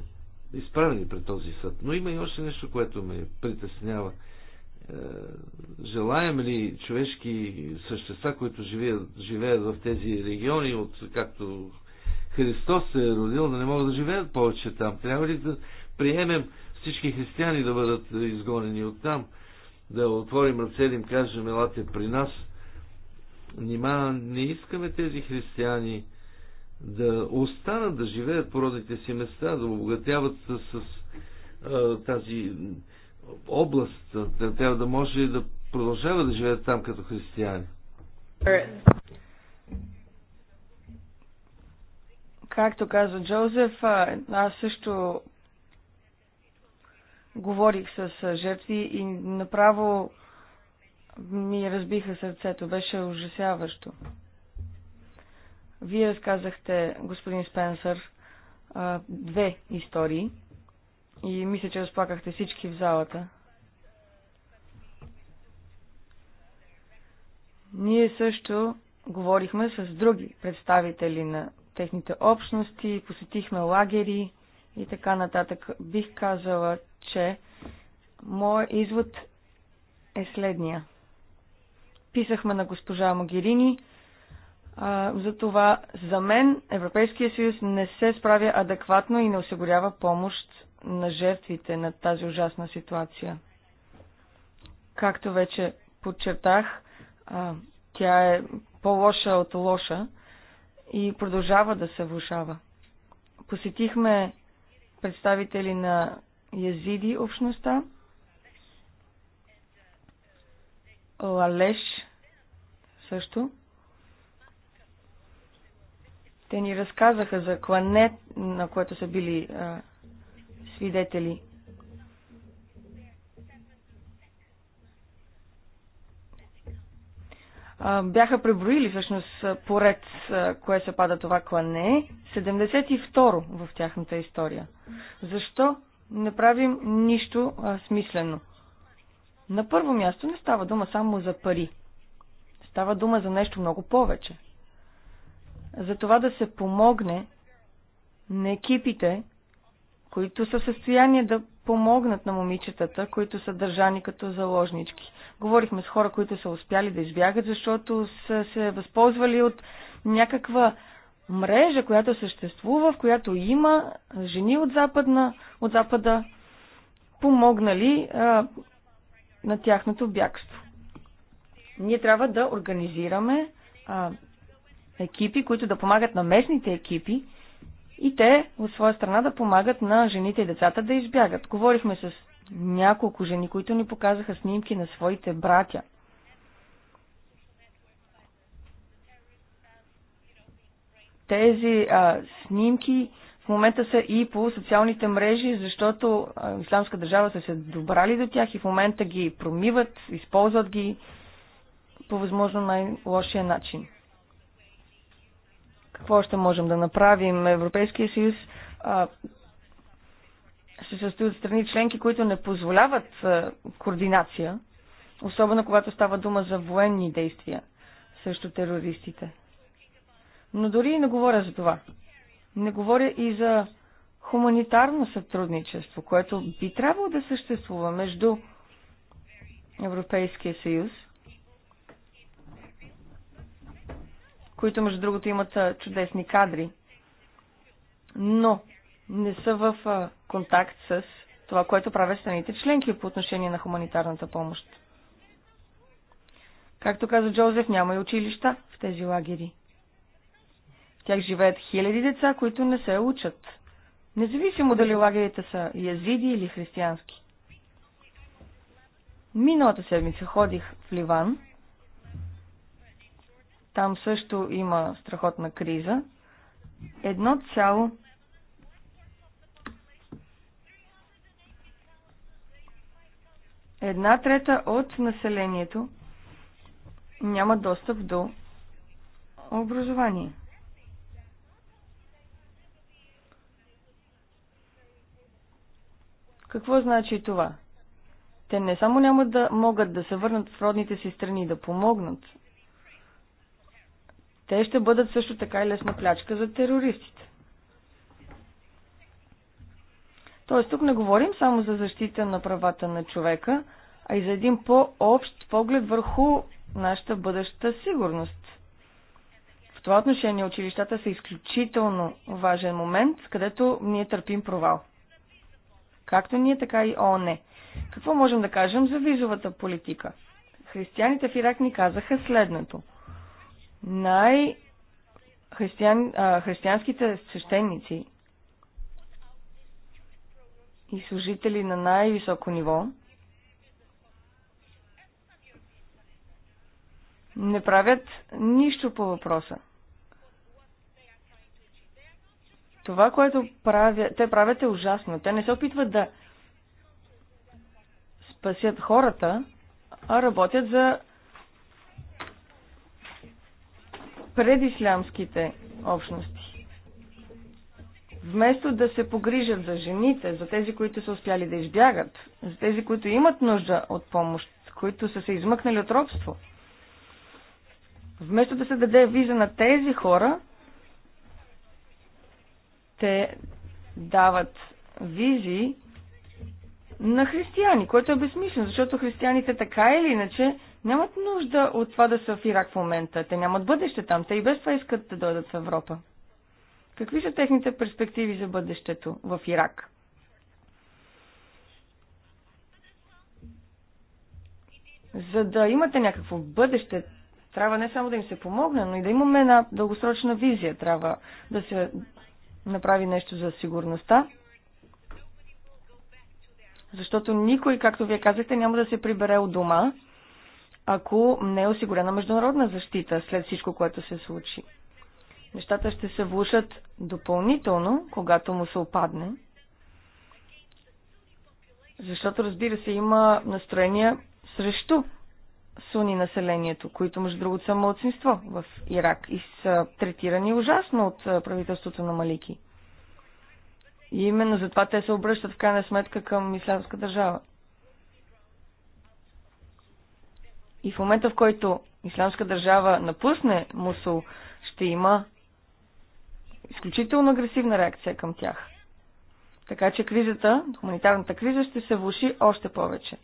изправени пред този съд. Но има и още нещо, което ме притеснява. Е, желаем ли човешки същества, които живеят, живеят в тези региони, от както Христос се е родил, да не могат да живеят повече там? Трябва ли да приемем всички християни да бъдат изгонени от там? Да отворим ръце и им кажем, елате при нас. Нима не искаме тези християни, да останат да живеят по родните си места, да обогатяват с с тази област, да, трябва да може да продължава да живеят там като християни. Както каза Джозеф, аз също говорих с жертви и направо ми разбиха сърцето. Беше ужасяващо. Вие разказахте, господин Спенсър, две истории и мисля, че разплакахте всички в залата. Ние също говорихме с други представители на техните общности, посетихме лагери и така нататък. Бих казала, че моят извод е следния. Писахме на госпожа Могирини, затова за мен Европейския съюз не се справя адекватно и не осигурява помощ на жертвите на тази ужасна ситуация. Както вече подчертах, тя е по-лоша от лоша и продължава да се влушава. Посетихме представители на язиди общността, Лалеш също – те ни разказаха за клане, на което са били а, свидетели. А, бяха преброили всъщност поред а, кое се пада това клане. 72 в тяхната история. Защо не правим нищо а, смислено? На първо място не става дума само за пари. Става дума за нещо много повече – за това да се помогне на екипите, които са в състояние да помогнат на момичетата, които са държани като заложнички. Говорихме с хора, които са успяли да избягат, защото са се възползвали от някаква мрежа, която съществува, в която има жени от, западна, от Запада, помогнали а, на тяхното бягство. Ние трябва да организираме а, екипи, които да помагат на местните екипи и те от своя страна да помагат на жените и децата да избягат. Говорихме с няколко жени, които ни показаха снимки на своите братя. Тези а, снимки в момента са и по социалните мрежи, защото а, Исламска държава са се добрали до тях и в момента ги промиват, използват ги по възможно най-лошия начин. Какво ще можем да направим? Европейския съюз а, се състои от страни членки, които не позволяват а, координация, особено когато става дума за военни действия срещу терористите. Но дори и не говоря за това. Не говоря и за хуманитарно сътрудничество, което би трябвало да съществува между Европейския съюз – които между другото имат чудесни кадри, но не са в контакт с това, което правят страните членки по отношение на хуманитарната помощ. Както каза Джозеф, няма и училища в тези лагери. В тях живеят хиляди деца, които не се учат. Независимо дали лагерите са язиди или християнски. Миналата седмица ходих в Ливан там също има страхотна криза. Едно цяло 1 трета от населението няма достъп до образование. Какво значи това? Те не само няма да могат да се върнат в родните си страни да помогнат те ще бъдат също така и лесна плячка за терористите. Тоест тук не говорим само за защита на правата на човека, а и за един по-общ поглед върху нашата бъдеща сигурност. В това отношение училищата са изключително важен момент, където ние търпим провал. Както ние, така и ООН. Какво можем да кажем за визовата политика? Християните в Ирак ни казаха следното – най- християн, а, християнските свещеници и служители на най-високо ниво не правят нищо по въпроса. Това, което правят, те правят е ужасно. Те не се опитват да спасят хората, а работят за Предислямските общности. Вместо да се погрижат за жените, за тези, които са успяли да избягат, за тези, които имат нужда от помощ, които са се измъкнали от робство, вместо да се даде виза на тези хора, те дават визи на християни, което е безсмислено, защото християните така или иначе нямат нужда от това да са в Ирак в момента. Те нямат бъдеще там. Те и без това искат да дойдат в Европа. Какви са техните перспективи за бъдещето в Ирак? За да имате някакво бъдеще, трябва не само да им се помогне, но и да имаме една дългосрочна визия. Трябва да се направи нещо за сигурността. Защото никой, както вие казахте, няма да се прибере от дома ако не е осигурена международна защита след всичко, което се случи. Нещата ще се влушат допълнително, когато му се опадне. Защото, разбира се, има настроения срещу суни населението, които, между другото, са младсинство в Ирак и са третирани ужасно от правителството на Малики. И именно затова те се обръщат в крайна сметка към ислямска държава. И в момента, в който Исламска държава напусне Мусул, ще има изключително агресивна реакция към тях. Така че кризата, хуманитарната криза ще се влуши още повече.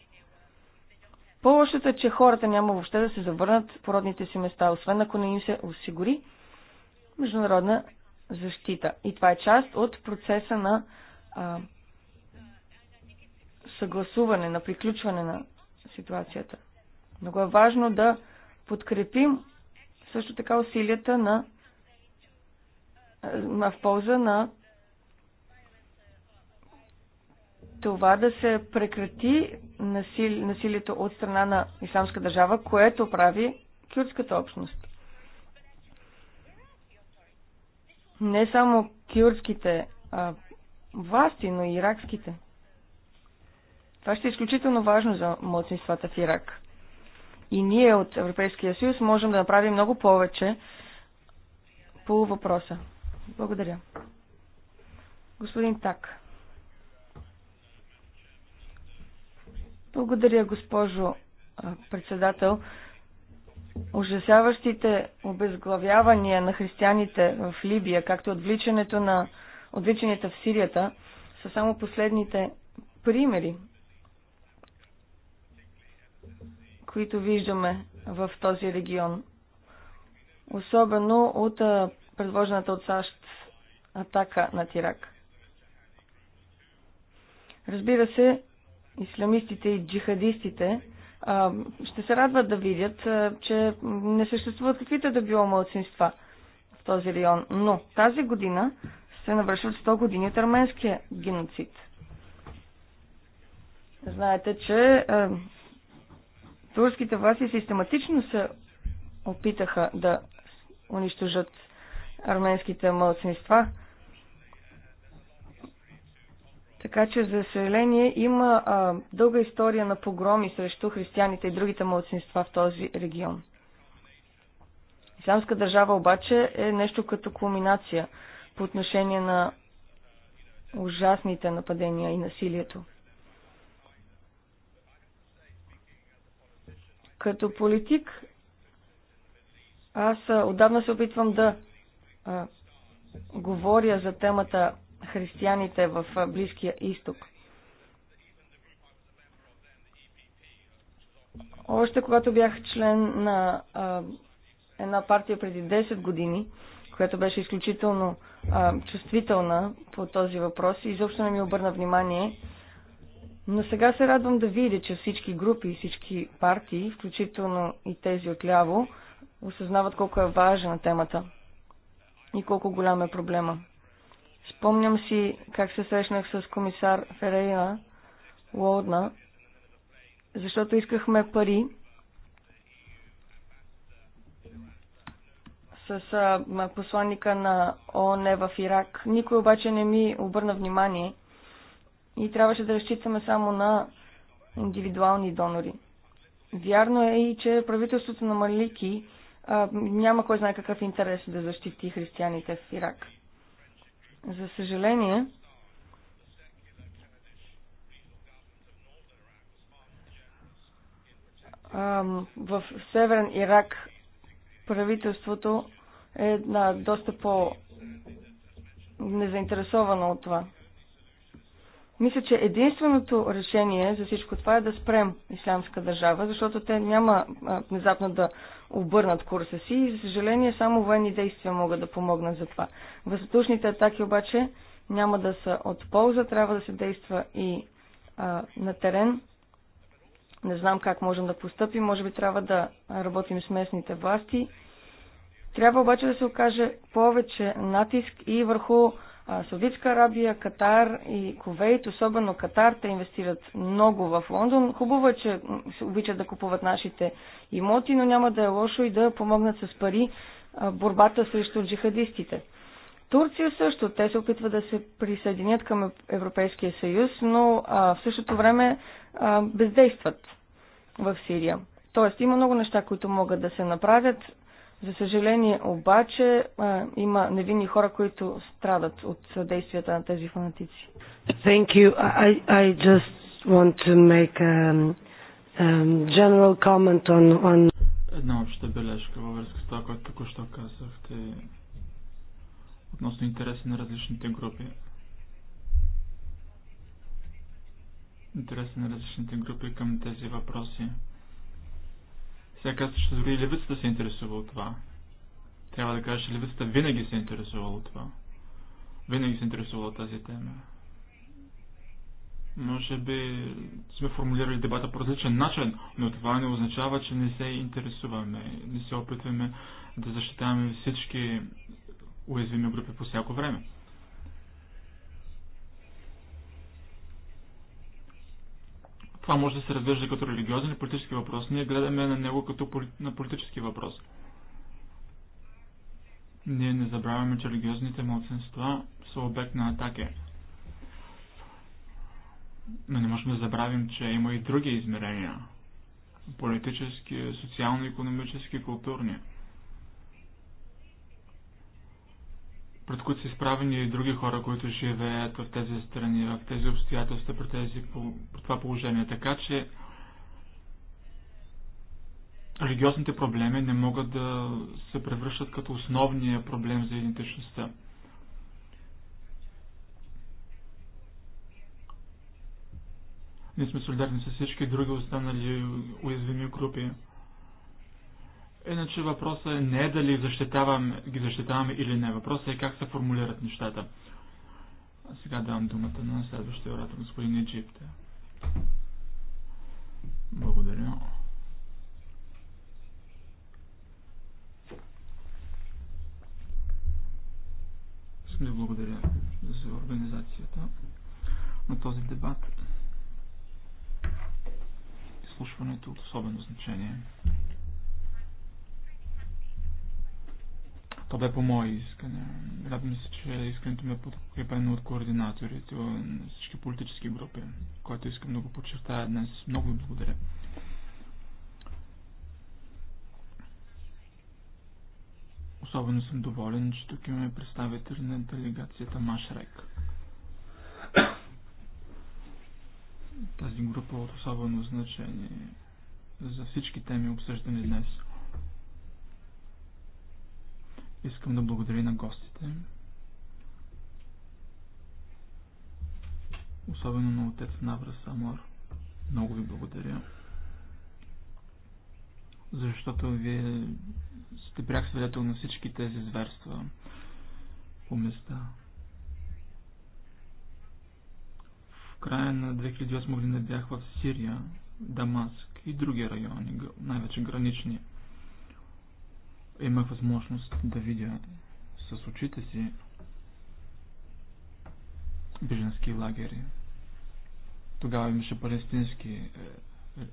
По-лошото е, че хората няма въобще да се завърнат по родните си места, освен ако не им се осигури международна защита. И това е част от процеса на а, съгласуване, на приключване на ситуацията. Много е важно да подкрепим също така усилията на в полза на това да се прекрати насили, насилието от страна на исламска държава, което прави кюрдската общност. Не само кюрдските а, власти, но и иракските. Това ще е изключително важно за младсинствата в Ирак. И ние от Европейския съюз можем да направим много повече по въпроса. Благодаря. Господин Так. Благодаря, госпожо председател. Ужасяващите обезглавявания на християните в Либия, както отвличането на отвличанията в Сирията, са само последните примери които виждаме в този регион. Особено от предложената от САЩ атака на Ирак. Разбира се, исламистите и джихадистите а, ще се радват да видят, а, че не съществуват каквито да било младсинства в този район. Но тази година се навършват 100 години от арменския геноцид. Знаете, че турските власти систематично се опитаха да унищожат арменските младсинства. Така че, за съжаление, има а, дълга история на погроми срещу християните и другите младсинства в този регион. Исламска държава обаче е нещо като кулминация по отношение на ужасните нападения и насилието. Като политик, аз отдавна се опитвам да а, говоря за темата християните в Близкия изток. Още когато бях член на а, една партия преди 10 години, която беше изключително а, чувствителна по този въпрос и изобщо не ми обърна внимание но сега се радвам да видя, че всички групи и всички партии, включително и тези отляво, осъзнават колко е важна темата и колко голям е проблема. Спомням си как се срещнах с комисар Ферейна Лоудна, защото искахме пари с посланника на ОНЕ в Ирак. Никой обаче не ми обърна внимание – и трябваше да разчитаме само на индивидуални донори. Вярно е и, че правителството на Малики а, няма кой знае какъв интерес да защити християните в Ирак. За съжаление, в Северен Ирак правителството е на доста по незаинтересовано от това. Мисля, че единственото решение за всичко това е да спрем ислямска държава, защото те няма а, внезапно да обърнат курса си и, за съжаление, само военни действия могат да помогнат за това. Въздушните атаки обаче няма да са от полза, трябва да се действа и а, на терен. Не знам как можем да поступим, може би трябва да работим с местните власти. Трябва обаче да се окаже повече натиск и върху Саудитска Арабия, Катар и Ковейт, особено Катар, те инвестират много в Лондон. Хубаво е, че обичат да купуват нашите имоти, но няма да е лошо и да помогнат с пари борбата срещу джихадистите. Турция също, те се опитват да се присъединят към Европейския съюз, но а, в същото време а, бездействат в Сирия. Тоест има много неща, които могат да се направят. За съжаление обаче а, има невинни хора, които страдат от действията на тези фанатици. Thank you. I, I just want to make a, um, a um, general comment on, on... Една обща бележка във връзка с това, което току-що казахте относно интереси на различните групи. Интереси на различните групи към тези въпроси. Сега казвате, че дори левицата се е интересува от това. Трябва да кажа, че левицата винаги се е интересувала от това. Винаги се е интересувала от тази тема. Може би сме формулирали дебата по различен начин, но това не означава, че не се интересуваме, не се опитваме да защитаваме всички уязвими групи по всяко време. Това може да се разглежда като религиозен и политически въпрос. Ние гледаме на него като на политически въпрос. Ние не забравяме, че религиозните младсенства са обект на атаки. Но не можем да забравим, че има и други измерения. Политически, социално-економически, културни – пред които са изправени и други хора, които живеят в тези страни, в тези обстоятелства, при, тези, при това положение. Така че религиозните проблеми не могат да се превръщат като основния проблем за идентичността. Ние сме солидарни с всички други останали уязвими групи. Иначе въпросът е не е дали защитавам, ги защитаваме или не. Въпросът е как се формулират нещата. А сега давам думата на следващия оратор, господин Еджипте. Благодаря. Искам да благодаря за организацията на този дебат. Изслушването е от особено значение. То бе по мое искане. Радвам се, че искането ми е подкрепено от координаторите на всички политически групи, което искам да го подчертая днес. Много ви благодаря. Особено съм доволен, че тук имаме представител на делегацията Машрек. Тази група е от особено значение за всички теми обсъждани днес – Искам да благодаря на гостите. Особено на отец Навра Самор. Много ви благодаря. Защото вие сте пряк свидетел на всички тези зверства по места. В края на 2008 година бях в Сирия, Дамаск и други райони, най-вече гранични имах възможност да видя с очите си беженски лагери. Тогава имаше палестински е,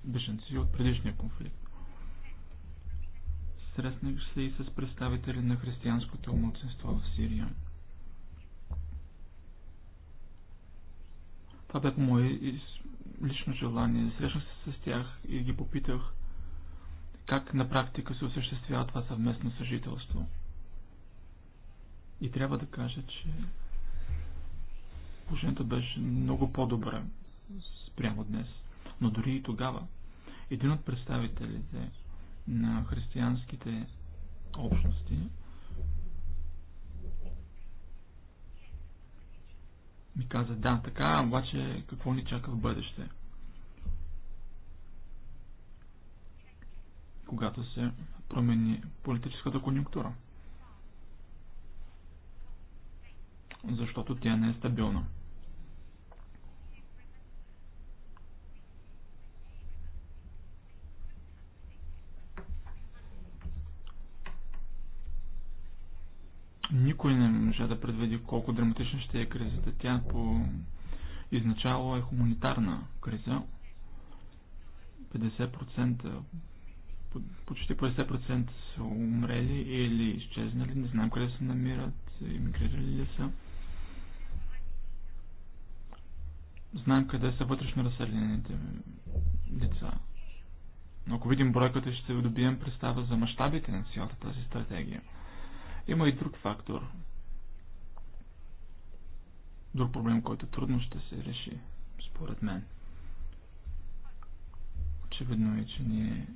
беженци от предишния конфликт. Среснах се и с представители на християнското младсенство в Сирия. Това бе мое лично желание. Срещнах се с тях и ги попитах – как на практика се осъществява това съвместно съжителство. И трябва да кажа, че положението беше много по-добре спрямо днес. Но дори и тогава, един от представителите на християнските общности ми каза, да, така, обаче какво ни чака в бъдеще? когато се промени политическата конъюнктура. Защото тя не е стабилна. Никой не може да предвиди колко драматична ще е кризата. Тя по изначало е хуманитарна криза. 50% почти 50% са умрели или изчезнали, не знам къде се намират, иммигрирали ли са. Знаем къде са вътрешно разселените лица. Но ако видим бройката, ще добием представа за мащабите на цялата тази стратегия. Има и друг фактор. Друг проблем, който трудно ще се реши, според мен. Очевидно е, че ние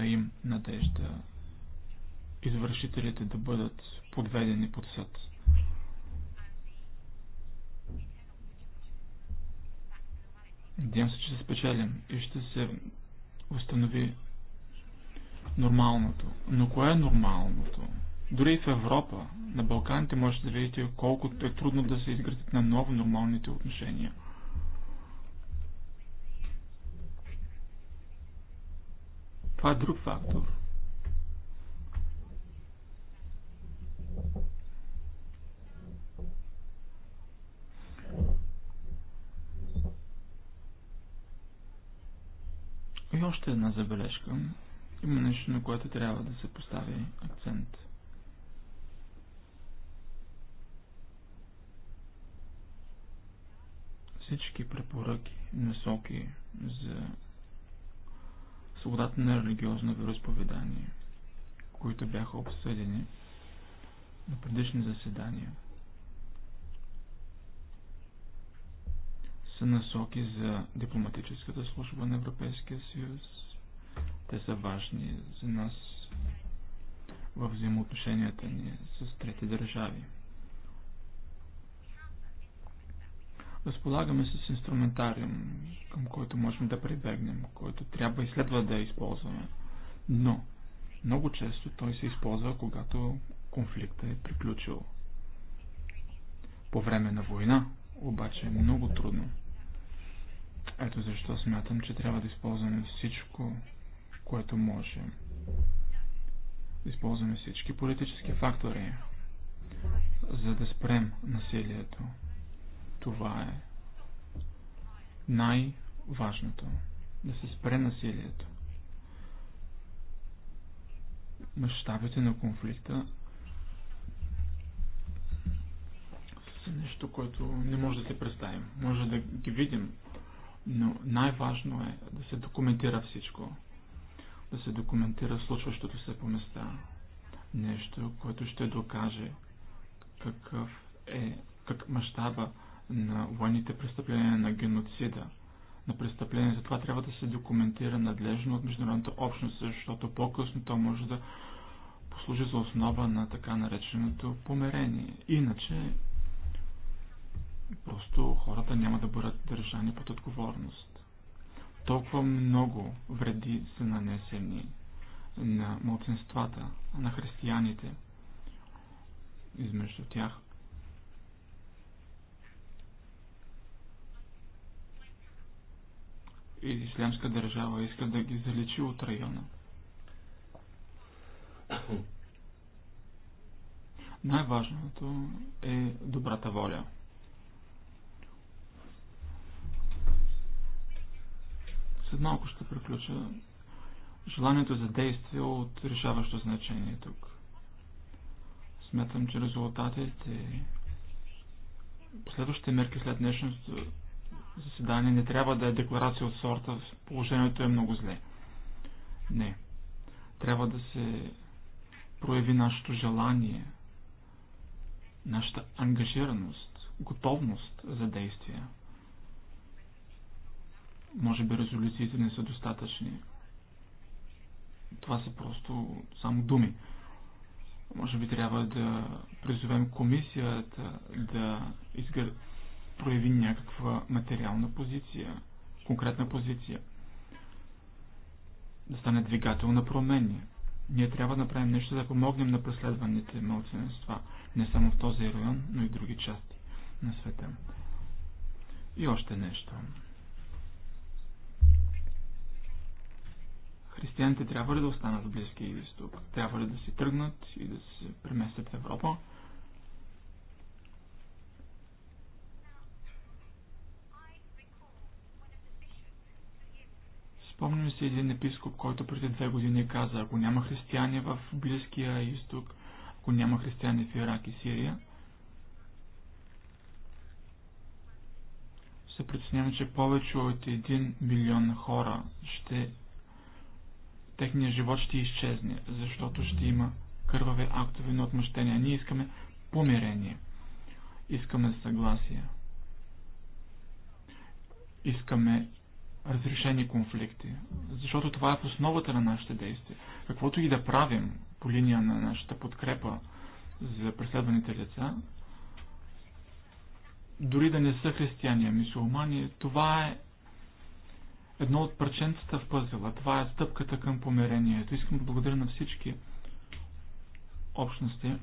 им надежда извършителите да бъдат подведени под съд. Надявам се, че се спечелим и ще се установи нормалното. Но кое е нормалното? Дори и в Европа, на Балканите можете да видите колко е трудно да се изградят на ново нормалните отношения. Това е друг фактор. И още една забележка. Има нещо, на което трябва да се постави акцент. Всички препоръки, насоки за свободата на религиозно вероисповедание, които бяха обсъдени на предишни заседания. Са насоки за дипломатическата служба на Европейския съюз. Те са важни за нас във взаимоотношенията ни с трети държави. разполагаме с инструментариум, към който можем да прибегнем, който трябва и следва да използваме. Но много често той се използва, когато конфликтът е приключил. По време на война обаче е много трудно. Ето защо смятам, че трябва да използваме всичко, което можем. Да използваме всички политически фактори, за да спрем насилието. Това е най-важното. Да се спре насилието. Мащабите на конфликта са нещо, което не може да се представим. Може да ги видим, но най-важно е да се документира всичко. Да се документира случващото се по места. Нещо, което ще докаже какъв е, как мащаба на военните престъпления, на геноцида, на престъпления. Затова трябва да се документира надлежно от международната общност, защото по-късно то може да послужи за основа на така нареченото померение. Иначе просто хората няма да бъдат държани под отговорност. Толкова много вреди са нанесени на младсинствата, на християните, измежду тях – и Ислямска държава иска да ги заличи от района. Най-важното е добрата воля. След малко ще приключа. Желанието за действие от решаващо значение тук. Смятам, че резултатите последващите мерки след днешното заседание не трябва да е декларация от сорта, положението е много зле. Не. Трябва да се прояви нашето желание, нашата ангажираност, готовност за действия. Може би резолюциите не са достатъчни. Това са просто само думи. Може би трябва да призовем комисията да изгради прояви някаква материална позиция, конкретна позиция. Да стане двигател на промени. Ние трябва да направим нещо да помогнем на преследваните младсенства, не само в този район, но и в други части на света. И още нещо. Християните трябва ли да останат в Близкия изток? Трябва ли да си тръгнат и да се преместят в Европа? Спомням си един епископ, който преди две години каза, ако няма християни в Близкия изток, ако няма християни в Ирак и Сирия, се притеснявам, че повече от един милион хора ще техният живот ще изчезне, защото ще има кървави актове на отмъщение. Ние искаме помирение. Искаме съгласие. Искаме разрешени конфликти. Защото това е в основата на нашите действия. Каквото и да правим по линия на нашата подкрепа за преследваните лица, дори да не са християни, а мисулмани, това е едно от парченцата в пъзела. Това е стъпката към помирението. Искам да благодаря на всички общности.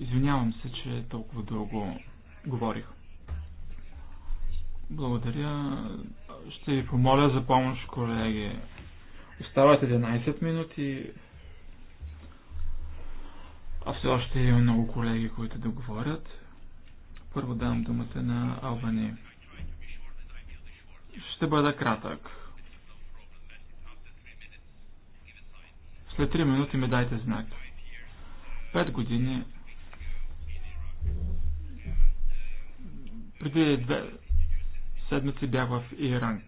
Извинявам се, че толкова дълго говорих. Благодаря. Ще ви помоля за помощ, колеги. Остават 11 минути. А все още има много колеги, които да говорят. Първо давам думата на Албани. Ще бъда кратък. След 3 минути ми дайте знак. 5 години преди две, седмици бях в Иранг.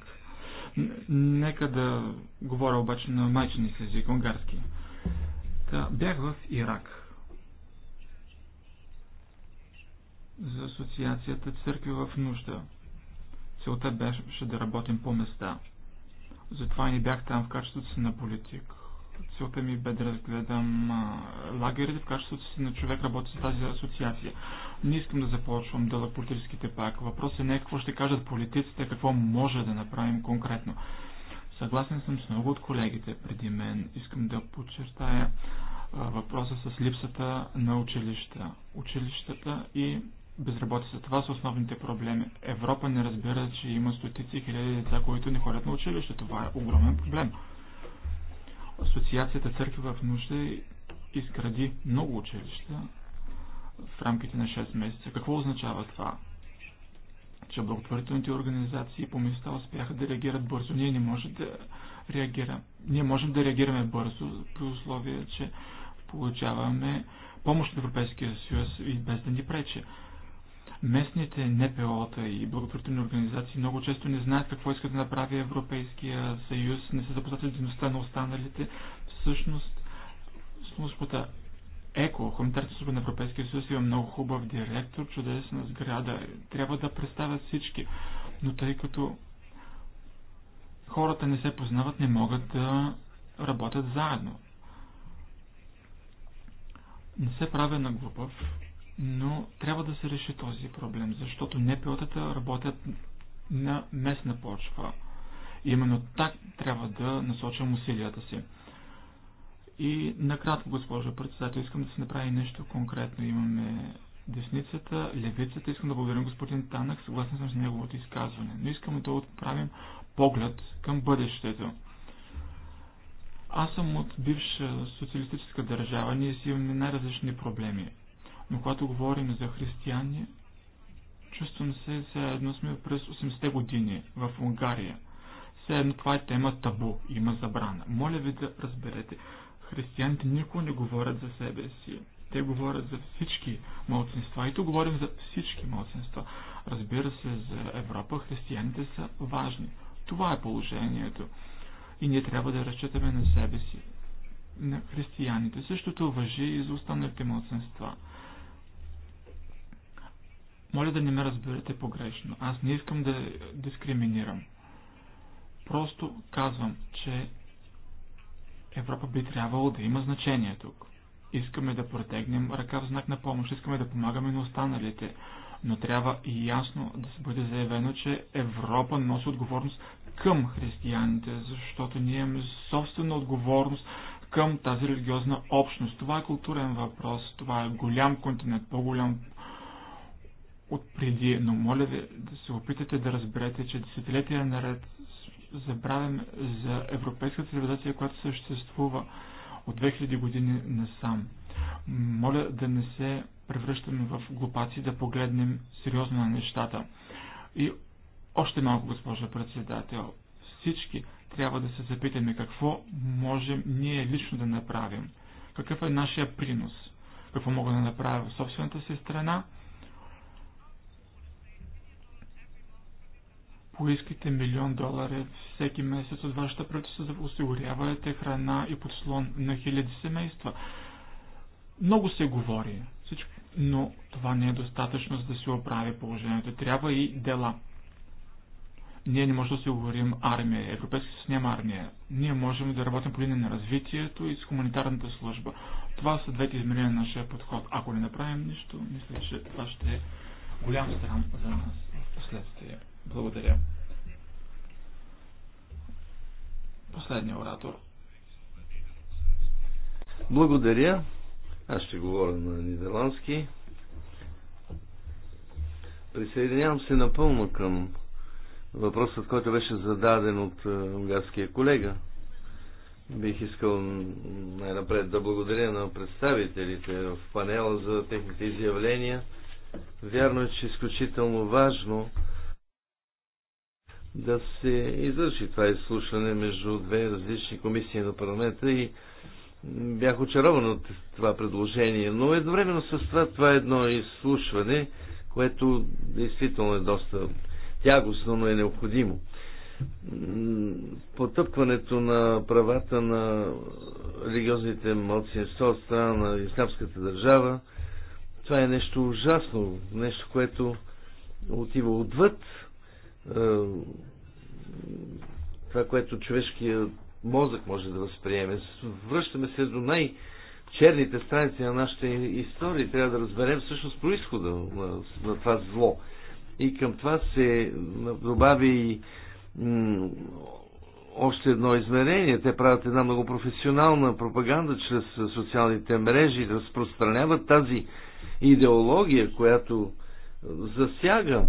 Нека да говоря обаче на майчин език, унгарски. Да, бях в Ирак. За асоциацията Църкви в нужда. Целта беше да работим по места. Затова и не бях там в качеството си на политик. Целта ми бе да разгледам лагерите в качеството си на човек, работи с тази асоциация. Не искам да започвам дълъг политическите пак. Въпросът е не е какво ще кажат политиците, какво може да направим конкретно. Съгласен съм с много от колегите преди мен. Искам да подчертая въпроса с липсата на училища. Училищата и безработица. Това са основните проблеми. Европа не разбира, че има стотици хиляди деца, които не ходят на училище. Това е огромен проблем. Асоциацията Църкви в нужда изгради много училища в рамките на 6 месеца. Какво означава това? Че благотворителните организации по места успяха да реагират бързо. Ние не можем да реагираме. Ние можем да реагираме бързо при условие, че получаваме помощ от Европейския съюз и без да ни пречи. Местните НПО-та и благотворителни организации много често не знаят какво иска да направи Европейския съюз, не са запознати с дейността на останалите. Всъщност, службата ЕКО, Хуманитарната служба на Европейския съюз, има много хубав директор, чудесна сграда. Трябва да представят всички. Но тъй като хората не се познават, не могат да работят заедно. Не се прави на глупав но трябва да се реши този проблем, защото НПО-тата работят на местна почва. Именно так трябва да насочим усилията си. И накратко, госпожо председател, искам да се направи нещо конкретно. Имаме десницата, левицата. Искам да благодарим господин Танък, съгласен съм с неговото изказване. Но искам да отправим поглед към бъдещето. Аз съм от бивша социалистическа държава, ние си имаме най-различни проблеми. Но когато говорим за християни, чувствам се, заедно сме през 80-те години в Унгария. Все това е тема табу, има забрана. Моля ви да разберете, християните никога не говорят за себе си. Те говорят за всички малцинства. И тук говорим за всички малцинства. Разбира се, за Европа християните са важни. Това е положението. И ние трябва да разчитаме на себе си, на християните. Същото въжи и за останалите малцинства. Моля да не ме разберете погрешно. Аз не искам да дискриминирам. Просто казвам, че Европа би трябвало да има значение тук. Искаме да протегнем ръка в знак на помощ, искаме да помагаме на останалите, но трябва и ясно да се бъде заявено, че Европа носи отговорност към християните, защото ние имаме собствена отговорност към тази религиозна общност. Това е културен въпрос, това е голям континент, по-голям от преди, но моля ви да се опитате да разберете, че десетилетия наред забравяме за европейската цивилизация, която съществува от 2000 години насам. Моля да не се превръщаме в глупаци, да погледнем сериозно на нещата. И още малко, госпожа председател, всички трябва да се запитаме какво можем ние лично да направим. Какъв е нашия принос? Какво мога да направя в собствената си страна? поискате милион долара всеки месец от вашата правителство, за да осигурявате храна и подслон на хиляди семейства. Много се говори, всичко, но това не е достатъчно, за да се оправи положението. Трябва и дела. Ние не можем да си говорим армия. Европейски съюз няма армия. Ние можем да работим по линия на развитието и с хуманитарната служба. Това са двете измерения на нашия подход. Ако не направим нищо, мисля, че това ще е голям срам за нас в последствие. Благодаря. Последния оратор. Благодаря. Аз ще говоря на нидерландски. Присъединявам се напълно към въпросът, който беше зададен от е, унгарския колега. Бих искал най-напред да благодаря на представителите в панела за техните изявления. Вярно е, че е изключително важно да се извърши това изслушване между две различни комисии на парламента и бях очарован от това предложение. Но едновременно с това, това е едно изслушване, което действително е доста тягостно, но е необходимо. Потъпкването на правата на религиозните младсинства от страна на исламската държава, това е нещо ужасно, нещо, което отива отвъд е, това, което човешкият мозък може да възприеме. Връщаме се до най-черните страници на нашите истории. Трябва да разберем всъщност происхода на, на това зло. И към това се добави и още едно измерение. Те правят една много професионална пропаганда чрез социалните мрежи, разпространяват тази идеология, която засяга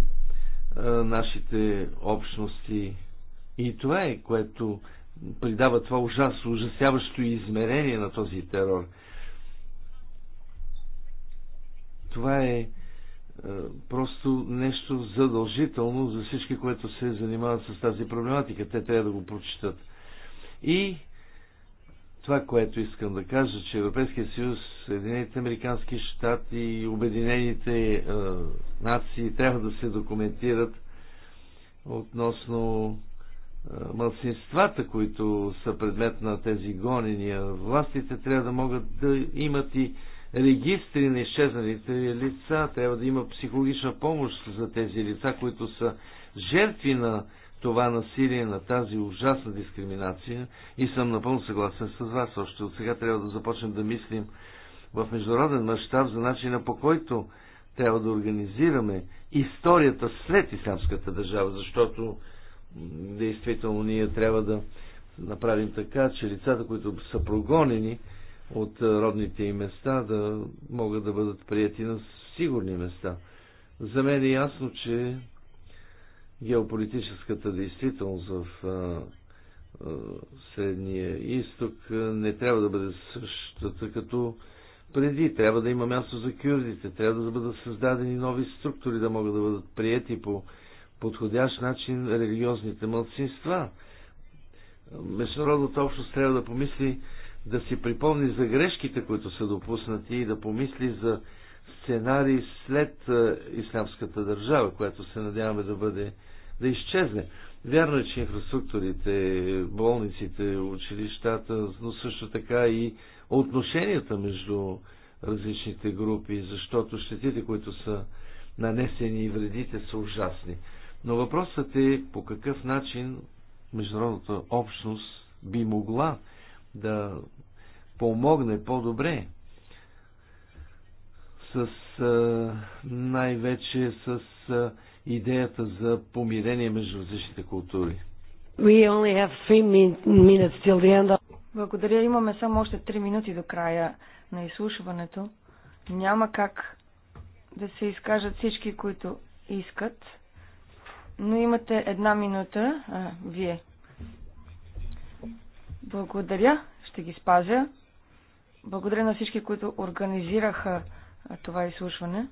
нашите общности. И това е, което придава това ужасно, ужасяващо измерение на този терор. Това е просто нещо задължително за всички, които се занимават с тази проблематика. Те трябва да го прочитат. И това, което искам да кажа, че Европейския съюз, Съединените Американски щати и Обединените е, нации трябва да се документират относно е, мълсинствата, които са предмет на тези гонения. Властите трябва да могат да имат и регистри на изчезналите лица. Трябва да има психологична помощ за тези лица, които са жертви на това насилие, на тази ужасна дискриминация и съм напълно съгласен с вас. Още от сега трябва да започнем да мислим в международен мащаб за начина по който трябва да организираме историята след исламската държава, защото действително ние трябва да направим така, че лицата, които са прогонени от родните им места, да могат да бъдат прияти на сигурни места. За мен е ясно, че геополитическата действителност в Средния изток не трябва да бъде същата като преди. Трябва да има място за кюрдите, трябва да бъдат създадени нови структури, да могат да бъдат приети по подходящ начин религиозните мълцинства. Международната общност трябва да помисли да си припомни за грешките, които са допуснати и да помисли за сценарий след е, Исламската държава, която се надяваме да бъде, да изчезне. Вярно е, че инфраструктурите, болниците, училищата, но също така и отношенията между различните групи, защото щетите, които са нанесени и вредите са ужасни. Но въпросът е по какъв начин международната общност би могла да помогне по-добре с най-вече с идеята за помирение между различните култури. We only have three minutes till the end of... Благодаря. Имаме само още 3 минути до края на изслушването. Няма как да се изкажат всички, които искат, но имате една минута, а, вие. Благодаря, ще ги спазя. Благодаря на всички, които организираха това изслушване.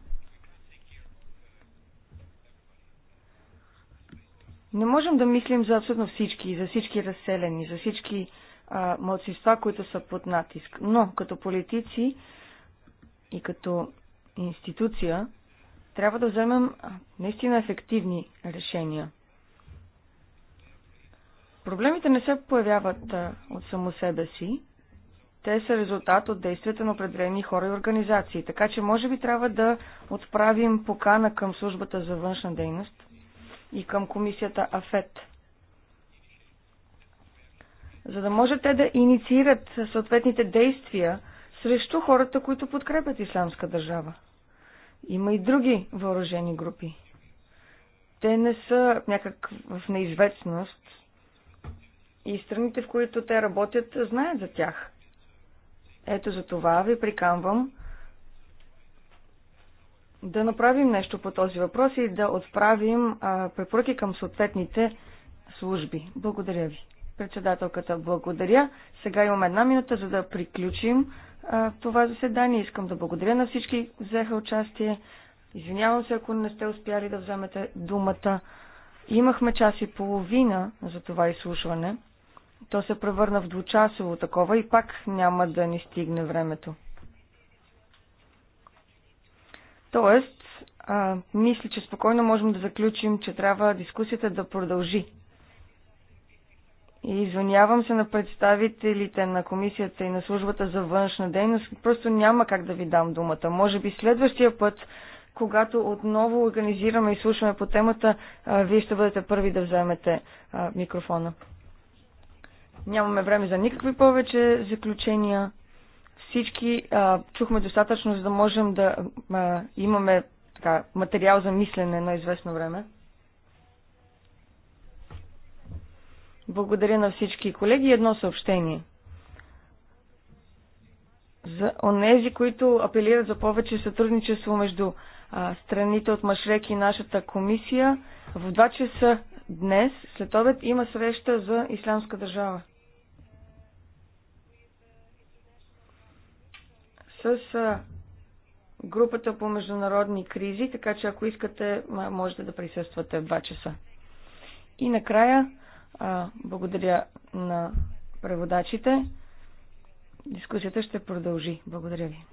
Не можем да мислим за абсолютно всички, за всички разселени, за всички а, младсинства, които са под натиск. Но като политици и като институция трябва да вземем наистина ефективни решения. Проблемите не се появяват а, от само себе си те са резултат от действията на определени хора и организации. Така че може би трябва да отправим покана към службата за външна дейност и към комисията АФЕТ. За да може те да инициират съответните действия срещу хората, които подкрепят исламска държава. Има и други въоръжени групи. Те не са някак в неизвестност и страните, в които те работят, знаят за тях. Ето за това ви приканвам да направим нещо по този въпрос и да отправим а, препоръки към съответните служби. Благодаря ви. Председателката, благодаря. Сега имам една минута, за да приключим а, това заседание. Искам да благодаря на всички, взеха участие. Извинявам се, ако не сте успяли да вземете думата. Имахме час и половина за това изслушване. То се превърна в двучасово такова и пак няма да ни стигне времето. Тоест, а, мисля, че спокойно можем да заключим, че трябва дискусията да продължи. И извинявам се на представителите на комисията и на службата за външна дейност, просто няма как да ви дам думата. Може би следващия път, когато отново организираме и слушаме по темата, вие ще бъдете първи да вземете микрофона. Нямаме време за никакви повече заключения. Всички а, чухме достатъчно, за да можем да а, имаме така, материал за мислене на известно време. Благодаря на всички колеги. Едно съобщение. За онези, които апелират за повече сътрудничество между а, страните от Машрек и нашата комисия, в 2 часа днес, след обед, има среща за Ислямска държава. с групата по международни кризи, така че ако искате, можете да присъствате в 2 часа. И накрая, благодаря на преводачите. Дискусията ще продължи. Благодаря ви.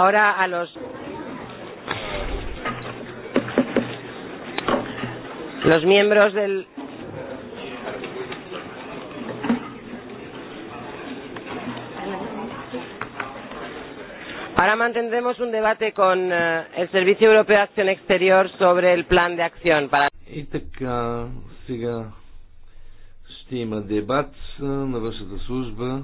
Ahora a los Los miembros del. Ahora mantendremos un debate con uh, el Servicio Europeo de Acción Exterior sobre el plan de acción para. И така, сега ще има дебат на вашата служба.